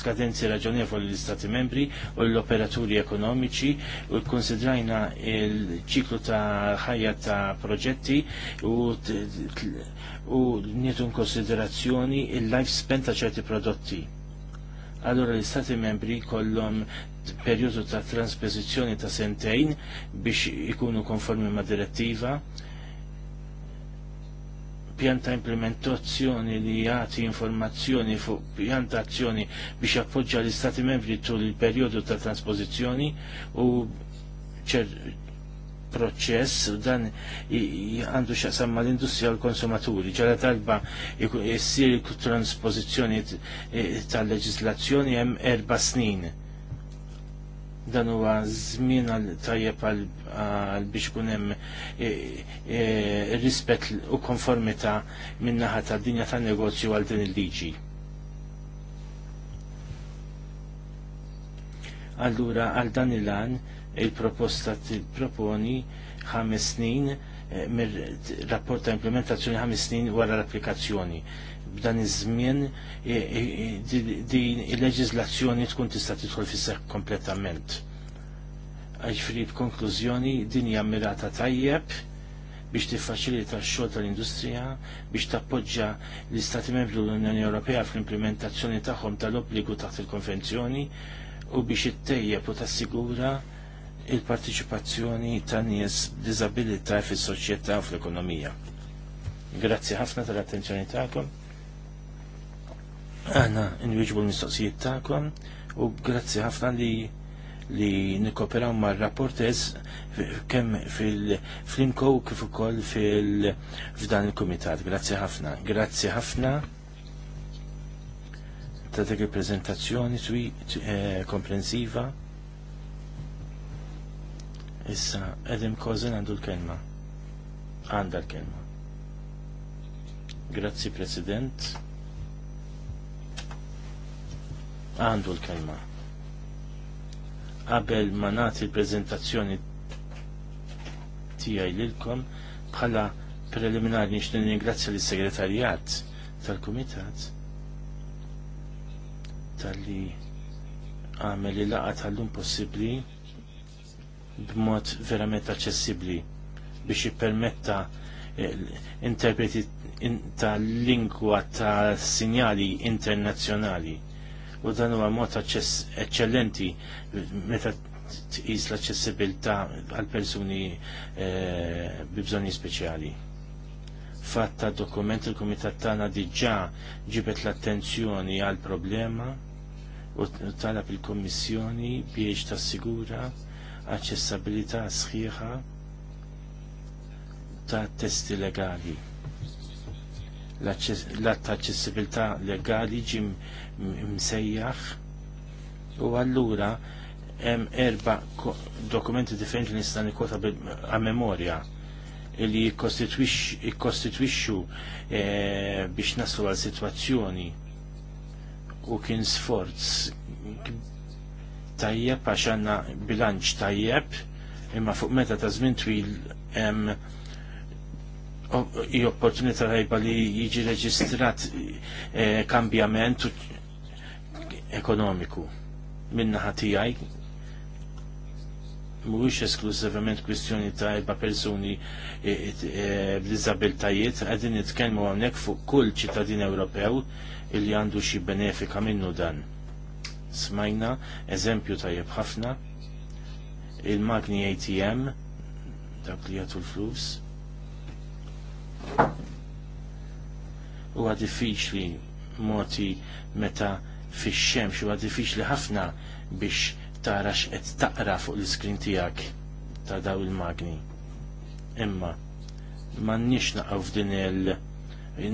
skadenzi raġonevoli l-Istati membri u l-operaturi ekonomiċi u konsidrajna il-ċiklu ta' ħajja ta' proġetti u nietu konsiderazzjoni il-lifespan ta' ċerti prodotti allora l-Istati membri kollom perjodu ta' transpozizjoni ta' sentejn biex ikunu konformi ma' direttiva pjanta implementazzjoni li jagħti informazzjoni fuq pjanta azzjoni biex appoġġja l-Istati membri tul il-perjodu ta' transpozizjoni u proċess u dan għandu xaqsam ma l-industrija u l-konsumaturi. Ġala talba jessir transpozizjoni e, tal-leġislazzjoni hemm erba snin. Dan huwa żmien tajjeb għal biex kun hemm e, e, rispett u konformità min-naħa tad-dinja tan-negozju għal din il-liġi. Allura għal dan il-għan il-proposta tipproponi ħames snin eh, mir-rapport ta' implementazzjoni ħames snin wara l-applikazzjoni. B'dan iż-żmien eh, eh, din il-leġiżlazzjoni tkun tista' tidħol fis-seħħ kompletament. Jiġifieri b'konklużjoni din hija mirata tajjeb biex tiffaċilita x-xogħol tal-industrija biex tappoġġja l-Istati Membri l-Unjoni Ewropea fl-implementazzjoni tagħhom tal-obbligu taħt il-konvenzjoni u biex ittejjeb u tassigura il-partiċipazzjoni ta' nies b'diżabilità fis-soċjetà u fl-ekonomija. Grazzi ħafna tal-attenzjoni tagħkom. Għana nwieġbu l-mistoqsijiet tagħkom u grazzi ħafna li li nikoperaw mar rapportez kemm fil-imko u kif ukoll f'dan il-kumitat. Grazzi ħafna. Grazzi ħafna ta' dik il-preżentazzjoni eh, komprensiva. Issa, edim kozin għandu l-kelma. Għanda l-kelma. Grazzi, President. Għandu l-kelma. Qabel ma nagħti l-preżentazzjoni tiegħi lilkom bħala preliminari nixtieq ningrazzja lis-segretarjat tal-Kumitat tal-li għamel il-laqa tal-lum possibbli b'mod verament aċċessibbli biex jippermetta eh, interpreti ta' lingwa ta' sinjali internazzjonali u dan huwa mod eċċellenti meta tqis l-aċċessibilità għal persuni eh, bi bżonni speċjali. Fatta dokument il-Kumitat tagħna diġà ġibet l-attenzjoni għal problema u talab il-Kommissjoni biex tassigura sigura aċċessabilità sħiħa ta' testi legali. L-att ta' aċċessibilità legali ġim msejjaħ u allura hemm erba dokumenti differenti li nista' ikota a memorja li jikkostitwixxu e, biex naslu għal sitwazzjoni u kien sforz tajjeb għax għandna bilanċ tajjeb imma fuq meta ta' żmien twil hemm opportunità tajba li jiġi reġistrat e, kambjament ekonomiku minnaħa tiegħi mhuwiex esklużivament kwistjoni ta' persuni e, e, b'diżabiltajiet, qegħdin nitkellmu hawnhekk fuq kull ċittadin Ewropew illi għandu xi benefika minnu dan smajna eżempju tajjeb ħafna il-magni ATM dak li jagħtu l-flus huwa diffiċli moti meta fix-xemx huwa diffiċli ħafna biex tarax qed taqra fuq l-iskrin tiegħek ta' daw il-magni. Imma m'għandniex naqgħu f'din il-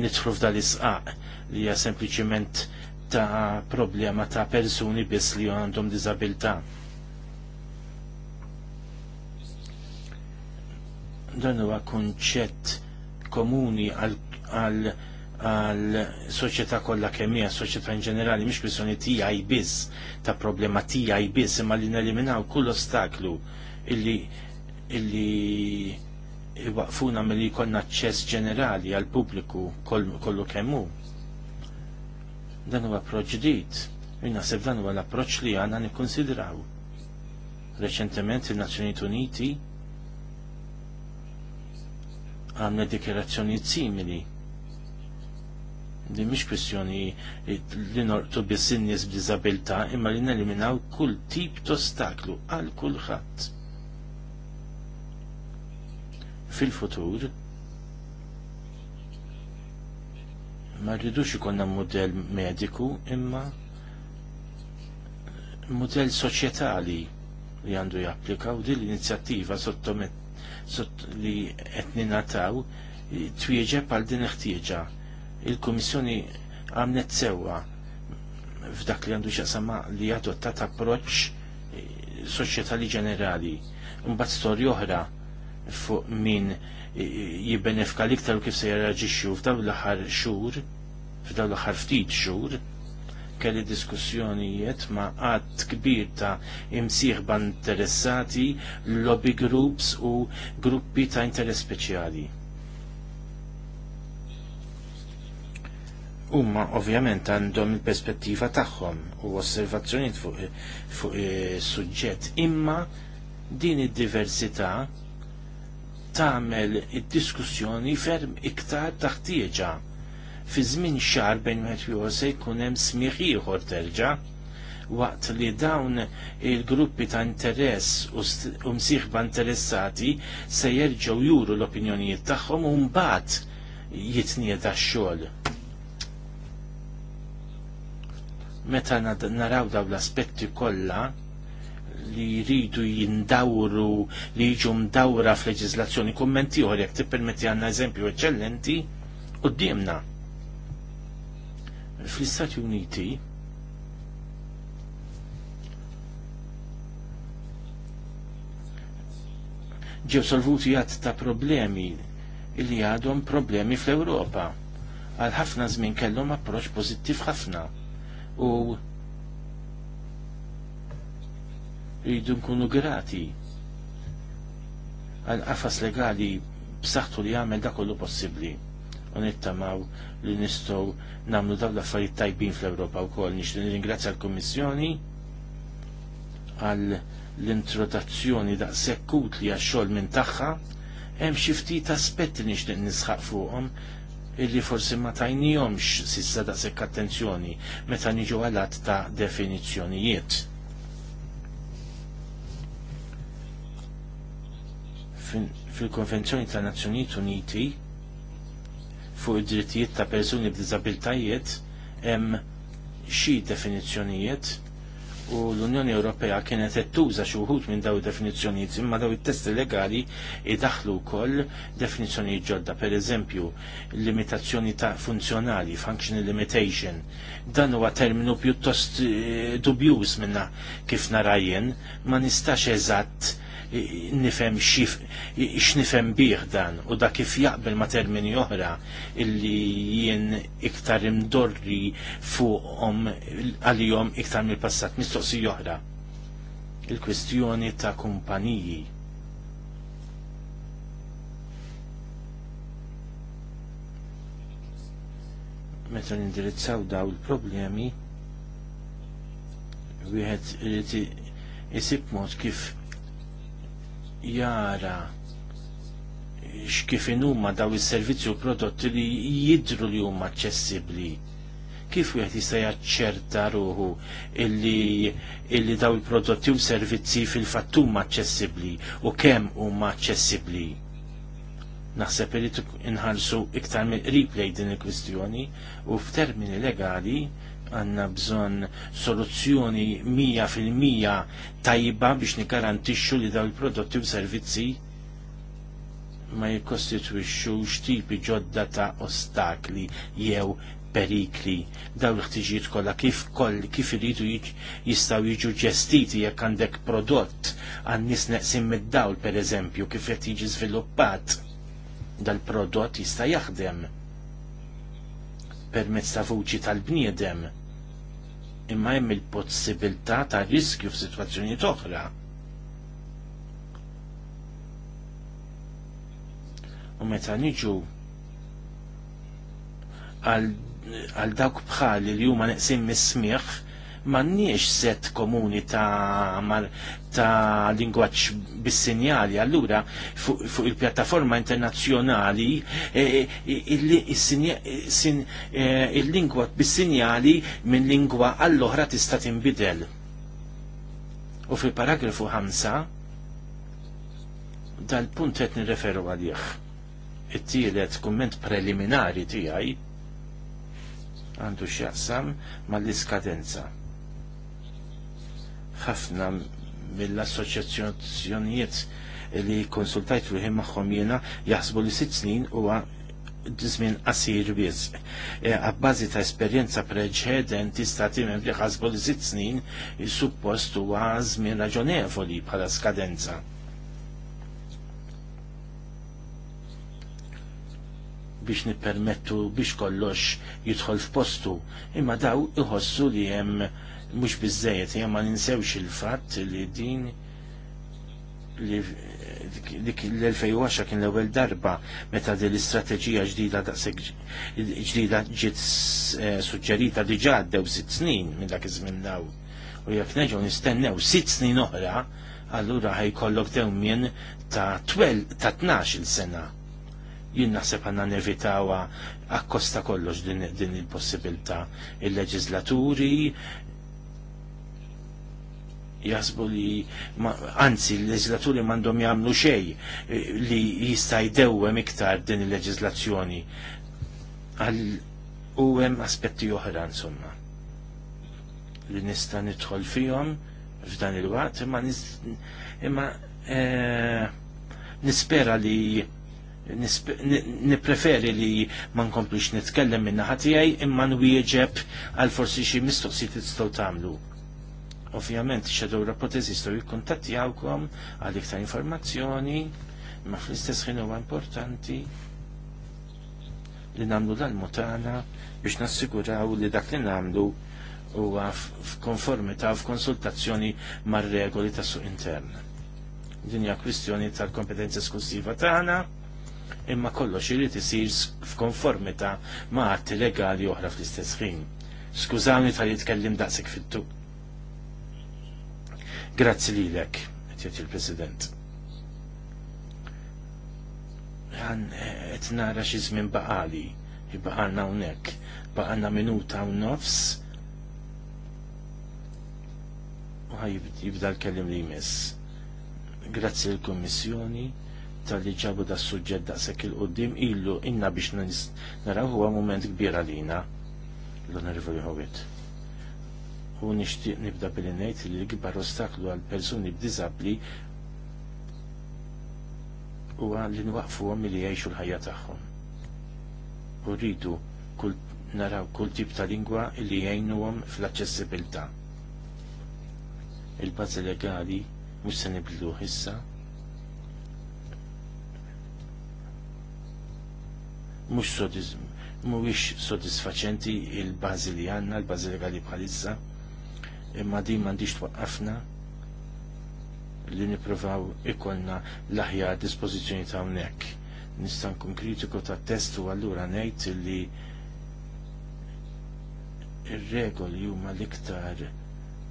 nidħlu f'dal isqaq li hija sempliċement ta' problema ta' persuni biss li għandhom disabilità. Dan huwa kunċett komuni għal soċjetà kollha kemm hija soċjetà in ġenerali mhix kwistjoni tiegħi biss ta' problema tiegħi biss imma li neliminaw kull ostaklu illi illi waqfuna milli jkollna aċċess ġenerali għal pubbliku kollu kemmu. Kol Dan huwa approċ ġdid. Naħseb dan huwa l-approċ li għandna nikkonsidraw. Reċentement il-Nazzjonijiet Uniti għamna dikjerazzjonijiet simili li mhix kwestjoni li nortu bis in-nies b'diżabilità imma li neliminaw kull tip tostaklu għal kulħadd. Fil-futur, ma rridux ikonna model mediku imma model soċjetali li għandu japplika u din l-inizjattiva sott li qed nataw twieġe għal din ħtieġa. Il-Kummissjoni għamnet sewwa f'dak li għandu xaqsama li adottat approċċ eh, soċjetali ġenerali. Mbagħad storja oħra fuq min jibbenefka l-iktar u kif se jarraġixxu f'daw l-aħħar xhur, f'daw l-aħħar ftit xhur, kelli diskussjonijiet ma' għadd kbir ta' imsieħba interessati, lobby groups u gruppi ta' interess speċjali. Umma ovvjament għandhom il-perspettiva tagħhom u osservazzjonijiet fuq fu, suġġett, imma din id-diversità tagħmel id-diskussjoni ferm iktar taħtieġa fi żmien xahar bejn wieħed se jkun hemm smieħ ieħor terġa' waqt li dawn il-gruppi ta' interess u msieħba interessati se jerġgħu juru l-opinjonijiet tagħhom u mbagħad jitnieda x-xogħol. Meta naraw dawn l-aspetti kollha, li jridu jindawru li jiġu mdawra f'leġislazzjoni kummenti uħor jekk tippermetti għandna eżempju eċċellenti qudiemna. Fl-Istati Uniti ġew solvuti għad ta' problemi li għadhom problemi fl-Ewropa. Għal ħafna żmien kellhom approċċ pożittiv ħafna u rridu nkunu grati għal qafas legali b'saħħtu li jagħmel dak kollu possibbli u nittamaw li nistgħu nagħmlu dawn l-affarijiet tajbin fl-Ewropa wkoll nixtieq nirringrazzja l-Kummissjoni għal l-introdazzjoni da' sekkut li għax-xogħol minn tagħha hemm xi ftit aspetti nixtieq nisħaq fuqhom illi forsi ma tajnijomx sissa daqshekk attenzjoni meta niġu għalat ta' definizzjonijiet fil-Konvenzjoni ta' Nazzjonijiet Uniti fuq id-drittijiet ta' persuni b'diżabiltajiet hemm xi definizzjonijiet u l-Unjoni Ewropea kienet qed tuża xi wħud minn daw definizzjonijiet imma daw it-testi legali idaħlu wkoll definizzjonijiet ġodda, pereżempju limitazzjoni ta' funzjonali, functional limitation. Dan huwa terminu pjuttost eh, dubjuż minna kif narajjen, ma nistax eżatt nifem nifem bih dan u da kif jaqbel ma' termini oħra illi jien iktar imdorri fuqhom għalihom iktar mill-passat mistoqsi oħra. Il-kwistjoni ta' kumpaniji meta nindirizzaw daw il-problemi wieħed irid isib mod kif jara x'kif huma daw is-servizzi u prodotti li jidru li huma aċċessibbli kif wieħed jista' jaċċerta ruħu illi, illi daw il-prodotti u servizzi fil-fatt huma aċċessibbli u kemm huma aċċessibbli. Naħseb irid inħallsu iktar minn replay din il-kwistjoni u f'termini legali għanna bżon soluzzjoni 100% tajba biex nikarantixxu li daw il-prodotti u servizzi ma jikkostitwixxux x'tipi ġodda ta' ostakli jew perikli. Daw l-ħtiġijiet kollha kif koll kif iridu jistgħu jiġu ġestiti jekk għandek prodott għan nies neqsim mid-dawl pereżempju kif qed jiġi żviluppat dal-prodott jista' jaħdem permezz ta' vuċi tal-bniedem imma hemm il-possibilità ta' riskju f'sitwazzjonijiet oħra. U meta niġu għal dawk bħal li huma neqsim mis-smieħ m'għandniex set komuni ta' mal ta' lingwaġġ bis-sinjali, allura fuq fu il-pjattaforma internazzjonali eh, eh, eh, il-lingwa bis-sinjali minn lingwa għall-oħra tista' tinbidel. U fil-paragrafu 5 dal-punt qed nirreferu għalih. It-tielet kumment preliminari tiegħi għandu x'jaqsam mal-iskadenza ħafna mill-assoċjazzjonijiet li konsultajt ruħi magħhom jiena jaħsbu li sitt snin huwa żmien qasir biz. E, Għabbazi ta' esperjenza preċedenti stati membri ħasbu li sitt snin suppost huwa żmien raġonevoli bħala skadenza. biex nippermettu biex kollox jidħol f'postu, imma daw iħossu li hemm mhux biżejjed jgħam ma ninsewx il-fatt li din li dik l-2010 kien l-ewwel darba meta din l-istrateġija ġdida daqshekk ġdida ġiet eh, suġġerita diġà għaddew sitt snin minn dak iż-żmien daw. U jekk neġgħu nistennew sitt snin oħra, allura ħajkollok dewmien ta' twel ta' tnax-il sena. Jien naħseb għandna nevitawa akkosta kollox din, din il-possibilità. Il-leġislaturi, jasbu li anzi l-leġislaturi mandom jagħmlu xej eh, li jista' jdewwem iktar din il-leġislazzjoni għal u hemm aspetti oħra insomma li nista' nidħol fihom f'dan il-waqt imma imma eh, nispera li nipreferi li ma nkomplux nitkellem minna ħatijaj imma nwieġeb għal forsi xi mistoqsijiet tistgħu tagħmlu. Ovvjament, rapotezi rapport jikkontatti għawkom għal iktar informazzjoni, ma fl-istess ħin huwa importanti li namlu l-almutana biex nassiguraw li dak li namlu huwa f'konformità f'konsultazzjoni mar-regoli ta' suq intern. Din hija kwistjoni tal-kompetenza esklusiva tagħna imma kollox irid isir f'konformità ma' atti legali oħra fl-istess ħin. Skużawni tal-jitkellim daqsik fit tuk Grazzi lilek, qed il-President. Għan qed nara minn baqali, jibbaqalna hawnhekk, baqalna minuta un nofs u jibda l-kellim li jmiss. Grazzi l-Kommissjoni tal-li ġabu da suġġed sekk il-qoddim illu inna biex naraw huwa moment kbir għalina l-Onorevoli Howitt u nixtieq nibda billi ngħid li l-ikbar ostaklu għal persuni b'diżabbli huwa li nwaqfuhom li jgħixu l-ħajja tagħhom. U rridu naraw kull tip ta' lingwa li jgħinuhom fl accessibilta Il-bażi legali mhux se nibdu issa Mux sodis mhuwiex sodisfaċenti il-bażi li għandna, l-bażi legali bħalissa imma din m'għandix twaqqafna li nippruvaw ikollna l-aħjar dispożizzjoni ta' hawnhekk. Nista' nkun kritiku tat test u allura ngħid li il regoli huma l-iktar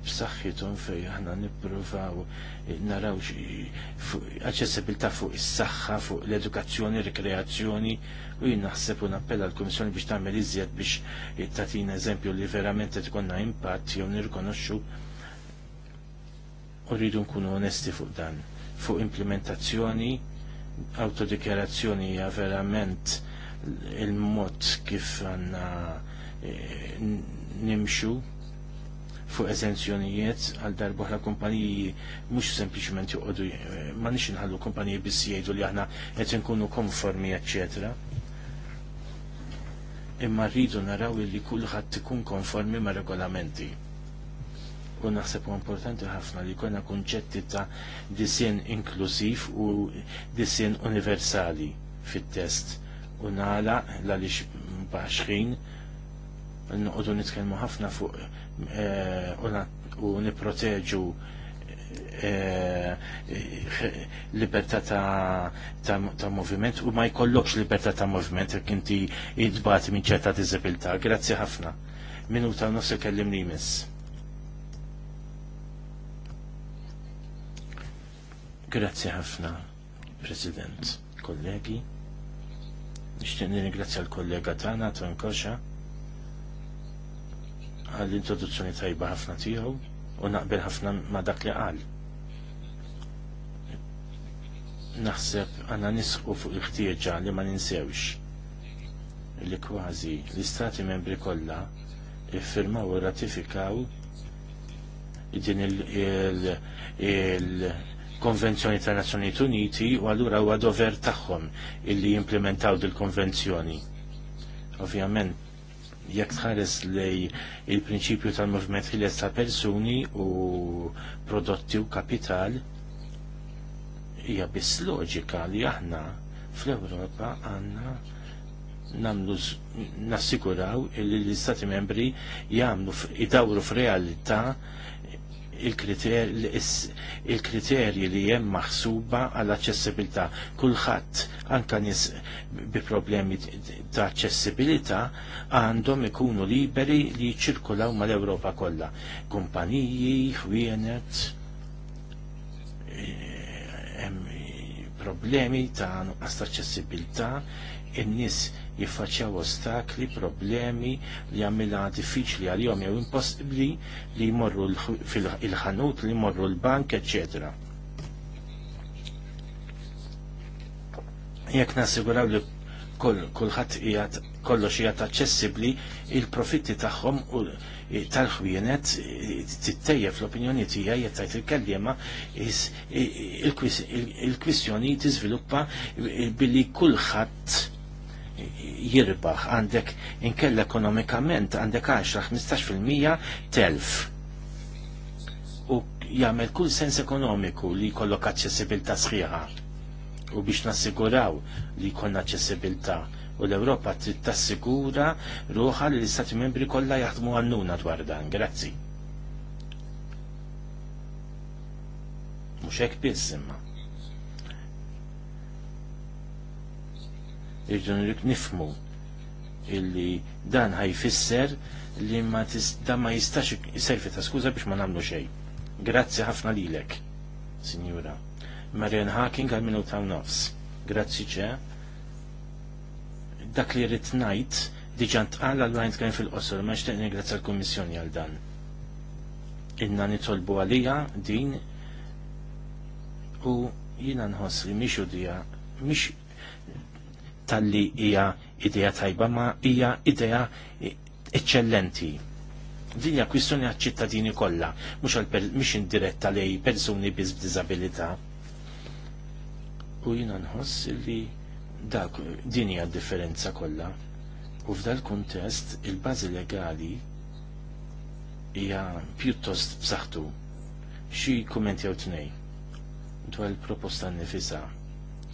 b'saħħithom fejn aħna nippruvaw naraw aċċessibilità fuq is-saħħa, fuq l-edukazzjoni, rekreazzjoni u jien naħseb u nappella l-Kummissjoni biex tagħmel iżjed biex tagħtina eżempju li verament qed ikonna impatt jew nirrikonoxxu u rridu nkunu onesti fuq dan. Fuq implementazzjoni, autodikjarazzjoni hija verament il-mod kif għandna eh, nimxu fuq eżenzjonijiet għal darbohra kumpaniji mhux sempliċement joqogħdu eh, ma nix nħallu kumpaniji biss jgħidu li aħna qed nkunu konformi eċċetera. Imma rridu naraw li kulħadd ikun konformi ma' regolamenti u naħseb importanti ħafna li kuna kunċetti ta' disin inklusiv u disin universali fit-test u nala l-għalix baxħin n-nuqdu nitkellmu ħafna fuq eh, u niproteġu eh, libertà ta' moviment u ma jkollokx libertà ta' moviment jekk inti jitbat minn ċerta diżabilità. Grazzi ħafna. Minuta nofs li miss. Grazzi ħafna, President, kollegi. Nixtieq nirringrazzja l-kollega tagħna Ton Koxa għall-introduzzjoni tajba ħafna tiegħu u naqbel ħafna ma' dak li qal. Naħseb għandna nisqu fuq il-ħtieġa li ma ninsewx li kważi l-istati membri kollha iffirmaw u ratifikaw din il-Konvenzjoni ta' Nazzjonijiet Uniti u allura huwa dover tagħhom illi jimplementaw dil-konvenzjoni. Ovvjament jekk tħares lej il-prinċipju tal-movement ħiles ta' persuni u prodotti u kapital hija biss loġika li aħna fl-Ewropa għandna namlu nassiguraw li l-Istati membri jagħmlu idawru f'realità il-kriterji li hemm maħsuba għall aċċessibilità kulħadd anke nis bi problemi ta' aċċessibilità għandhom ikunu liberi li jċirkulaw mal-Ewropa kollha. Kumpaniji, ħwienet, eh, problemi ta' nuqqas ta' aċċessibilità, in-nies jiffaċċjaw ostakli, problemi li għamilha diffiċli għal-jom jew impossibbli li jmorru fil-ħanut, li jmorru l-bank, etc. Jekk nassiguraw li kulħadd jgħat kollox jgħat aċċessibbli, il-profitti tagħhom u tal-ħwienet tittejjeb fl-opinjoni tiegħi qed tgħid il-kellima il-kwistjoni tiżviluppa billi kulħadd jirbaħ għandek inkella ekonomikament għandek 10-15% telf u jagħmel kull sens ekonomiku li jkollok aċċessibilità sħiħa u biex nassiguraw li jkollna aċċessibilità u l-Ewropa trid tassigura ruħa li l-Istati Membri kollha jaħdmu għannuna dwar dan. Grazzi. Mhux hekk biss imma. irridu nifmu illi dan ħajfisser li ma dan ma jistax jisejfi ta' skuża biex ma nagħmlu xejn. Grazzi ħafna lilek, Sinjura. Marian Hacking għal minu ta' nofs. Grazzi ċe. Dak li rrit najt diġà għal għal-lajn kien fil-qosor, ma xteqni grazzi għal-Kommissjoni għal dan. Inna nitolbu għalija din u jina nħoss li miex dija, miex tal-li hija idea tajba ma hija idea eccellenti. Din hija kwistjoni għaċ-ċittadini kollha, mhux mhix indiretta lej persuni biss b'diżabilità. U jiena nħoss li dak din hija differenza kollha. U f'dal kuntest il-bażi legali hija pjuttost b'saħħtu. Xi kummenti jew tnej dwar il-proposta nifisa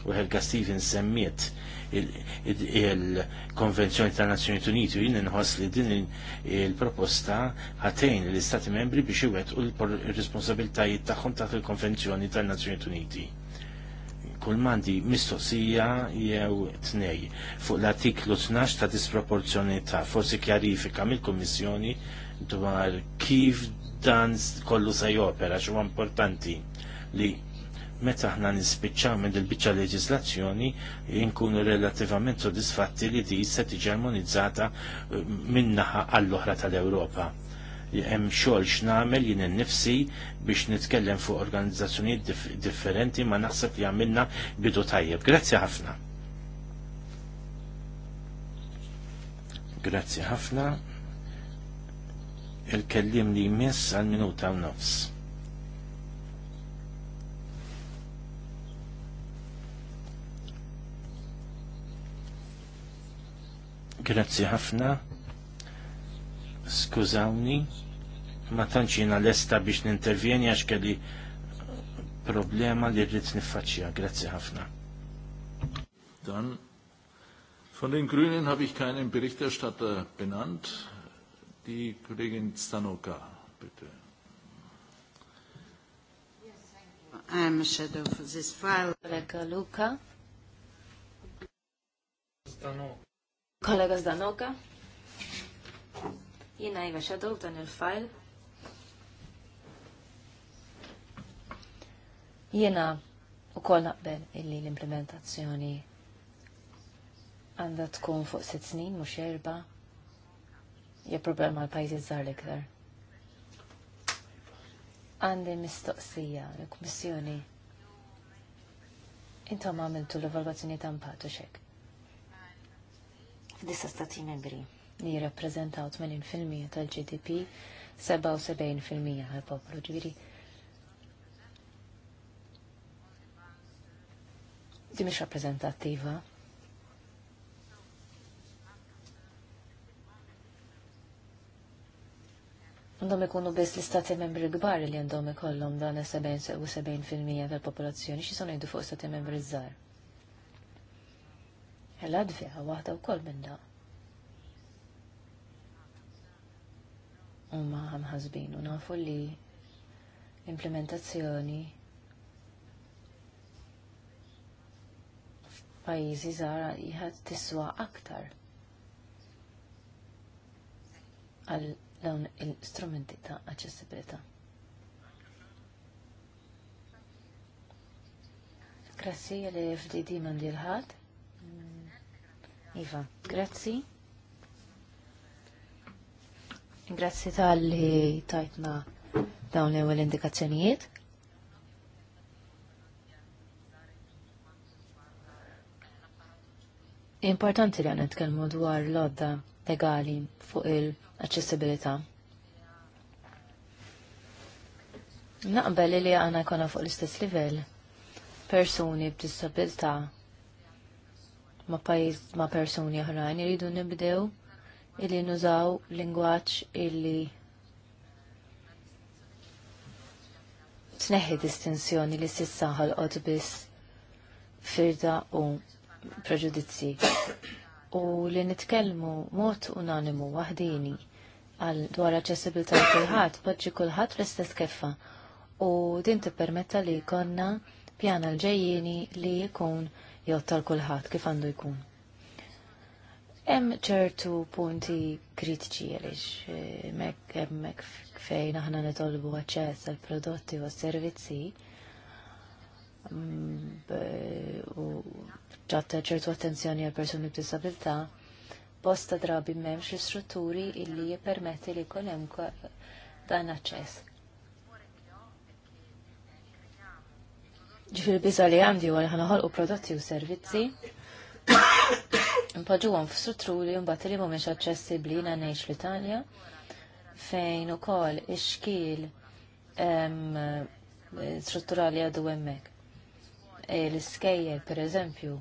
u Helga Stevens semmiet il-Konvenzjoni ta' Nazzjoni Uniti u jien nħoss li din il-proposta ħatejn l-Istati membri biex iwettqu l-responsabiltajiet tagħhom taħt il-Konvenzjoni ta' Nazzjoni Uniti. Kull mandi mistoqsija jew tnej fuq l-artiklu 12 ta' disproporzjonità forsi kjarifika mill-Kummissjoni dwar kif dan kollu se jopera xi importanti li meta aħna nispiċċaw minn il-biċċa leġislazzjoni nkunu relattivament sodisfatti li di se tiġi armonizzata eh, minnaħa għall-oħra tal-Ewropa. Hemm xogħol x'nagħmel jien innifsi biex nitkellem fuq organizzazzjonijiet differenti ma naħseb li għamilna bidu tajjeb. Grazzi ħafna. Grazzi ħafna. Il-kellim li jmiss għal minuta u nofs. Grazzi ħafna. Skużawni, ma tanċina l-esta biex nintervjeni għax kelli problema li rrit niffaċċja. Grazzi ħafna. Dan Von den Grünen habe ich keinen Berichterstatter benannt. Die Kollegin Stanoka, bitte. I'm a shadow for this file. Luca. Stanoka. Kollega Zdanoka, jina jiva xadok dan il-fajl. Jina u koll naqbel illi l-implementazzjoni għandha tkun fuq sitt snin mhux erba. Ja problema l-pajjiżi żgħar l-iktar. Għandi mistoqsija l-Kummissjoni. Intom għamiltu l-evalvazzjoni ta' impatt u xek disa stati membri li jirrappreżentaw 80% tal-GDP, 77% għal-poplu ġviri. Di mish rappreżentattiva. Għandhom ikunu biss l-istati membri gbar li għandhom ikollhom dan 77% tal-popolazzjoni, xi son jgħidu fuq stati membri żgħar l latvija mela waħda wkoll minna. Huma ħazbin u nafu li implementazzjoni f'pajjiżi zara jħad tiswa aktar għal dawn l strumenti ta' aċċessibilità. Grazie li FDD mandi l ħad Iva, grazzi. Grazzi tal-li tajtna dawn l-ewel indikazzjonijiet. Importanti li għanet kelmu dwar l-odda legali fuq il accessibilita Naqbel li għana jkonna fuq l-istess livell persuni b'disabilità ma' pajiz ma' persuni oħrajn iridu nibdew illi nużaw lingwaġġ illi tneħħi distinzjoni li sissa ħalqot biss firda u preġudizzi u li nitkellmu mod unanimu waħdini għal dwar aċċessibilità kulħadd poġġi kulħadd l-istess keffa u din tippermetta li jkollna pjana l-ġejjieni li jkun jew tal-kulħadd kif għandu jkun. Hemm ċertu punti kritiċi għaliex eh, hemmhekk fejn aħna nitolbu aċċess għal prodotti u servizzi mm, u ġatta ċertu attenzjoni għal persuni b'disabilità, bosta drabi m'hemmx l-istrutturi illi jippermetti li jkun hemm dan aċċess ġifir biza li għandi għal ħanaħolqu prodotti u servizzi. Npoġu għom f-strutturi un-bat li mumiex aċċessibli jina neċ l-Italja fejn u kol iċkil strutturali għadu għemmek. l skeje per eżempju,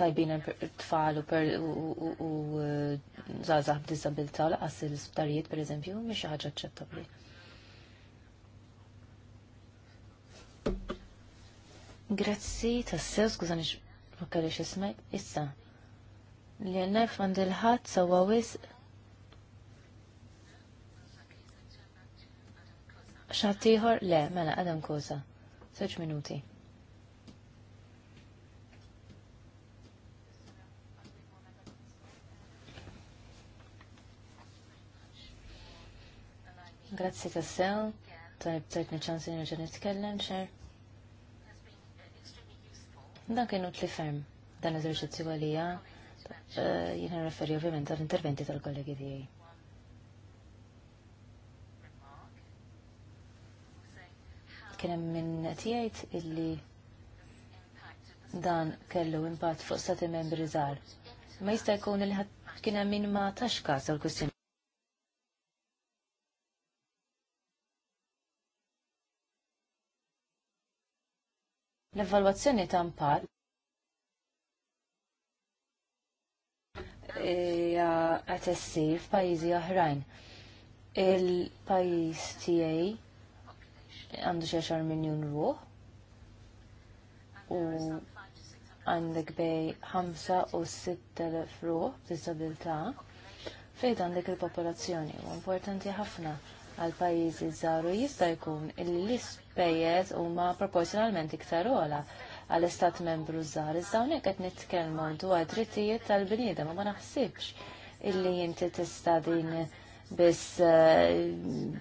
tajbina t tfal u zazah e, b'disabilta laqas l sbtarijiet per eżempju, mumiex ħagġa ċettabli. Grazzi, tassew, skużani ma kellix ismek, issa. Li għannef għand il-ħat sawa wis xatiħor, le, mela, għadam kosa. Soċ minuti. Grazzi tassew. Tajb, tajtni ċansi nirġa nitkellem xer. Dan kienu tli ferm, dan eżerċizzju għalija, eh, jina referi ovvijament għal interventi tal-kollegi hemm Kienem minn jgħid illi dan kellu impatt fuq stati membri zar. Ma jista' jkun il-ħat kienem minn ma taxkas għal-kustin. L-evalwazzjoni ta' impatt qed issir f'pajjiżi oħrajn. Il-pajjiż tiegħi għandu xi miljun ruħ u għandek bej 5 u 6 ruħ b'disabilità fejn għandek il-popolazzjoni u importanti ħafna għal pajjiżi żgħar jista' jkun il-list l huma proporzjonalment iktar ola għall-istat membru żgħar. Iżda hawnhekk qed nitkellmu dwar drittijiet tal-bniedem u ma naħsibx illi inti tista' din biss eh,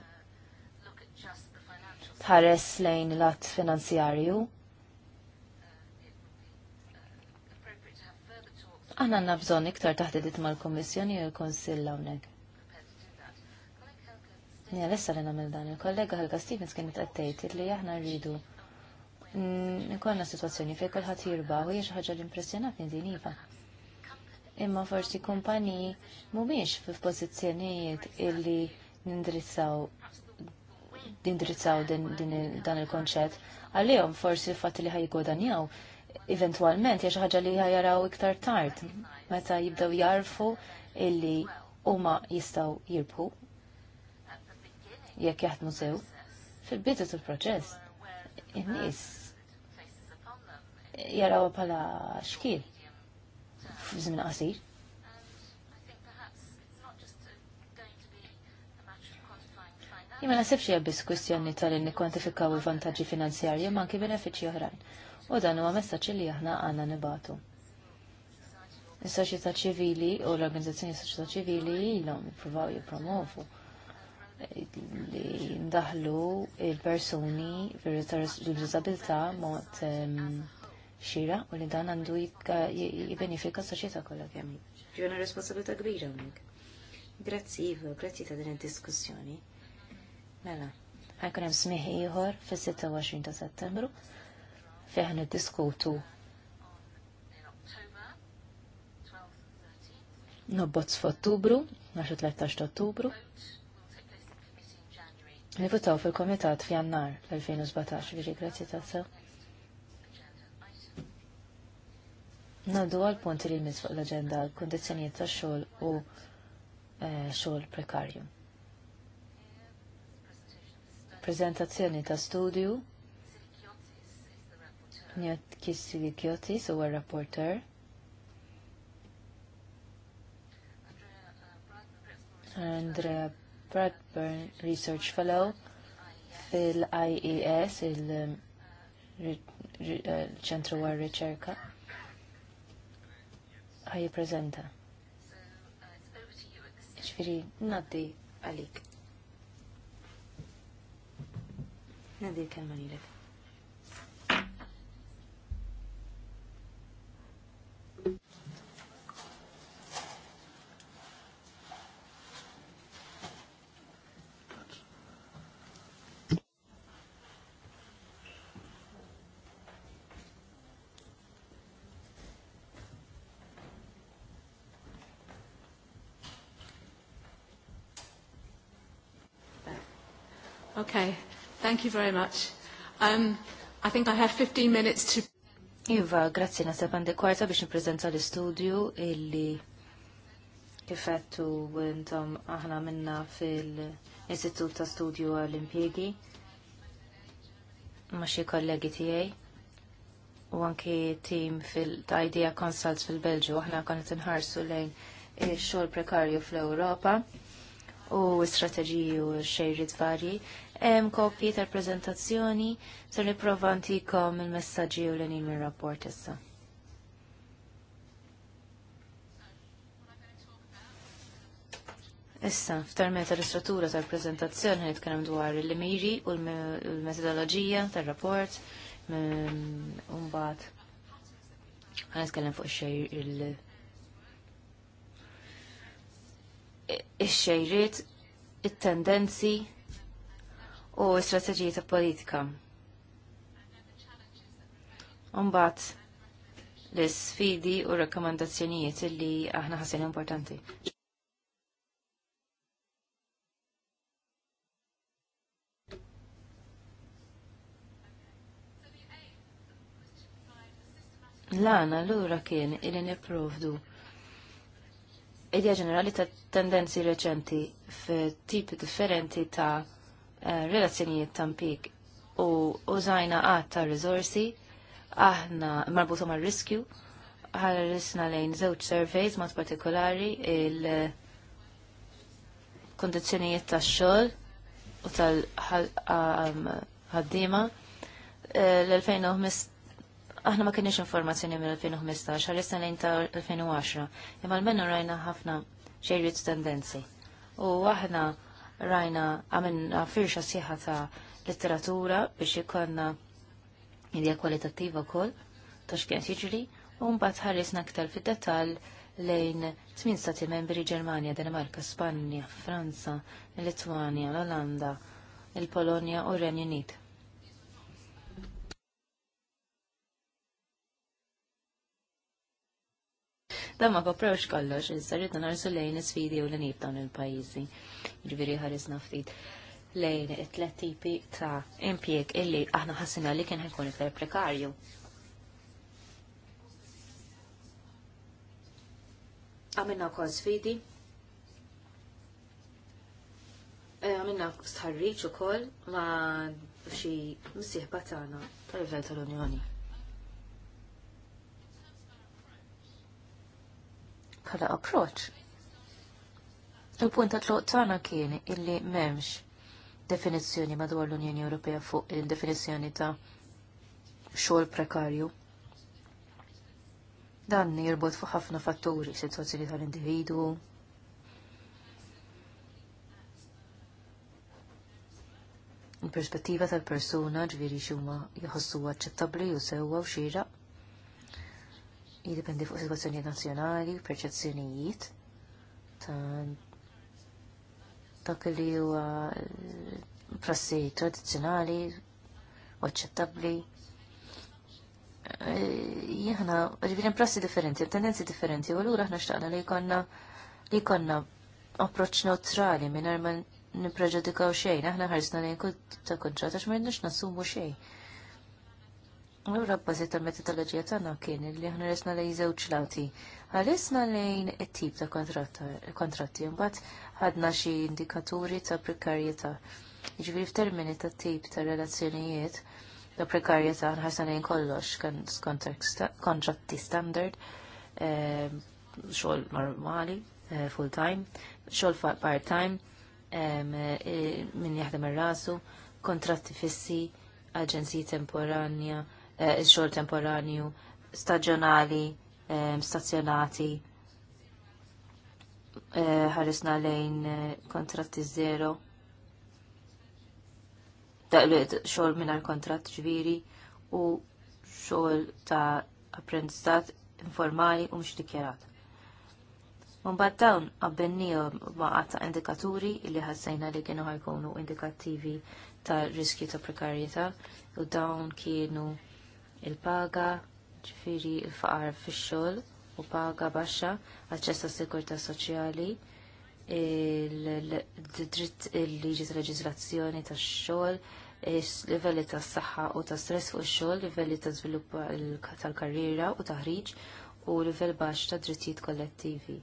tħares lejn l-att finanzjarju. Aħna għandna bżonn iktar taħdiet mal kummissjoni u l-Konsill hawnhekk. Nija mela, lessa li namil dan. Il-kollega Helga Stevens kienet għattejt li aħna rridu nkollna situazzjoni fej kolħat jirba' u jiex ħaġa l-impressjonatni din iva. Imma forsi kumpani mumiex f'pożizzjonijiet illi nindrizzaw dindrizzaw dan il-konċett. Għalihom forsi f fatt li ħajgodanjaw eventualment jiex ħaġa li ħajaraw iktar tard meta jibdew jarfu illi huma jistgħu jirbħu jekk jaħdmu sew. Fil-bidu tal-proċess, in-nies jaraw pala xkil f'żmien qasir. Jimma nasibx hija biss kwistjoni tal-inni kwantifikaw il-vantaġġi finanzjarji ma anki benefiċċji oħrajn. U dan huwa messaġġ li aħna għandna nibatu. Is-soċjetà ċivili u l-organizzazzjoni soċjetà ċivili ilhom jippruvaw jippromovu li ndaħlu il-personi bil-disabilità mod xira u li dan għandu jibenifika s-soċieta kollha kemm. Ġuna responsabilta kbira hawnhekk. Grazzi Ivo, grazzi ta' din il diskussjoni Mela, ħajkun hemm smieħ ieħor fi 26 ta' Settembru fejn niddiskutu nobbozz f'Ottubru, 13 Ottubru. Nivutaw fil-komitat fi f'jannar l-2017, viġi grazzi ta' sa. Naddu għal punti li jmiss fuq l-agenda kondizjonijiet ta' xogħol u eh, xogħol prekarju. Prezentazzjoni ta' studju Njot Kissi Kjotis u rapporter Andrea Bradburn Research Fellow fil-IES, il-ċentru um, uh, għal riċerka ħaj prezenta. Ċfiri, naddi għalik. Naddi l-kelma li Okay, thank you very much. Um, I think I have 15 minutes to... Iva, na sepan de kwarta biex niprezenta l-istudju illi kifettu intom aħna minna fil-Istitut ta' Studju għall-Impjegi ma' xie kollegi tijaj u anki tim fil-ta' Idea consults fil-Belġu aħna konet nħarsu lejn xol prekarju fl-Europa u strategiju xejrit varji hemm kopji tal prezentazzjoni ser nipprova ntikom il-messaġġi u l enim mir-rapport issa. Issa, f'termini tal-istruttura tal-preżentazzjoni nitkellem dwar il limiri u l-metodoloġija tal-rapport, mm, mbagħad ħan nitkellem fuq xej il- ix-xejriet, it-tendenzi, u strateġiji ta' politika. Umbat l-sfidi u rekomendazzjonijiet li aħna ħassin importanti. L-għana l-ura kien il-li niprovdu idea ġenerali ta' tendenzi reċenti tipi differenti ta' Eh, relazzjonijiet tampik u użajna għad ta' rizorsi aħna marbutu mar riskju ħarrisna lejn żewġ surveys mod partikolari il kondizzjonijiet tax-xogħol u tal-ħaddiema eh, l-2015 aħna ma kienx informazzjoni mill-2015, għalissa lejn ta' 2010, imma l-mennu rajna ħafna xejriet tendenzi. U aħna rajna għamilna firxa sieħa ta' letteratura biex ikonna idea kwalitattiva wkoll ta' x'kien jiġri u mbagħad ħarisna aktar fid-dettall lejn tmien stati membri Ġermania, Danimarka, Spanja, Franza, Litwanja, l-Olanda, il-Polonja u r-Renju Unit. Dan ma kollox, iżda rridna narsu lejn is-sfidi u l-nib dawn il-pajjiżi ġviri ħarisna ftit lejn it-tlet tipi ta' impjeg illi aħna ħassina li kien ħajkun iktar prekarju. Għamilna wkoll sfidi. Eh, għamilna sħarriċ ukoll ma' xi msieħba tagħna tal-livell tal-Unjoni. Bħala approċ Il-punt ta' tluq tagħna kien illi m'hemmx definizzjoni madwar l-Unjoni Ewropea fuq il-definizzjoni ta' xogħol prekarju. Dan jirbot fuq ħafna fatturi, sitwazzjoni tal-individwu, il-perspettiva tal-persuna ġviri xuma jħossu għacċettabli u sewwa u xira. Jidependi fuq situazzjoni nazzjonali, perċezzjonijiet ta' dak li huwa prassi tradizzjonali u aċċettabbli. Eh, Jihna, ġivirin prassi differenti, tendenzi differenti, u l-għura ħna xtaqna li konna li konna approċ neutrali minn ma nipreġudikaw xejn, aħna ħarsna lejn kull ta' konċat, għax ma nassumu xejn. Il-rappazit tal-metodologija tagħna kien li aħna resna lejn żewġ lati. Ħaresna lejn it-tip ta' kontratti, imbagħad ħadna xi indikaturi ta' prekarjetà. Jiġifieri f'termini ta' tip ta' relazzjonijiet ta' prekarjetà nħarsna lejn kollox kan kontratti standard, ehm, xogħol normali, eh, full time, xogħol part time, ehm, eh, min jaħdem ir-rasu, kontratti fissi, aġenziji temporanja, Eh, il-xogħol temporanju, staġjonali, eh, stazzjonati, eh, ħarisna lejn kontratti zero. Xogħol mingħajr kontratt ġviri u xogħol ta' apprendistat informali u mhux dikjarat. Mbagħad dawn qabbennihom ma' qatta indikaturi li ħassejna li kienu ħajkunu indikattivi ta' riskju ta' prekarjetà u dawn kienu il-paga ġifiri il-faqar fix-xogħol u paga baxxa, aċċess għas-sigurtà soċjali, il-dritt il-liġi tal-leġiżlazzjoni tax-xogħol, livelli tas-saħħa u ta' stress fuq xol xogħol livelli ta' zvilupp tal-karriera u ta' ħriġ, u livell baxx ta' drittijiet kollettivi.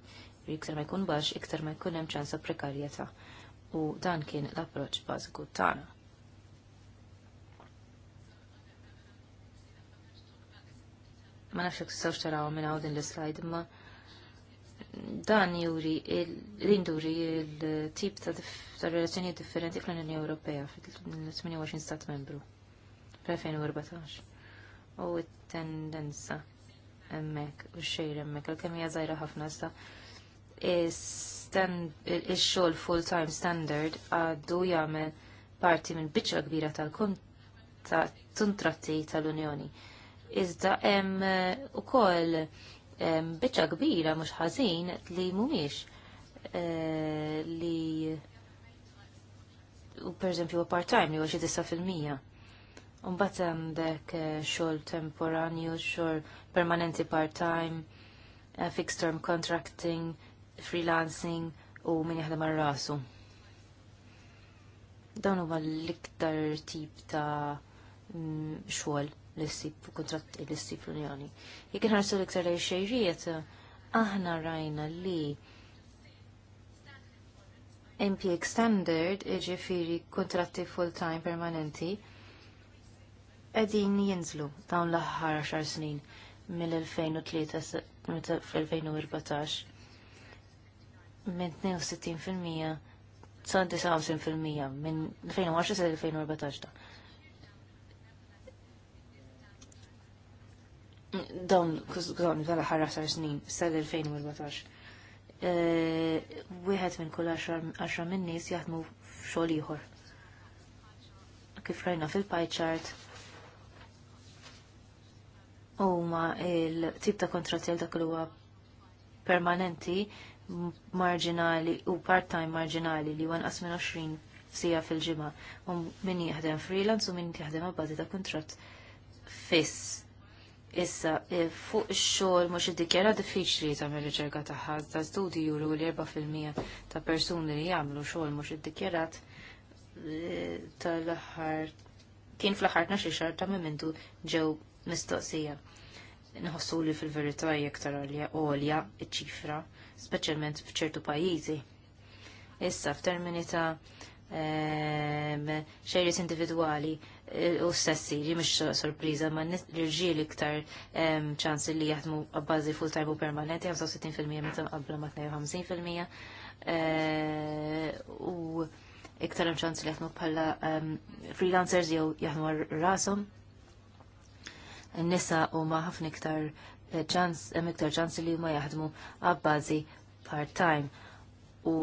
Iktar ma jkun bax, iktar ma jkun hemm ċansa prekarjetà. U dan kien l-approċċ bażiku tagħna. ma nafx jekk tistgħux taraw minn hawn din l slajd imma dan juri l-induri l tip ta' relazzjoni differenti fl-Unjoni Ewropea fil-28 stat membru fl-2014 u t-tendenza emmek u xejr emmek l-kemija hija żgħira ħafna sta' il-xogħol full-time standard għaddu jagħmel parti minn biċċa kbira tal-kontratti tal-Unjoni. tal kontratti tal unjoni tal tal unjoni iżda hemm eh, ukoll biċċa kbira mhux ħażin li mhumiex eh, li u pereżempju part-time li huwa xi fil-mija. Mbagħad għandek eh, xogħol temporanju, xogħol permanenti part-time, fixed term contracting, freelancing u min jaħdem ar rasu. Dawn huwa l-iktar tip ta' mm, xogħol l-istib kontrat l-istib l-Unjoni. Jekin ħarsu l-iktar li xejrijiet, aħna rajna li MPX standard, ġifiri kontratti full-time permanenti, edin jinżlu dawn l-aħħar 10 snin mill-2003 fl-2014 minn 62% sa' 59% minn 2010 sa' 2014 ta' dawn dawn tal-aħħar 10 snin sal-2014. Eh, wieħed minn kull 10 minn nies jaħdmu f'xogħol ieħor. Kif rajna fil-pie chart ma il-tip ta' kontratti għal dak li huwa permanenti marginali u part-time marginali li huwa nqas minn 20 sija fil-ġimgħa u min jaħdem freelance u min jaħdem ab'bażi ta' kuntratt fiss Issa, e, fuq xogħol mhux iddikjara diffiċli tagħmel riċerka tagħha ta' studi juru li 4% ta' persuni li jagħmlu xogħol mhux iddikjarat e, tal-aħħar kien fl-aħħar naxi xar ta' mimintu ġew mistoqsija. Nħossu li fil-verità iktar għalja għolja iċ-ċifra, speċjalment f'ċertu pajjiżi. Issa f'termini ta' ehm, xejris individwali Eh, u s-sassiri, mux sorpriza, ma nirġi li iktar ċans li jaħdmu għabbazi full-time u permanenti, 65% meta qabla ma 52% eh, u iktar ċans li jaħdmu bħala freelancers jew jaħdmu rasom. Nisa u ma ħafna iktar eh, ċans, iktar ċans li ma jaħdmu għabbazi part-time u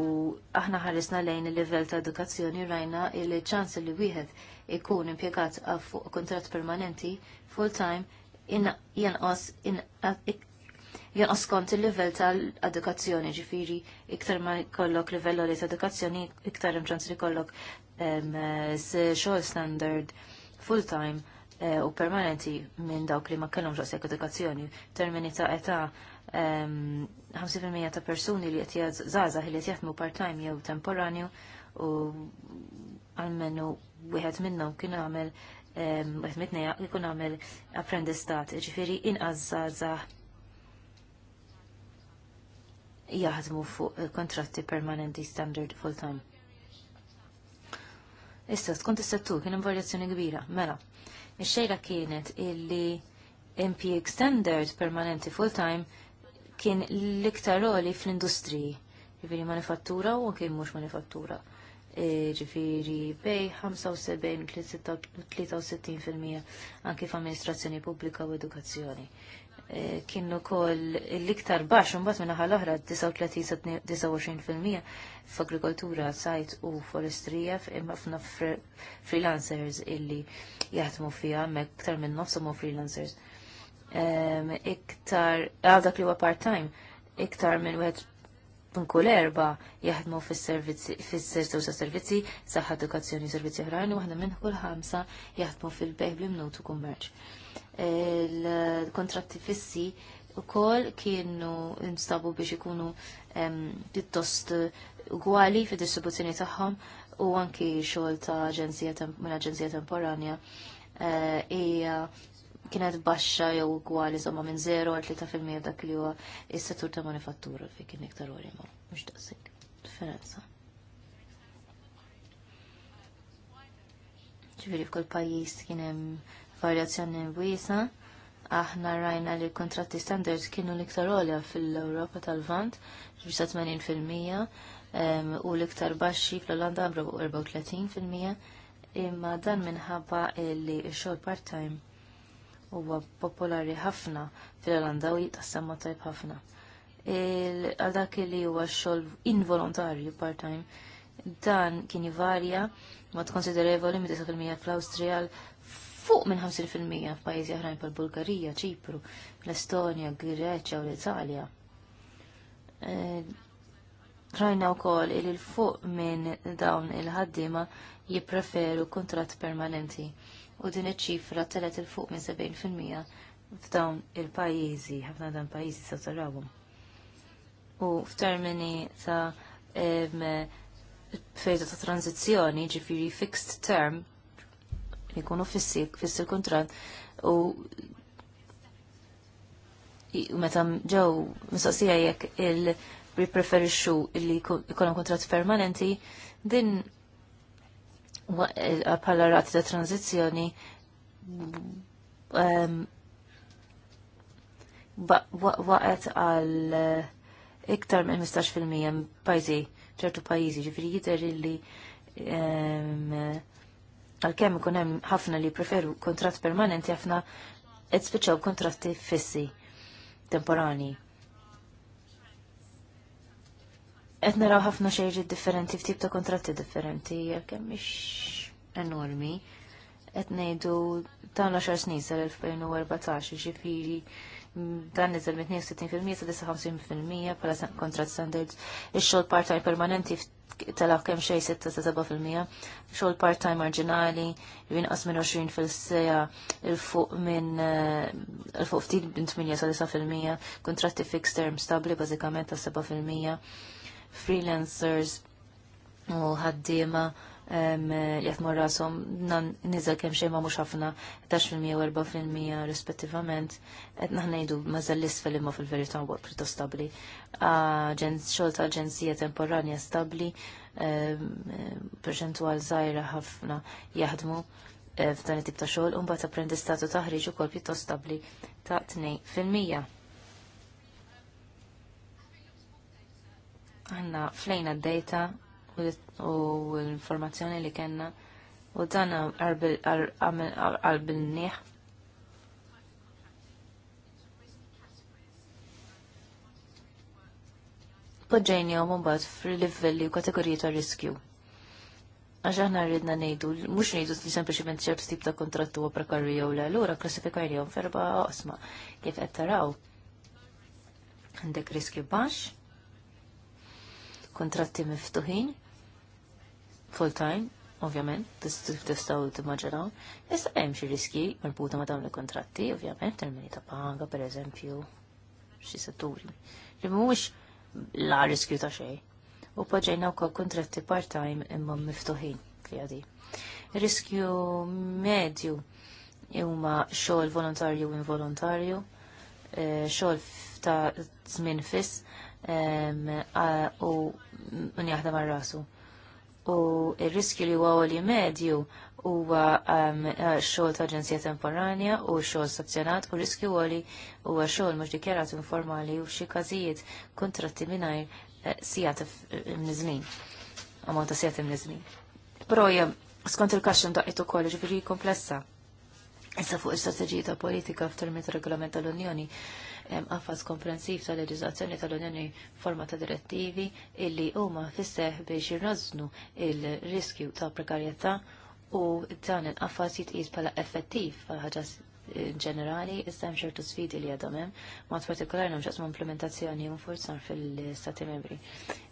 aħna ħarisna lejn il-level ta' edukazzjoni rajna il-ċans li wieħed ikun impjegat fuq kontrat permanenti full-time jenqos jenqos kont il-level tal-edukazzjoni ġifiri iktar ma jkollok livell li edukazzjoni iktar imġans li kollok xogħol standard full-time eh, u permanenti minn dawk li ma kellhom ġaqsek edukazzjoni termini ta' età 50% ta' persuni li qed zaza li qed jaħdmu part-time jew temporanju u għalmenu wieħed minnhom kien għamel wieħed mitnejja jkun għamel apprendistat, ġifieri inqas żgħażagħ jaħdmu fuq kontratti permanenti standard full time. Issa, tkun tista' settur kien hemm varjazzjoni kbira, mela. Ix-xejra kienet illi MPX standard permanenti full time kien l-iktar roli fl-industriji, jiġifieri manifattura u kien mhux manifattura. E, ġifiri bej 75-63% anki f'amministrazzjoni pubblika u edukazzjoni. E, Kinnu kol l-iktar bax, un bat minna ħal-ohra 39-29% f'agrikoltura, sajt u forestrija, imma f'na freelancers illi jaħdmu fija, mek ktar minn nofsom freelancers. Iktar, għal dak li huwa part-time, iktar minn kull erba jaħdmu fis-settur sa' servizzi, sa' edukazzjoni servizzi oħrajn u għahna minn kull ħamsa jaħdmu fil bejb li imnut kummerċ. Il-kontratti fissi kol kienu instabu biex ikunu pittost gwali fid-distribuzzjoni tagħhom u anki xogħol ta' minn aġenzija temporanja eh, hija kienet baxxa jew gwali somma minn 0 għal 3% dak li huwa is-settur ta' manifattura fi kien iktar għoli mhux daqsik. Differenza. Ġifieri f'kull pajjiż kien hemm varjazzjoni wiesa. Aħna rajna li l-kontratti standards kienu l-iktar għolja fil-Ewropa tal-Vant, ġbisa 80% u l-iktar baxxi fl-Olanda 34% imma dan minħabba li x-xogħol part-time huwa popolari ħafna fil olanda u jitqassam tajb ħafna. Għal dak li huwa xogħol involontarju part-time, dan kien jivarja mod konsiderevoli minn 9% fl-Awstrija fuq minn 50% f'pajjiżi oħrajn bħal Bulgarija, Ċipru, l-Estonja, Greċja u l-Italja. Eh, rajna wkoll koll il fuq minn dawn il-ħaddiema jippreferu kontratt permanenti u din iċ-ċifra telet il fuq minn 70% f'dawn il-pajjiżi, ħafna dan pajjiżi sa tarawhom. U f'termini ta' fejda ta' tranzizzjoni, ġifiri fixed term, jkunu fissi il-kontrat u meta ġew mistoqsija jekk il-preferixxu illi jkollhom kontrat permanenti, din bħala rati ta' tranzizjoni waqgħet għal eh, iktar minn 15% pajzi ċertu pajjiżi ġifieri jider li għalkemm ikun hemm ħafna li preferu kontratt permanenti ħafna qed spiċċaw kontratti fissi temporani. qed naraw ħafna xejri differenti f'tip ta' kontratti differenti jekk hemm enormi qed ngħidu ta' l xar snin sal-2014 ġifieri mm, dan niżel minn 62% sa 59% bħala kontrat standards. Ix-xogħol part-time permanenti tela kemm xejn 6-7%, xogħol part-time marġinali jinqas minn 20 fil-sejja il fuq minn eh, il fuq ftit minn 8 sa 9%, kontratti fixed term stabbli bażikament ta' 7% freelancers u ħaddiema jatmu rasom nan nizel kem xejma mux ħafna 10% u 4% rispettivament et naħnejdu mażal l-isfel imma fil-verita u pritto stabli xolta ġenzija temporanja stabli perċentual zaħira ħafna jaħdmu eh, f'dan it-tip ta' xogħol u mbagħad apprendistatu taħriġ ukoll pjuttost stabbli ta' 2 fil-mija. Għanna flejna d-data u l-informazzjoni li kena u dan bil nieħ. Poġġejni għom mbagħad fil-livelli u kategoriji ta' riskju. Għax aħna rridna ngħidu, mhux ngħidu li sempliċiment ċerb tip ta' kontrattu u prekarri jew le, allura għom f'erba' osma. kif qed taraw. Għandek riskju baxx, kontratti miftuħin, full-time, ovvjament, tistaw timmaġeraw, issa hemm xi riski marbuta ma' dawn il-kontratti, ovvjament, termini ta' paga, per eżempju, xi setturi. Li mhuwiex la riskju ta' xejn. U poġġejna wkoll kontratti part-time imma miftuħin fiha di. Riskju medju huma xogħol volontarju u involontarju, eh, xogħol ta' żmien fiss, u njaħdem għal rasu. U il-riskju li huwa li medju huwa xogħol ta' aġenzija temporanja u xogħol stazzjonat u riskju għoli li huwa xogħol mhux dikjarat informali u xi każijiet kontratti mingħajr eh, sigħat imniżmin. Ammont ta' sigħat imniżmin. Però hija skont il-kaxxun daqqiet ukoll ġifieri komplessa. Issa fuq il-strateġija ta' politika f'termini ta' regolament tal-Unjoni għafas komprensiv tal leġizazzjoni tal-Unjoni forma ta' direttivi illi huma fisseħ biex jirraznu il-riskju ta' prekarjetà u dan il-qafas jitqis bħala effettiv bħala ħaġa ġenerali, issa hemm ċertu sfidi li għadhom hemm, mod partikolari hemm xaqsmu implementazzjoni u forzar fil-Stati Membri.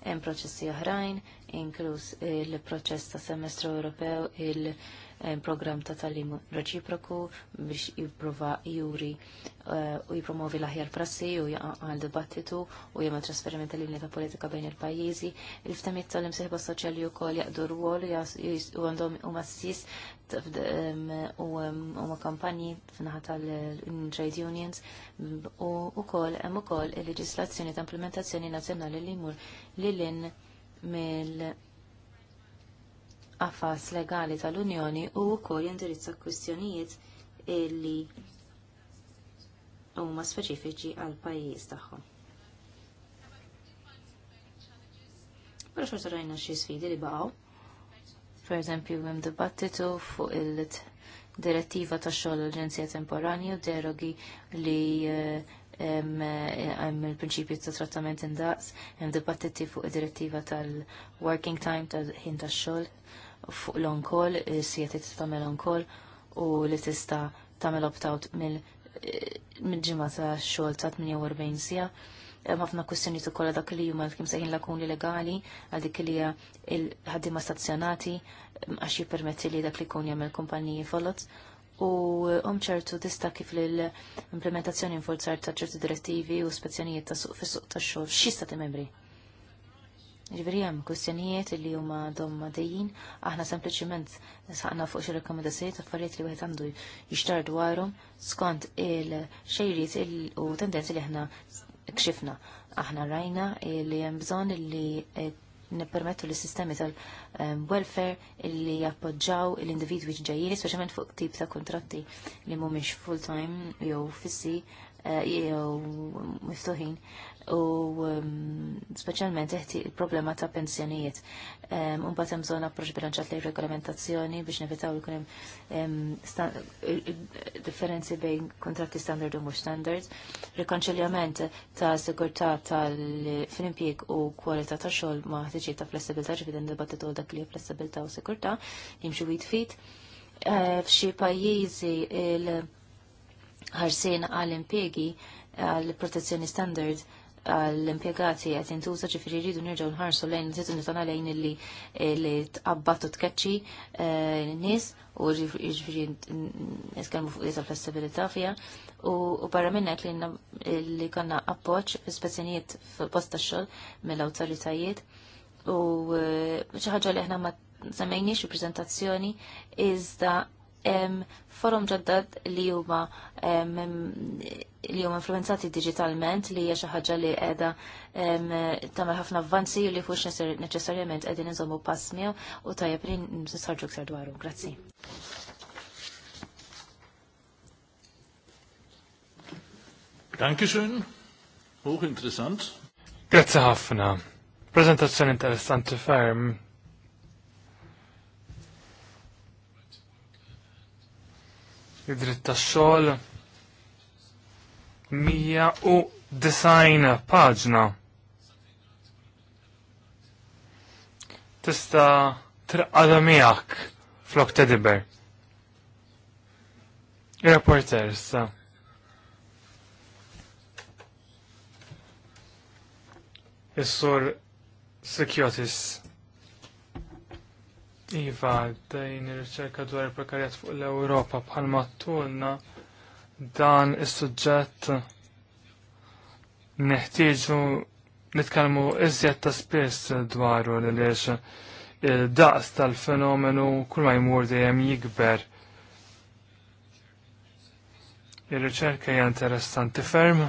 Hemm proċessi oħrajn, inkluż il-proċess ta' semestru Ewropew, il-, -proċess program ta' talim reċiproku biex jipprova juri eh, u jipromovi l-aħjar prassi u għal dibattitu u jema trasferiment tal-linja ta' politika bejn il-pajjiżi. Il-ftemiet tal-imsieħba soċjali wkoll jaqdu rwol u għandhom huma massis u huma kampanji f'naħa tal-trade unions u wkoll hemm ukoll il-leġislazzjoni ta' implementazzjoni nazzjonali li jmur lil mill Affas legali tal-Unjoni u wkoll jindirizza kwistjonijiet li huma speċifiċi għal pajjiż tagħhom. Però xorta rajna xi sfidi li baqgħu. Pereżempju hemm dibattitu fuq il-direttiva tax-xogħol l-Aġenzija Temporanju derogi li eh, eh, hemm il-prinċipju ta' trattament indaqs, hemm dibattiti fuq id-direttiva tal-working time tal-ħin tax-xogħol, fuq l-onkol, eh, sijet li tista' l onkol u li tista' tagħmel l out eh, mill-ġimgħa ta' xogħol ta' 48 sija. Hemm ħafna kwistjonijiet ukoll dak li huma kien sejħin lakuni legali għal dik li il l-ħaddiema stazzjonati mm, għax jippermetti li dak li jkun jagħmel kumpaniji folot u omċertu eh, tista kif l-implementazzjoni l-forzar ta' ċertu direttivi u spezzjonijiet ta' suq fis-suq tax-xogħol xi ti membri Ġveri hemm kustjonijiet li huma domma dejjin, aħna sempliciment saqna fuq xi ta' affarijiet li wieħed għandu jixtar dwarhom skont il-xejriet u tendenzi li aħna kxifna. Aħna rajna li hemm bżonn li eh, nippermettu li sistemi tal-welfare eh, li jappoġġaw l-individwi ġejjini, speċjalment fuq tip ta' kontratti li mhumiex full-time jew fissi eh, jew miftuħin u um, speċjalment eħti il-problema ta' pensjonijiet. Um, Unbat hemm bżonn approċ bilanċat lejn regolamentazzjoni biex nevitaw ikun hemm um, differenzi bejn kontratti standard u mhux standard, rikonċiljament ta' sigurtà tal-impjieg u kwalità ta' xogħol ma' ħtiġiet ta' flessibilità ġifieri dibattitu dak li flessibilità u sigurtà jimxu fit. Uh, f'xi pajjiżi il-ħarsien għall-impjegi għall-protezzjoni standard għall-impjegati għet jintuża ġifiri rridu nirġaw nħarsu lejn n nitana lejn li li eh, u tkeċċi n-nis u ġifiri niskalmu fuq li tal-flessibilita fija u barra minnek li kanna appoċ spezzjonijiet fil-posta xol mill-autoritajiet u ċaħġa eh, li ħna ma semmejniex u prezentazzjoni iżda forum ġaddad li huma li huma influenzati digitalment li hija xi ħaġa li qiegħda tagħmel ħafna avvanzi li fuq neċessarjament qegħdin inżommu pass miegħu u tajjeb li nistħarġu iktar dwaru. Grazzi. Dankeschön. Hochinteressant. Grazie ħafna. Prezentazzjoni interessanti ferm id-dritt tax-xogħol 190 paġna. Tista' treqqada miegħek flok tediber. Il-reporter sa. Is-sur Securities. Iva, dejn ir-riċerka dwar il-prekarjat fuq l-Ewropa bħalma tulna dan is-suġġett neħtieġu nitkellmu iżjed ta' spiss dwaru li lex il-daqs tal-fenomenu kull ma jmur dejjem jikber. Ir-riċerka hija interessanti ferm.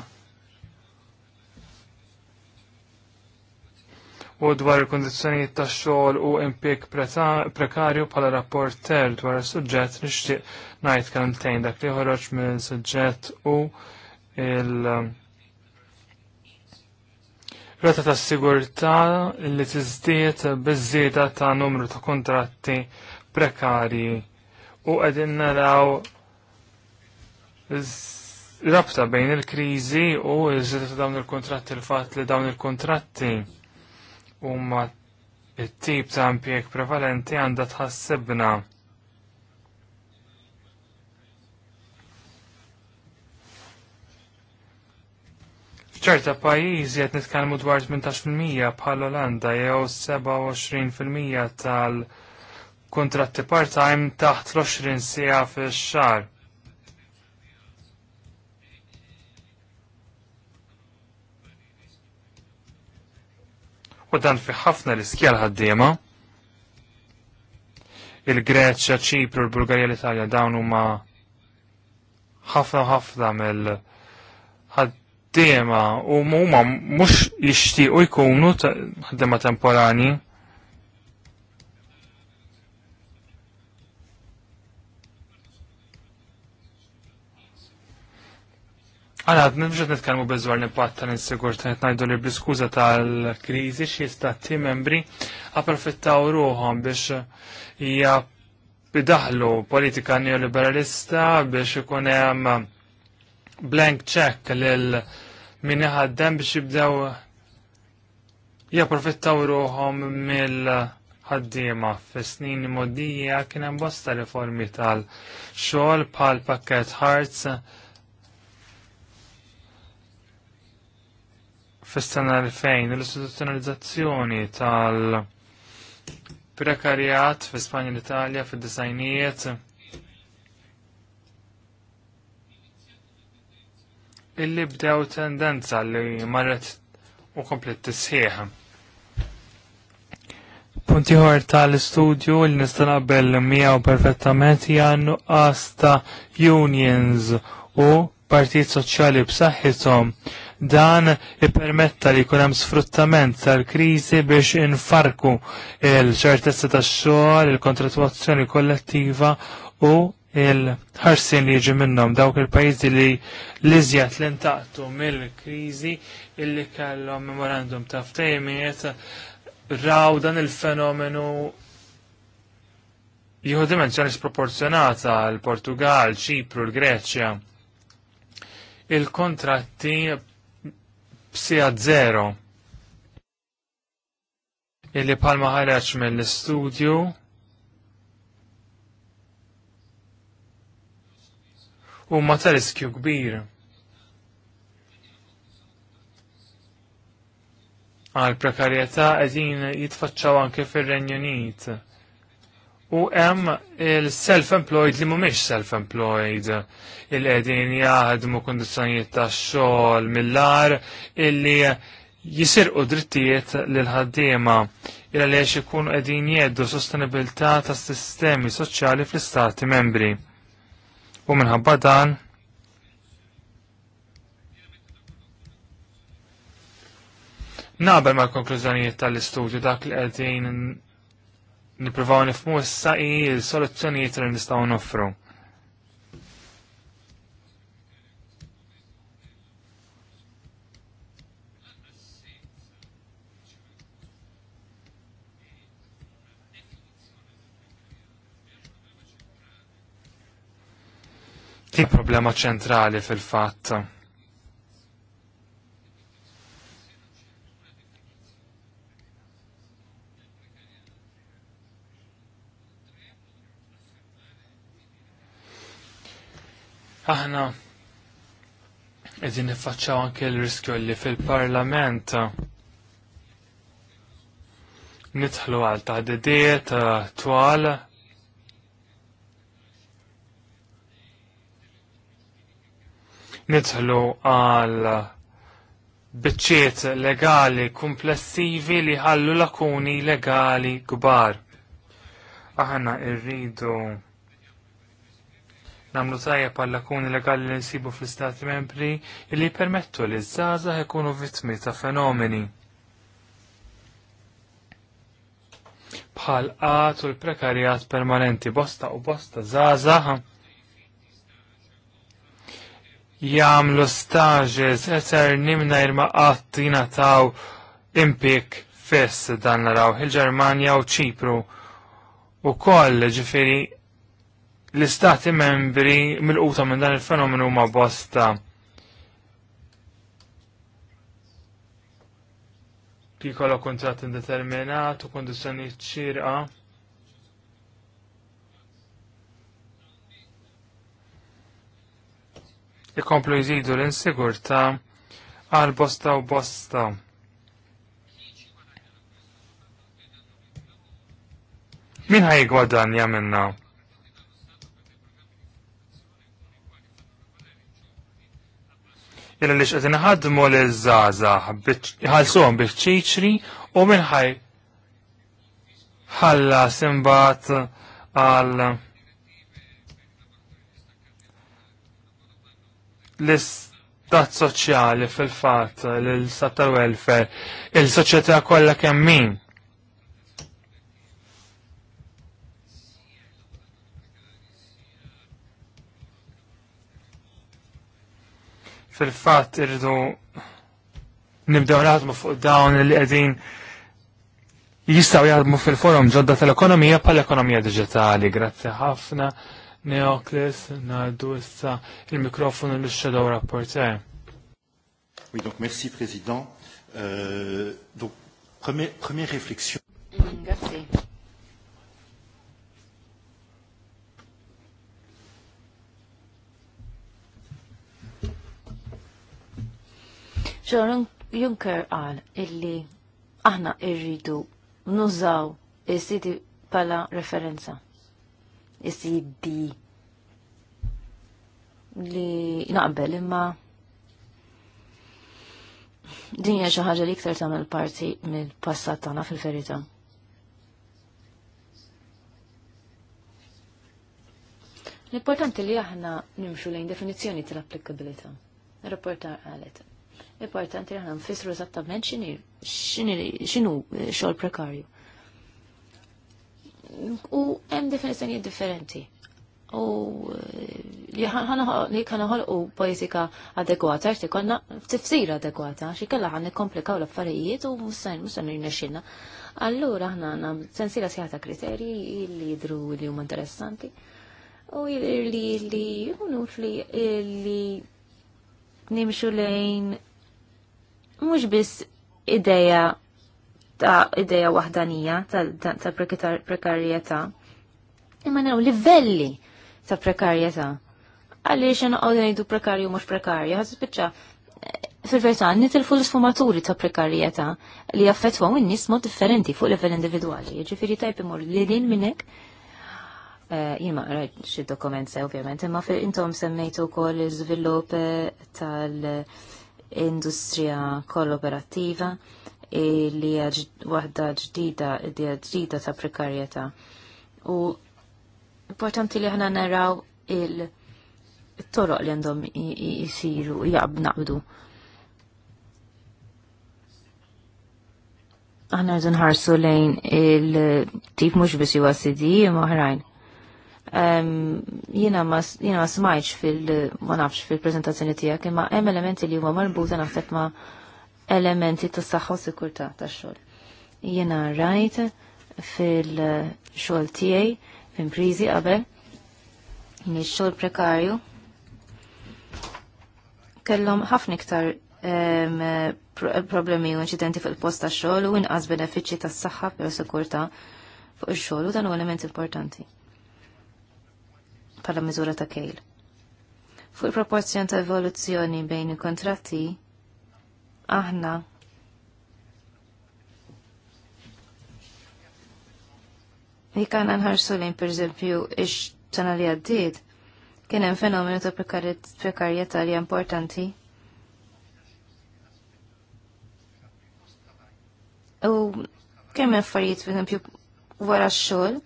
u dwar il-kondizjonijiet ta' xogħol u impjeg prekarju bħala rapporter dwar is-suġġett nixtieq ngħid kelmtejn dak li ħoroġ minn suġġett u il- Rata ta' sigurtà li tizdiet bizzieda ta' numru ta' kontratti prekarji u qegħdin naraw rabta bejn il-kriżi u iż-żieda ta' dawn il-kontratti il-fatt li dawn il-kontratti huma it-tip ta' impjeg prevalenti għandha tħassibna. ċerta pajjiżi qed nitkellmu dwar 18% bħal Olanda jew 27% tal-kontratti part-time taħt l-20 sija fix-xahar. u dan fi ħafna l-iskjal ħaddiema. Il-Greċja, Ċipru, l-Bulgarija, l-Italja dawn huma ħafna ħafna mill ħaddiema u huma mhux jixtiequ jkunu ħaddiema temporani. Għala, nimġet netkarmu bezzwar nipat tal sigurta jtnajdu li bl-skuza tal-krizi xie stati membri għaprofittaw ruħom biex jgħabidaħlu politika neoliberalista biex ikunem blank check lil min ħaddem biex jibdew japprofittaw ruħom mill-ħaddiema. Fis-snin moddija kien hemm bosta riformi tal-xogħol bħal pakket Hearts fis-sena l l-istituzzjonalizzazzjoni tal- prekarjat fi Spanja l-Italja fi disajnijiet illi bdew tendenza li marret u komplet tisħieħ. Punti ħor tal-istudju li nista' naqbel miegħu perfettament hija nuqqas ta' unions u partijiet soċjali b'saħħithom Dan ippermetta li jkun hemm sfruttament tal-kriżi biex infarku il-ċertezza tax-xogħol, il-kontrattwazzjoni kollettiva u il-ħarsin li jiġi minnhom dawk il-pajjiżi li liżjat l intaqtu mill-kriżi illi kellhom memorandum ta' ftejmiet raw dan il-fenomenu jieħu dimensjoni sproporzjonata l portugal ċipru, l-Greċja. Il-kontratti b'sija zero illi bħalma ħareġ mill-istudju u ma tal-iskju kbir. Għal prekarjetà qegħdin jitfaċċaw anke fir-Renju Unit u hemm il-self-employed li mhumiex self-employed il-qegħdin jaħdmu kundizzjonijiet tax-xogħol mill-ar illi jisirqu drittijiet lil ħaddiema il għaliex ikunu qegħdin jgħeddu sostenibilità ta' sistemi soċjali fl-istati membri. U minħabba dan Nabel ma' konklużjonijiet tal-istudju dak li qegħdin nippruvaw nifmu s-saqi il soluzzjonijiet li nistaw noffru. Ti problema ċentrali fil fatta Aħna qegħdin niffaċċaw anke l-riskju li fil-Parlament nidħlu għal taħdidiet eh, twal nidħlu għal biċċiet legali komplessivi li ħallu lakuni legali kbar. Aħna irridu namlu tajja pal lakuni legali li nsibu fl-istati membri li permettu li z-zaza ikunu vittmi ta' fenomeni. Bħal qat u l-prekarjat permanenti bosta u bosta zaza jamlu staġes eterni minnajr irma qatt taw impik fess dan naraw il-Ġermanja u ċipru u koll ġifiri l-istati membri mil quta minn dan il-fenomenu ma' bosta kikola kontrat indeterminat u kondizjoni ċirqa. Ikomplu jżidu l-insigurta għal bosta u bosta. Min ħaj gwadanja minna? illa li xqed inħadmu l żgħażagħ ħalsuhom biċ-ċiċri u minħaj ħalla simbat għal l-istat soċjali fil-fat, l-istat tal-welfare, il-soċjetà kollha kemm min fil-fatt irridu nibdew naħdmu fuq dawn li qegħdin jistgħu jaħdmu fil-forum ġodda tal-ekonomija bħal-ekonomija diġitali. Grazzi ħafna. Neoklis, ngħaddu issa il-mikrofonu l shadow rapporteur. Oui, donc merci Président. Euh, donc, première, première réflexion. Merci. John Juncker qal illi aħna irridu nużaw is-siti pala referenza. is siti li naqbel imma din hija xi ħaġa li iktar tagħmel parti mill-passat tagħna fil-verità. L-importanti li aħna nimxu lejn definizzjoni tal-applikabilità. Rapportar qalet Importanti għana nfisru esattament xinu xol prekarju. U hemm definizjoni differenti. U eh, li ħol u poesika adegwata, xti konna tifsira adegwata, xie kalla ħan komplikaw l-affarijiet u mussan, musan rinnaxinna. Allura ħana għanna sensila sħata kriteri li jidru li jum interessanti u li li junu li li nimxu li mhux biss ideja ta' ideja waħdanija ta' prekarjetà, imma naw livelli ta' prekarjetà. Għaliex għana għodin jiddu prekarju mux prekarju, għaz bieċa eh, fil-verità nitilfu l-sfumaturi ta' prekarjetà li għu n nies mod differenti fuq level individwali. Jiġifieri tajb imur li din minnek eh, jien ma rajt xi dokument se ovvjament, imma intom semmejtu wkoll l żvilupp eh, tal- industrija kollaborattiva li għadda waħda ġdida, idea ġdida ta' prekarjetà. U importanti li aħna naraw il-toroq li għandhom jisiru jaqb naqbdu. Aħna rridu nħarsu lejn il-tip mhux biss huwa CD imma oħrajn. Jiena ma smajċ fil- ma nafx fil-prezentazzjoni tiegħek imma hemm elementi li huma marbuta naħseb ma' elementi ta' saħħa u sikurtà tax-xogħol. Jiena rajt fil-xogħol tiegħi f'imprizi qabel xogħol prekarju kellhom ħafna iktar problemi u inċidenti fil-post tax-xogħol u inqas benefiċċji tas-saħħa u sikurtà fuq ix-xogħol u dan huwa element importanti bħala miżura ta' kejl. Fuq il-proporzjon ta' evoluzzjoni bejn il-kontratti, aħna Jikan nħarsu lejn per eżempju ix tana li għaddiet, kien hemm fenomenu ta' prekarjeta li importanti. U kemm affarijiet per eżempju wara x-xogħol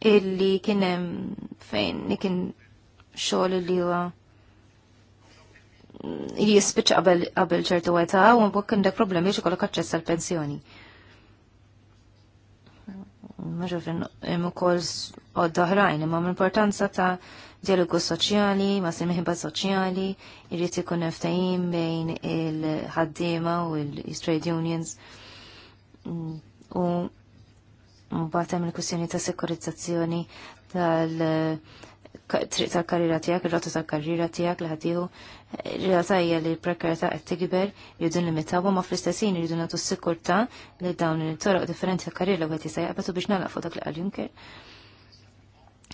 illi kien hemm fejn kien xogħol li huwa li jispiċċa qabel ċertu weta u mbuk kien dak problemi xi kollok aċċess għall-pensjoni. Maġofin hemm ukoll għodda oħrajn imma l-importanza ta' dialogu soċjali, ma' simiħiba soċjali, jrid ikun ftehim bejn il-ħaddiema u l istrade unions mm, u Mbagħad hemm il ta' sekurizzazzjoni tal- triq tal-karriera tiegħek, ir rotu tal-karriera tiegħek li ħadiħu, realtà hija li l-prekarjetà qed tikber li nlimitawhom ma fl istessin jidun jridu nagħtu s-sikurtà li dawn il toroq differenti tal-karriera wieħed jista' jaqbetu biex nagħlaq fuq dak li għal-Junker.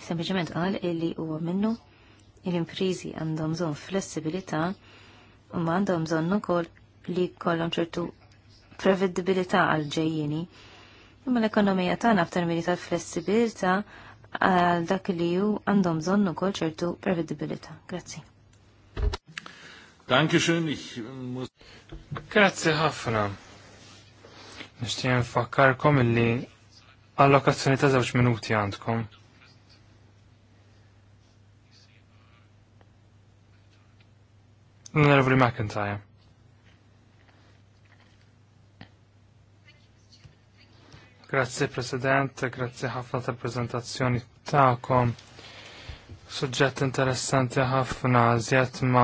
Sempliċement qal illi huwa minnu l-imprizi għandhom bżonn flessibilità u ma għandhom bżonn ukoll li kollom ċertu prevedibilita għal ġejjini Imma l-ekonomija tagħna f'termini tal-flessibilità għal dak li ju għandhom bżonn ukoll ċertu prevedibilità. Grazzi. schön, ich muss... Grazzi ħafna. Nixtieq nfakkarkom illi allokazzjoni ta' żewġ minuti għandkom. Nervli McIntyre. Grazzi President, grazie ħafna tal-prezentazzjoni ta'kom. Suġġett interessanti ħafna, zjat ma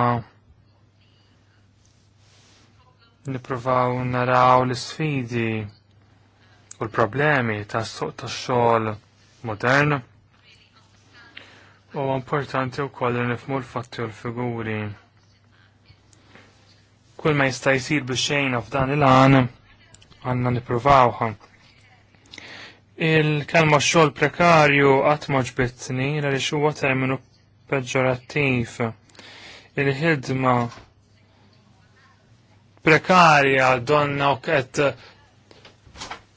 nipruvaw naraw l-sfidi u l-problemi ta' suq ta' xogħol modern. U importanti wkoll li nifmu l-fatti u l-figuri. Kull ma jista' jsir biex xejn f'dan il-għan għandna nippruvawha. Il-kelma xogħol prekarju qatt ma ġbitni għaliex huwa terminu peġġorattiv. Il-ħidma prekarja donna u t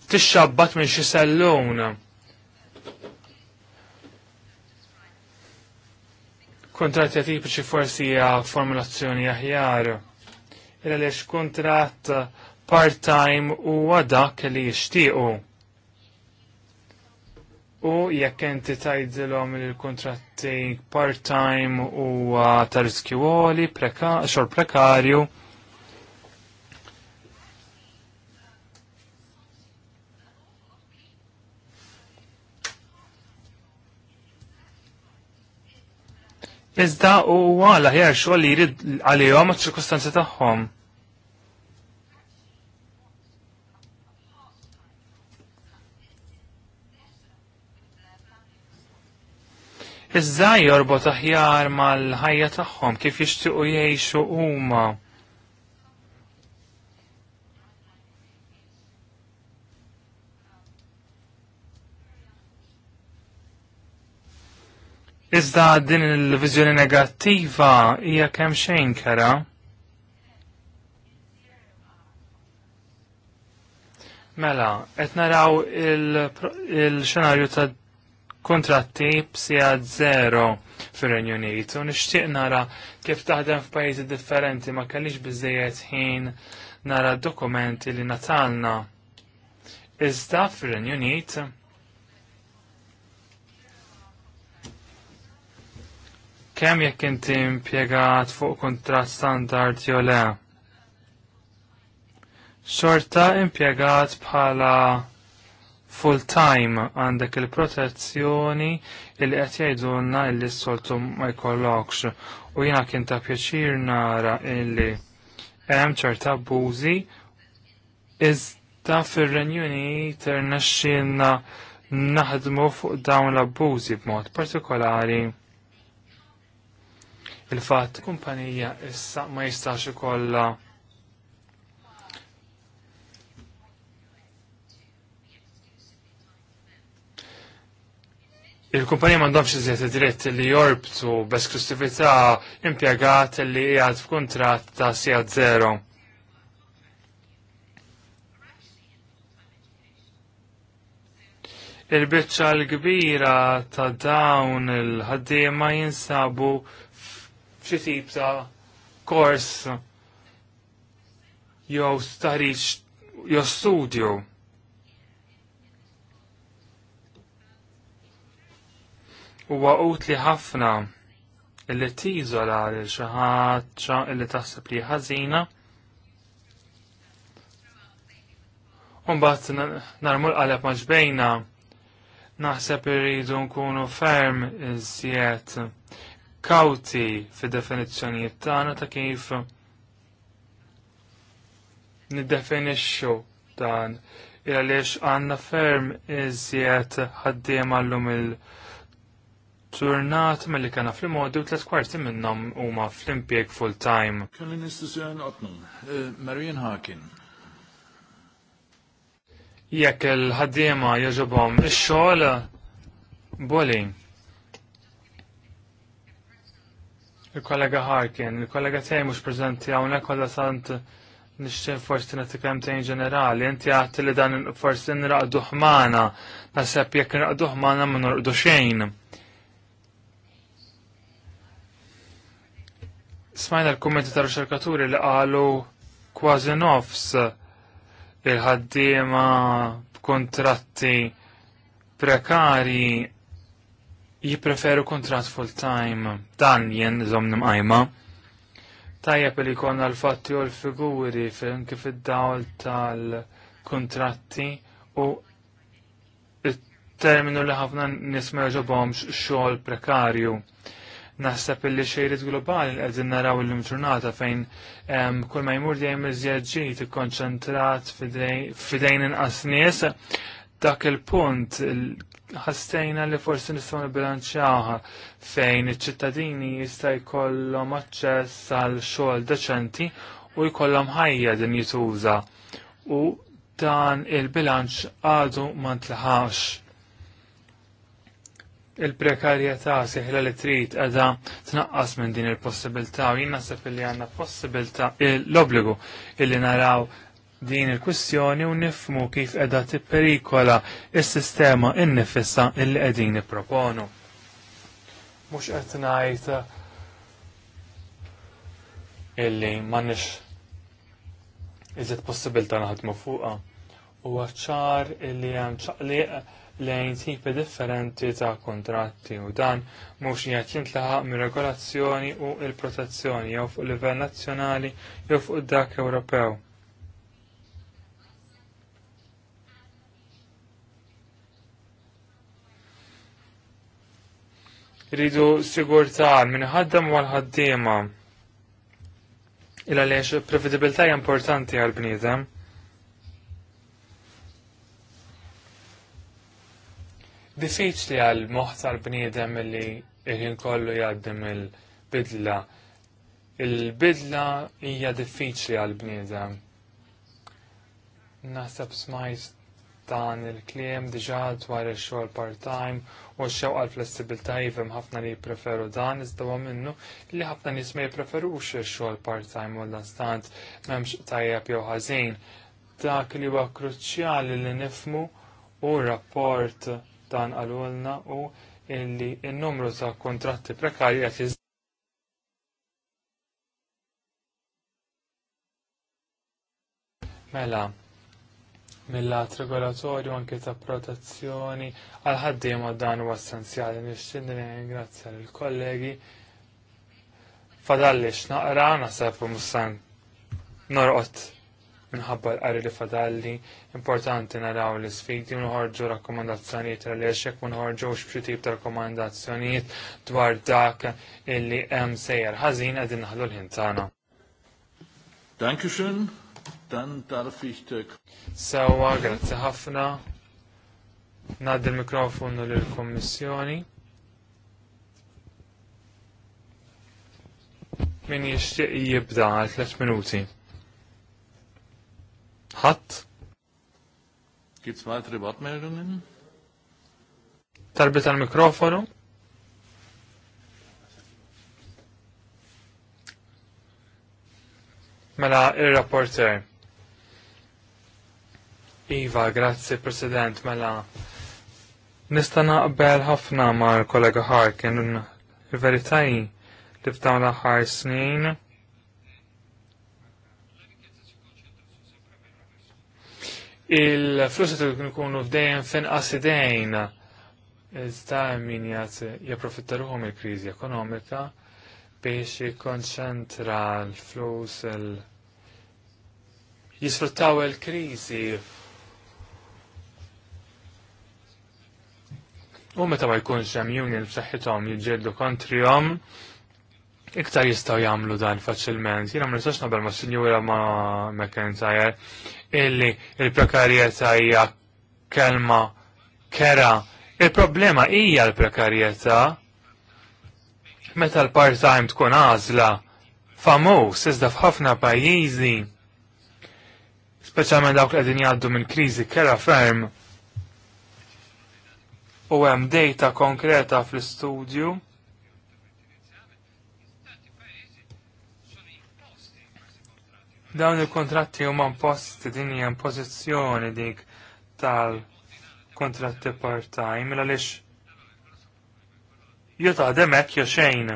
tixxabbat minn xi sellun. Kontratti atipiċi forsi hija formulazzjoni aħjar. Il għaliex kontrat part-time huwa dak li jixtiequ u jekk inti tajdilhom il-kuntratti part-time u ta' riskju għoli, xor prekarju. Iżda u għala ħjar xogħol li jrid għalihom għat ċirkustanzi tagħhom. iżda jorbot aħjar mal-ħajja tagħhom kif jixtiequ jgħixu huma. Iżda din il-viżjoni negattiva hija kemm xejn kera. Mela, qed naraw il-xenarju il ta' kontratti b'sija zero fir-Renju Unit u nixtieq nara kif taħdem f'pajjiżi differenti ma kellix biżejjed ħin nara dokumenti li natalna. Iżda fir-Renju Unit kemm jekk inti impjegat fuq kuntratt standard jew le. Xorta impjegat bħala full time għandek il-protezzjoni illi qed jgħidulna illi s-soltu ma jkollokx u jiena kien ta' pjaċir nara illi hemm ċerta abbużi iżda fir-Renju Unit irnexxielna naħdmu fuq dawn l-abbużi b'mod partikolari il-fatt kumpanija issa ma jistax ikollha il-kumpanija mandomx iżjed id-dritt li jorbtu b'esklusività impiegat li qiegħed f'kuntratt ta' sigħat zero. Il-biċċa l-kbira ta' dawn il-ħaddiema jinsabu f'xi tip ta' kors jew stariċ jew studju. huwa utli ħafna illi tiżola lil xi ħaġa illi taħseb li ħażina. mbagħad narmu l-qaleb naħseb irridu nkunu ferm iżjed kawti fid-definizzjonijiet tagħna ta' kif niddefinixxu dan il għaliex għandna ferm iżjed ħaddiem għallum il- ġurnat mill-li kena fl-modi u tlet kwarti minnom u ma fl-impieg full-time. Kellin istituzjon otnum, eh, Marian Harkin. Jekk il-ħaddiema joġobom ix-xogħol boli. Il-kollega Harkin, il-kollega tiegħi mhux preżenti hawnhekk kollha sant nixtieq forsi nagħtik hemm tejn ġenerali, inti għat li dan forsi nraqdu ħmana, naħseb jekk nraqdu ħmana ma norqdu xejn Smajna l-kummenti ta' riċerkaturi li qalu kważi nofs il-ħaddiema kontratti prekari jipreferu kontrat full-time. Dan jen zom nimqajma. Tajjeb li konna l-fatti u l-figuri film kif id-dawl tal-kontratti u il-terminu li ħafna nismerġobom xogħol prekarju. Naħseb illi xejrid globali qegħdin naraw illum ġurnata fejn kull ma jmur dejjem iżjed ġid ikkonċentrat fidejn inqas nies dak il-punt ħastejna li forsi nistgħu nibbilanċjawha fejn iċ-ċittadini jista' jkollhom aċċess għal xogħol deċenti u jkollhom ħajja din jituża. U dan il-bilanċ għadu ma ntlaħax il-prekarjetà seħla li trid għada tnaqqas minn din il-possibilità u jien naħseb li għandna possibilità l-obbligu illi naraw din il-kwistjoni u nifmu kif qiegħda tipperikola s sistema innifissa illi qegħdin nipproponu. Mhux qed ngħid illi m'għandniex iżid possibilità naħdmu fuqha u ċar illi hemm ċaqliq lejn tipi differenti ta' kontratti u dan mhux qed jintlaħaq mir-regolazzjoni u l-protezzjoni jew fuq livell nazzjonali jew fuq dak Ewropew. Ridu sigurtà minħaddam u għal-ħaddiema il-għaliex prevedibilità importanti għal-bniedem. diffiċli għal moħtar bniedem li jħin kollu jgħaddim il-bidla. Il-bidla hija diffiċli għal bniedem. Naħseb smajs dan il-kliem diġa dwar il-xogħol part-time u x-xew għal flessibilta jifem ħafna li jippreferu dan iżda huwa minnu li ħafna nies ma jippreferux il-xogħol part-time u l-instant m'hemmx tajjeb jew ħażin. Dak li huwa kruċjali li nifmu u rapport dan għalulna u illi il-numru ta' kontratti prekarji għat Mela, mill-lat regolatorju anke ta' protezzjoni għal ħaddiema dan huwa essenzjali nixtieq ringrazzja lill kollegi fadalli x'naqra naħseb mhux norqod minħabba l-qari li fadalli importanti naraw l sfidi nħorġu rakkomandazzjoniet għaliex jekk ma nħorġux b'xi tip ta' rakkomandazzjonijiet dwar dak illi hemm sejjer ħażin qegħdin naħlu l-ħin tagħna. Dankeschön. Dan darf ich Sawa, grazzi ħafna. Nad il-mikrofonu lill-Kommissjoni. Min jixtieq jibda għal 3 minuti. Ħadd? Gibt's weitere Wortmeldungen? Tarbit tal-mikrofonu. Mela il-rapporter. Iva, grazzi President, mela. Nista naqbel ħafna mal kollega Harkin, il-veritaj li f'dawn l-ħar snin il-flus qed ikunu f'dejjem f'inqas idejn. Iżda min jagħti japprofitta ruhom il-kriżi ekonomika biex jikkonċentra l-flus il jisfruttaw il-kriżi U meta ma jkunx hemm union b'saħħithom jiġġieldu kontrihom, iktar jistgħu jagħmlu dan faċilment. Jiena ma nistax naqbel ma' sinjura ma McIntyre illi il-prekarjetà hija kelma kera. Il-problema hija l-prekarjetà. Meta l-part-time tkun għażla famus iżda f'ħafna pajjiżi, speċjalment dawk li qegħdin jgħaddu minn kriżi kera ferm, u hemm data konkreta fl-istudju Dawn il-kontratti huma post din hija impożizzjoni dik tal-kontratti part-time għaliex jew taħdem hekk jew xejn.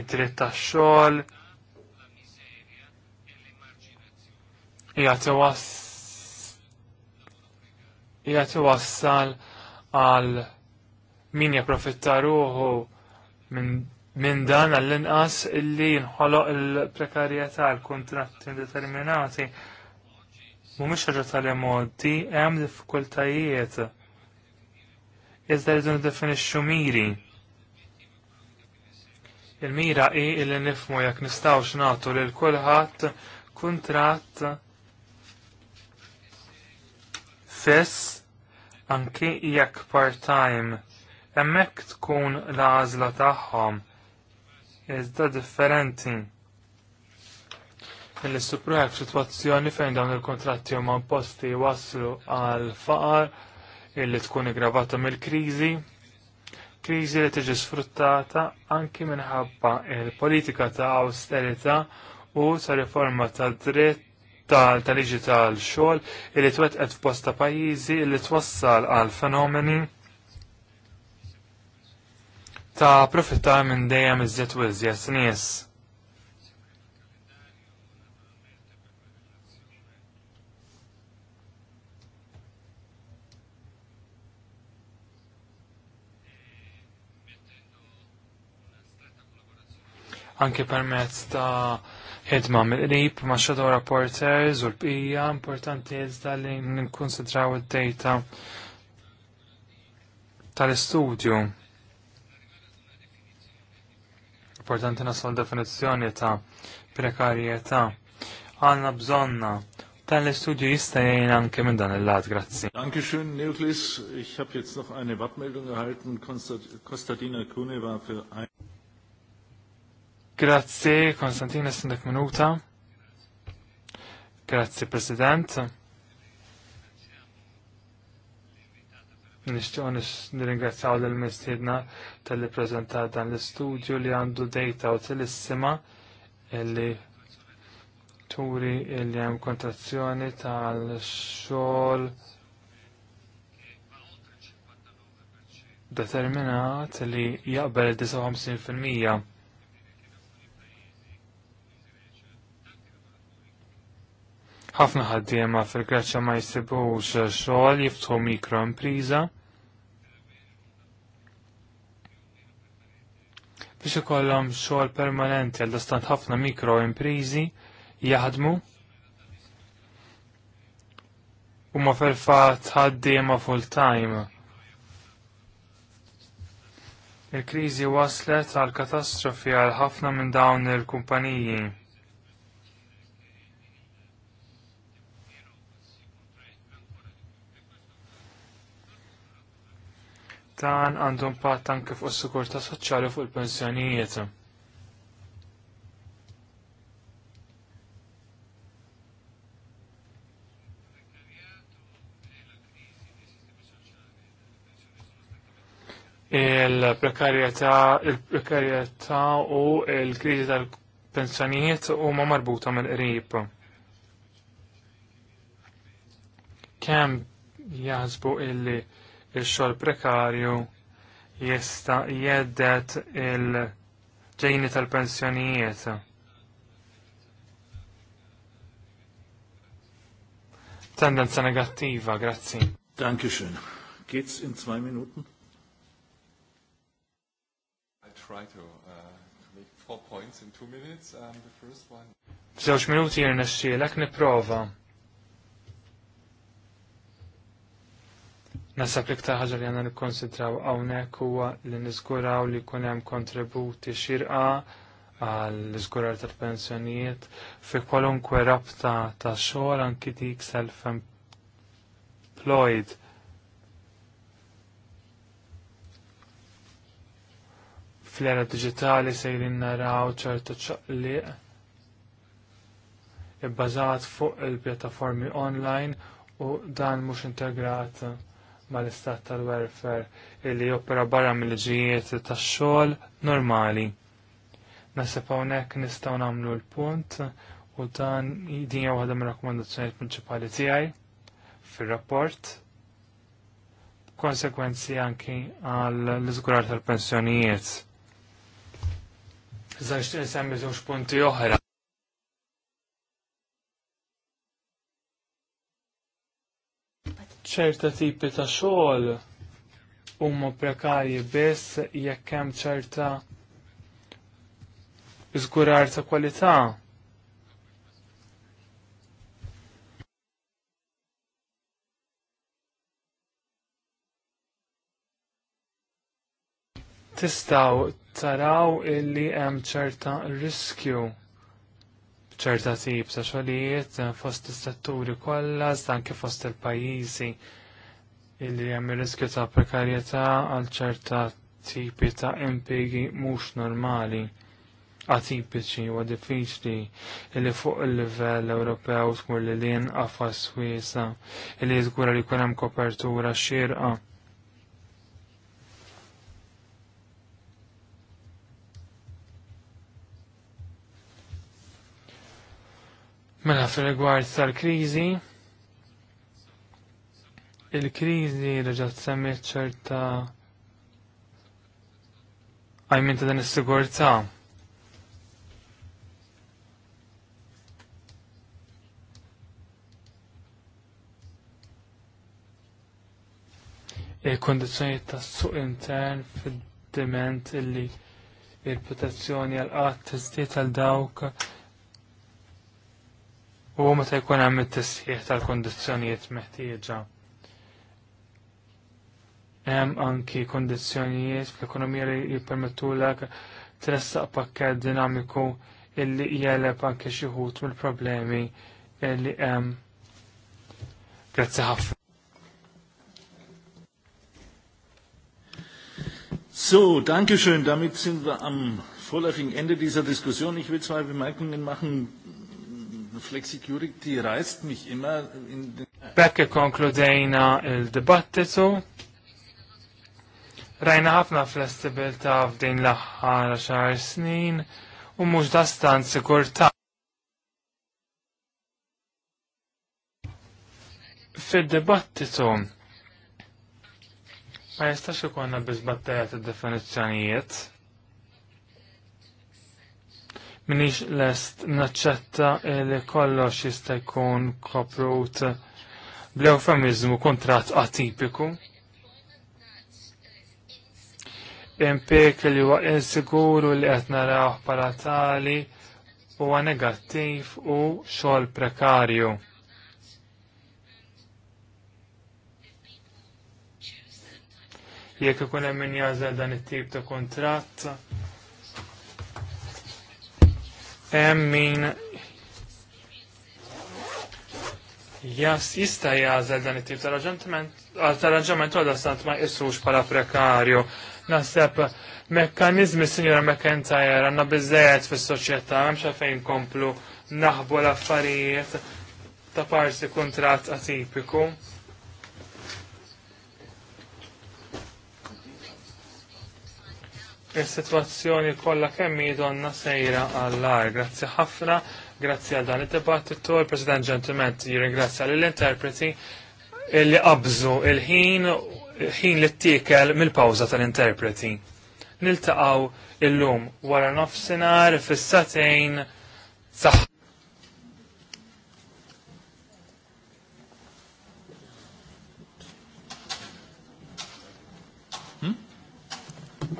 id-dritt tax-xogħol, jgħat wassal għal min japprofitta ruħu minn min dan għall-inqas illi jinħoloq il-prekarjetà l-kontratti indeterminati. Mhumiex ħaġa tal-emoddi, hemm diffikultajiet. Iżda rridu niddefinixxu miri. Il-mira hi li nifmu jekk nistgħux nagħtu lil kulħadd kuntratt Stess anki jekk part-time hemmhekk tkun l-għażla tagħhom iżda differenti. Illi supruħek situazzjoni fejn dawn il-kontratti huma posti waslu għal faqar illi tkun igravata mill-kriżi, kriżi li tiġi sfruttata anki minħabba il-politika ta' austerita u sa' riforma ta' dritt tal-liġi tal-xogħol illi twettqet f'posta' pajjiżi illi twassal għal fenomeni ta' profittar minn dejjem iżjed u iżjed nies. anke permezz ta' Edma mill-qrib ma' shadow rapporters u l-bqija importanti jizda li nkonsidraw id-data tal-istudju. Importanti nasol definizzjoni ta' prekarjetà. Għanna bżonna tal-istudju jista' jgħin anke minn dan il-lat, grazzi. Dankeschön, Neoklis. Ich habe jetzt noch eine Wortmeldung erhalten. Konstantina Kuneva für ein Grazzi, Konstantina, sindek minuta. Grazzi, President. Nishtiqo nirringrazzaw l-mistidna tal-li prezentat dan l-istudju li għandu data utilissima illi turi illi hemm kontrazzjoni tal-xogħol determinat li jaqbel 59 ħafna ħaddiema fil-Greċja ma jsibux xogħol jiftħu mikroimpriża. Biex ikollhom xogħol permanenti għal dastant ħafna mikroimpriżi jaħdmu u ma fil-fatt ħaddiema full-time. Il-kriżi waslet għal katastrofi għal ħafna minn dawn il-kumpaniji. dan għandu impatt anke fuq is sigurtà soċjali fuq il-pensjonijiet. il-prekarjetà il-prekarjetà u l-kriżi tal-pensjonijiet huma marbuta mill-qrib. Kemm jaħsbu illi il-xol prekarju jista jeddet il-ġejni tal-pensjonijiet. Tendenza negattiva, grazzi. schön. Geht's in zwei Minuten? I try to, uh, to make four points in two minutes. Um, the first one... Bżewġ minuti jirnexxielek niprofa. Nasab li ħagġa li għanna nikkonsidraw għawnek huwa li nizguraw li kunem kontributi xirqa għal zgurar tal-pensjonijiet fi kwalunkwe rabta ta' xogħol anki dik self-employed. Fl-era digitali sejrin naraw ċertu ċaqliq ibbażat fuq il-pjattaformi online u dan mhux integrat mal-istat tal-welfare illi joppera barra mill-ġijiet tax-xogħol normali. Nasib hawnhekk nistgħu nagħmlu l-punt u dan din hija waħda mir-rakkomandazzjonijiet prinċipali tiegħi fir-rapport. Konsekwenzi anki għal l-iżgurar tal-pensjonijiet. Iżda nixtieq nsemmi żewġ punti oħra. ċerta tipi ta' xogħol huma prekarji biss jekk hemm ċerta żgurar ta' kwalità. Tistgħu taraw illi hemm ċerta riskju ċerta tip ta' xogħlijiet fost is-setturi kollha anke fost il-pajjiżi illi hemm ir riskju ta' prekarjetà għal ċerta tipi ta' impjegi mhux normali atipiċi u diffiċli illi fuq il-livell Ewropew tmur li lien qafas wiesa illi jiżgura li jkun hemm kopertura xierqa Mela fil-rigward tal-kriżi, il-kriżi reġgħet semmiet ċerta għajmin ta' dan is-sigurtà. il-kondizjoni ta' suq intern fid-diment illi il-protezzjoni għal qatt tiżdied għal dawk u għu meta jkun għam it-tisħiħ tal-kondizzjonijiet meħtieġa. Hemm anki kondizzjonijiet fl-ekonomija li jippermettu l-ek t tressaq pakket dinamiku illi jeleb anki xieħut mill-problemi illi hemm. Grazzi ħafna. So, danke schön. Damit sind wir am vorläufigen Ende dieser Diskussion. Ich will zwei Bemerkungen machen. Flexicurity reizt mich immer in Bekke konkludejna il-dibattitu. Rajna ħafna flessibilta f'din l axħar xar snin u mhux dastan sigurtà. fil dibattitu ma jistax ikolna bizbattajat il-definizjonijiet, minix lest naċċetta li kollox jista' jkun koprut bl-eufemizmu kontrat atipiku. Impek li huwa insiguru li qed naraw bħala tali huwa negattiv u xogħol prekarju. Jekk ikun hemm min jażel dan it-tip ta' kontratt, hemm min jas jista jażel dan it-tip ta' arranġament ah, għal stant ma jissux bħala prekarju. Naħseb mekkanizmi sinjora McIntyre għandna biżejjed fis-soċjetà hemm fejn komplu naħbu l-affarijiet ta' parsi kuntratt atipiku. il-situazzjoni kollha kemm donna sejra għall-ar. Grazzi ħafna, grazzi għal dan id-dibattitu, il-President Gentiment jirringrazzja l-interpreti li qabżu il-ħin ħin li t tikel mill-pawza tal-interpreti. Niltaqaw il-lum wara nofsinar fis-satejn saħħa.